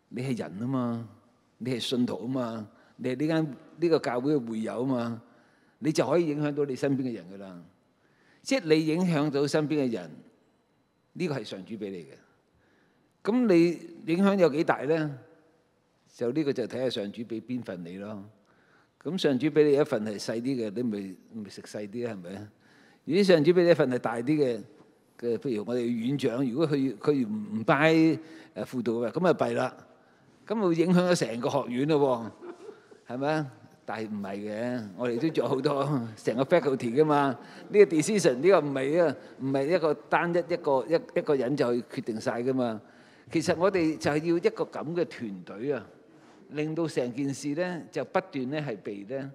你係人啊嘛，你係信徒啊嘛，你係呢間呢個教會嘅會友啊嘛，你就可以影響到你身邊嘅人噶啦。即係你影響到身邊嘅人，呢個係上主俾你嘅。咁你影響有幾大咧？就呢個就睇下上主俾邊份你咯。咁上主俾你一份係細啲嘅，你咪咪食細啲啊，係咪啊？如果上主俾你一份係大啲嘅，嘅譬如我哋院長，如果佢佢唔唔拜誒輔導嘅，咁咪弊啦。咁咪會影響咗成個學院咯喎，係咪啊？但係唔係嘅，我哋都做好多成個 faculty 嘅嘛。呢、呢個 decision 呢個唔係啊，唔係一個單一一個一一個人就決定晒嘅嘛。其實我哋就係要一個咁嘅團隊啊，令到成件事咧就不斷咧係被咧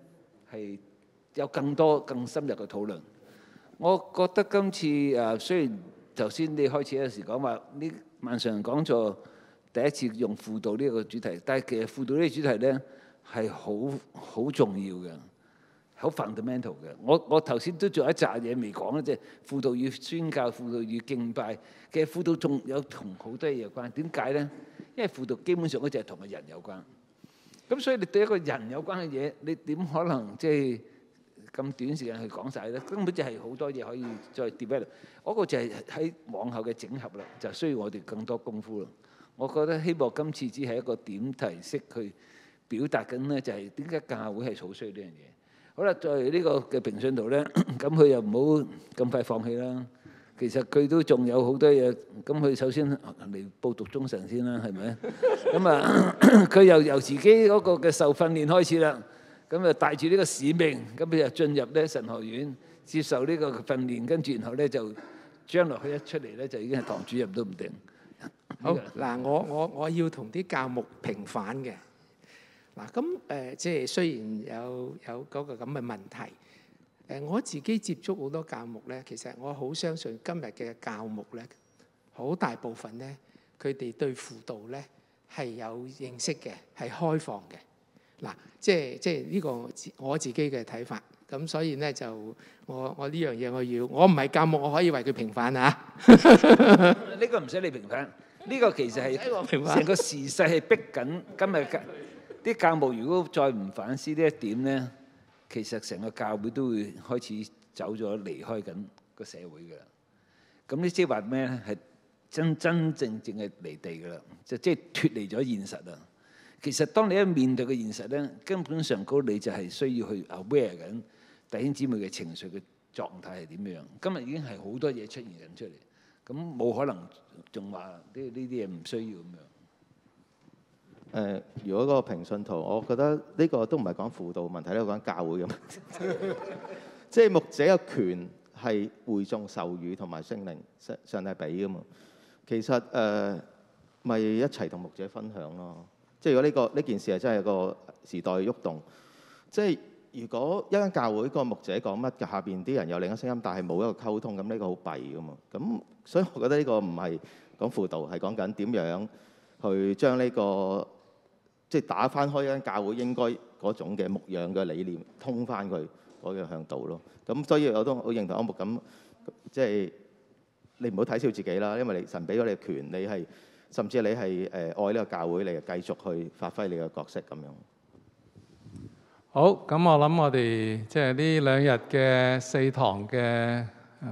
係有更多更深入嘅討論。我覺得今次誒雖然頭先你開始有時講話呢萬崇仁講座第一次用輔導呢個主題，但係其實輔導呢個主題咧係好好重要嘅。好 fundamental 嘅，我我頭先都做一扎嘢未講啦，即係輔導與宣教、輔導與敬拜其實輔導，仲有同好多嘢有關。點解咧？因為輔導基本上都就係同個人有關。咁所以你對一個人有關嘅嘢，你點可能即係咁短時間去講曬咧？根本就係好多嘢可以再 develop。嗰個就係喺往後嘅整合啦，就需要我哋更多功夫啦。我覺得希望今次只係一個點題式去表達緊咧，就係點解教會係好需要呢樣嘢。好啦，再呢個嘅評選度咧，咁佢又唔好咁快放棄啦。其實佢都仲有好多嘢。咁佢首先嚟報讀中神先啦，係咪？咁啊，佢又由自己嗰個嘅受訓練開始啦。咁啊，帶住呢個使命，咁佢就進入咧神學院接受呢個訓練，跟住然後咧就將來佢一出嚟咧就已經係堂主任都唔定。好嗱，我我我要同啲教牧平反嘅。嗱咁誒，即係雖然有有嗰個咁嘅問題，誒我自己接觸好多教牧咧，其實我好相信今日嘅教牧咧，好大部分咧，佢哋對輔導咧係有認識嘅，係開放嘅。嗱，即係即係呢個我自己嘅睇法。咁所以咧就我我呢樣嘢我要，我唔係教牧，我可以為佢平反啊。呢個唔使你平反，呢個其實係我平反成個時勢係逼緊今日嘅。啲教牧如果再唔反思呢一點咧，其實成個教會都會開始走咗離開緊個社會噶啦。咁呢即係話咩咧？係真真正正係離地噶啦，就即係脫離咗現實喇。其實當你一面對嘅現實咧，根本上嗰你就係需要去 aware 緊弟兄姊妹嘅情緒嘅狀態係點樣。今日已經係好多嘢出現緊出嚟，咁冇可能仲話呢呢啲嘢唔需要咁樣。誒、呃，如果嗰個平信徒，我覺得呢個都唔係講輔導問題，呢個講教會咁。即 係 牧者嘅權係會眾授與同埋聖靈上上帝俾噶嘛。其實誒，咪、呃、一齊同牧者分享咯。即係如果呢、這個呢件事係真係個時代喐動，即係如果一間教會個牧者講乜，下邊啲人有另一聲音，但係冇一個溝通，咁、這、呢個好弊噶嘛。咁所以我覺得呢個唔係講輔導，係講緊點樣去將呢、這個。即係打翻開間教會應該嗰種嘅牧養嘅理念，通翻佢嗰個向導咯。咁所以我都好認同阿牧，咁即係你唔好睇小自己啦。因為你神俾咗你權，你係甚至你係誒愛呢個教會，你繼續去發揮你嘅角色咁樣。好，咁我諗我哋即係呢兩日嘅四堂嘅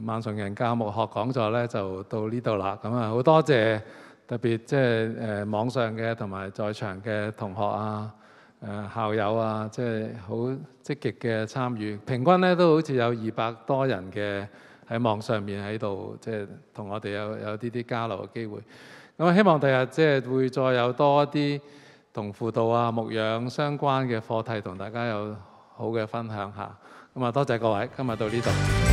萬崇仁教牧學講座咧，就到呢度啦。咁啊，好多謝。特別即係誒網上嘅同埋在場嘅同學啊、誒、呃、校友啊，即係好積極嘅參與，平均咧都好似有二百多人嘅喺網上面喺度，即係同我哋有有啲啲交流嘅機會。咁啊，希望第日即係會再有多一啲同輔導啊、牧養相關嘅課題，同大家有好嘅分享下。咁啊，多謝各位，今日到呢度。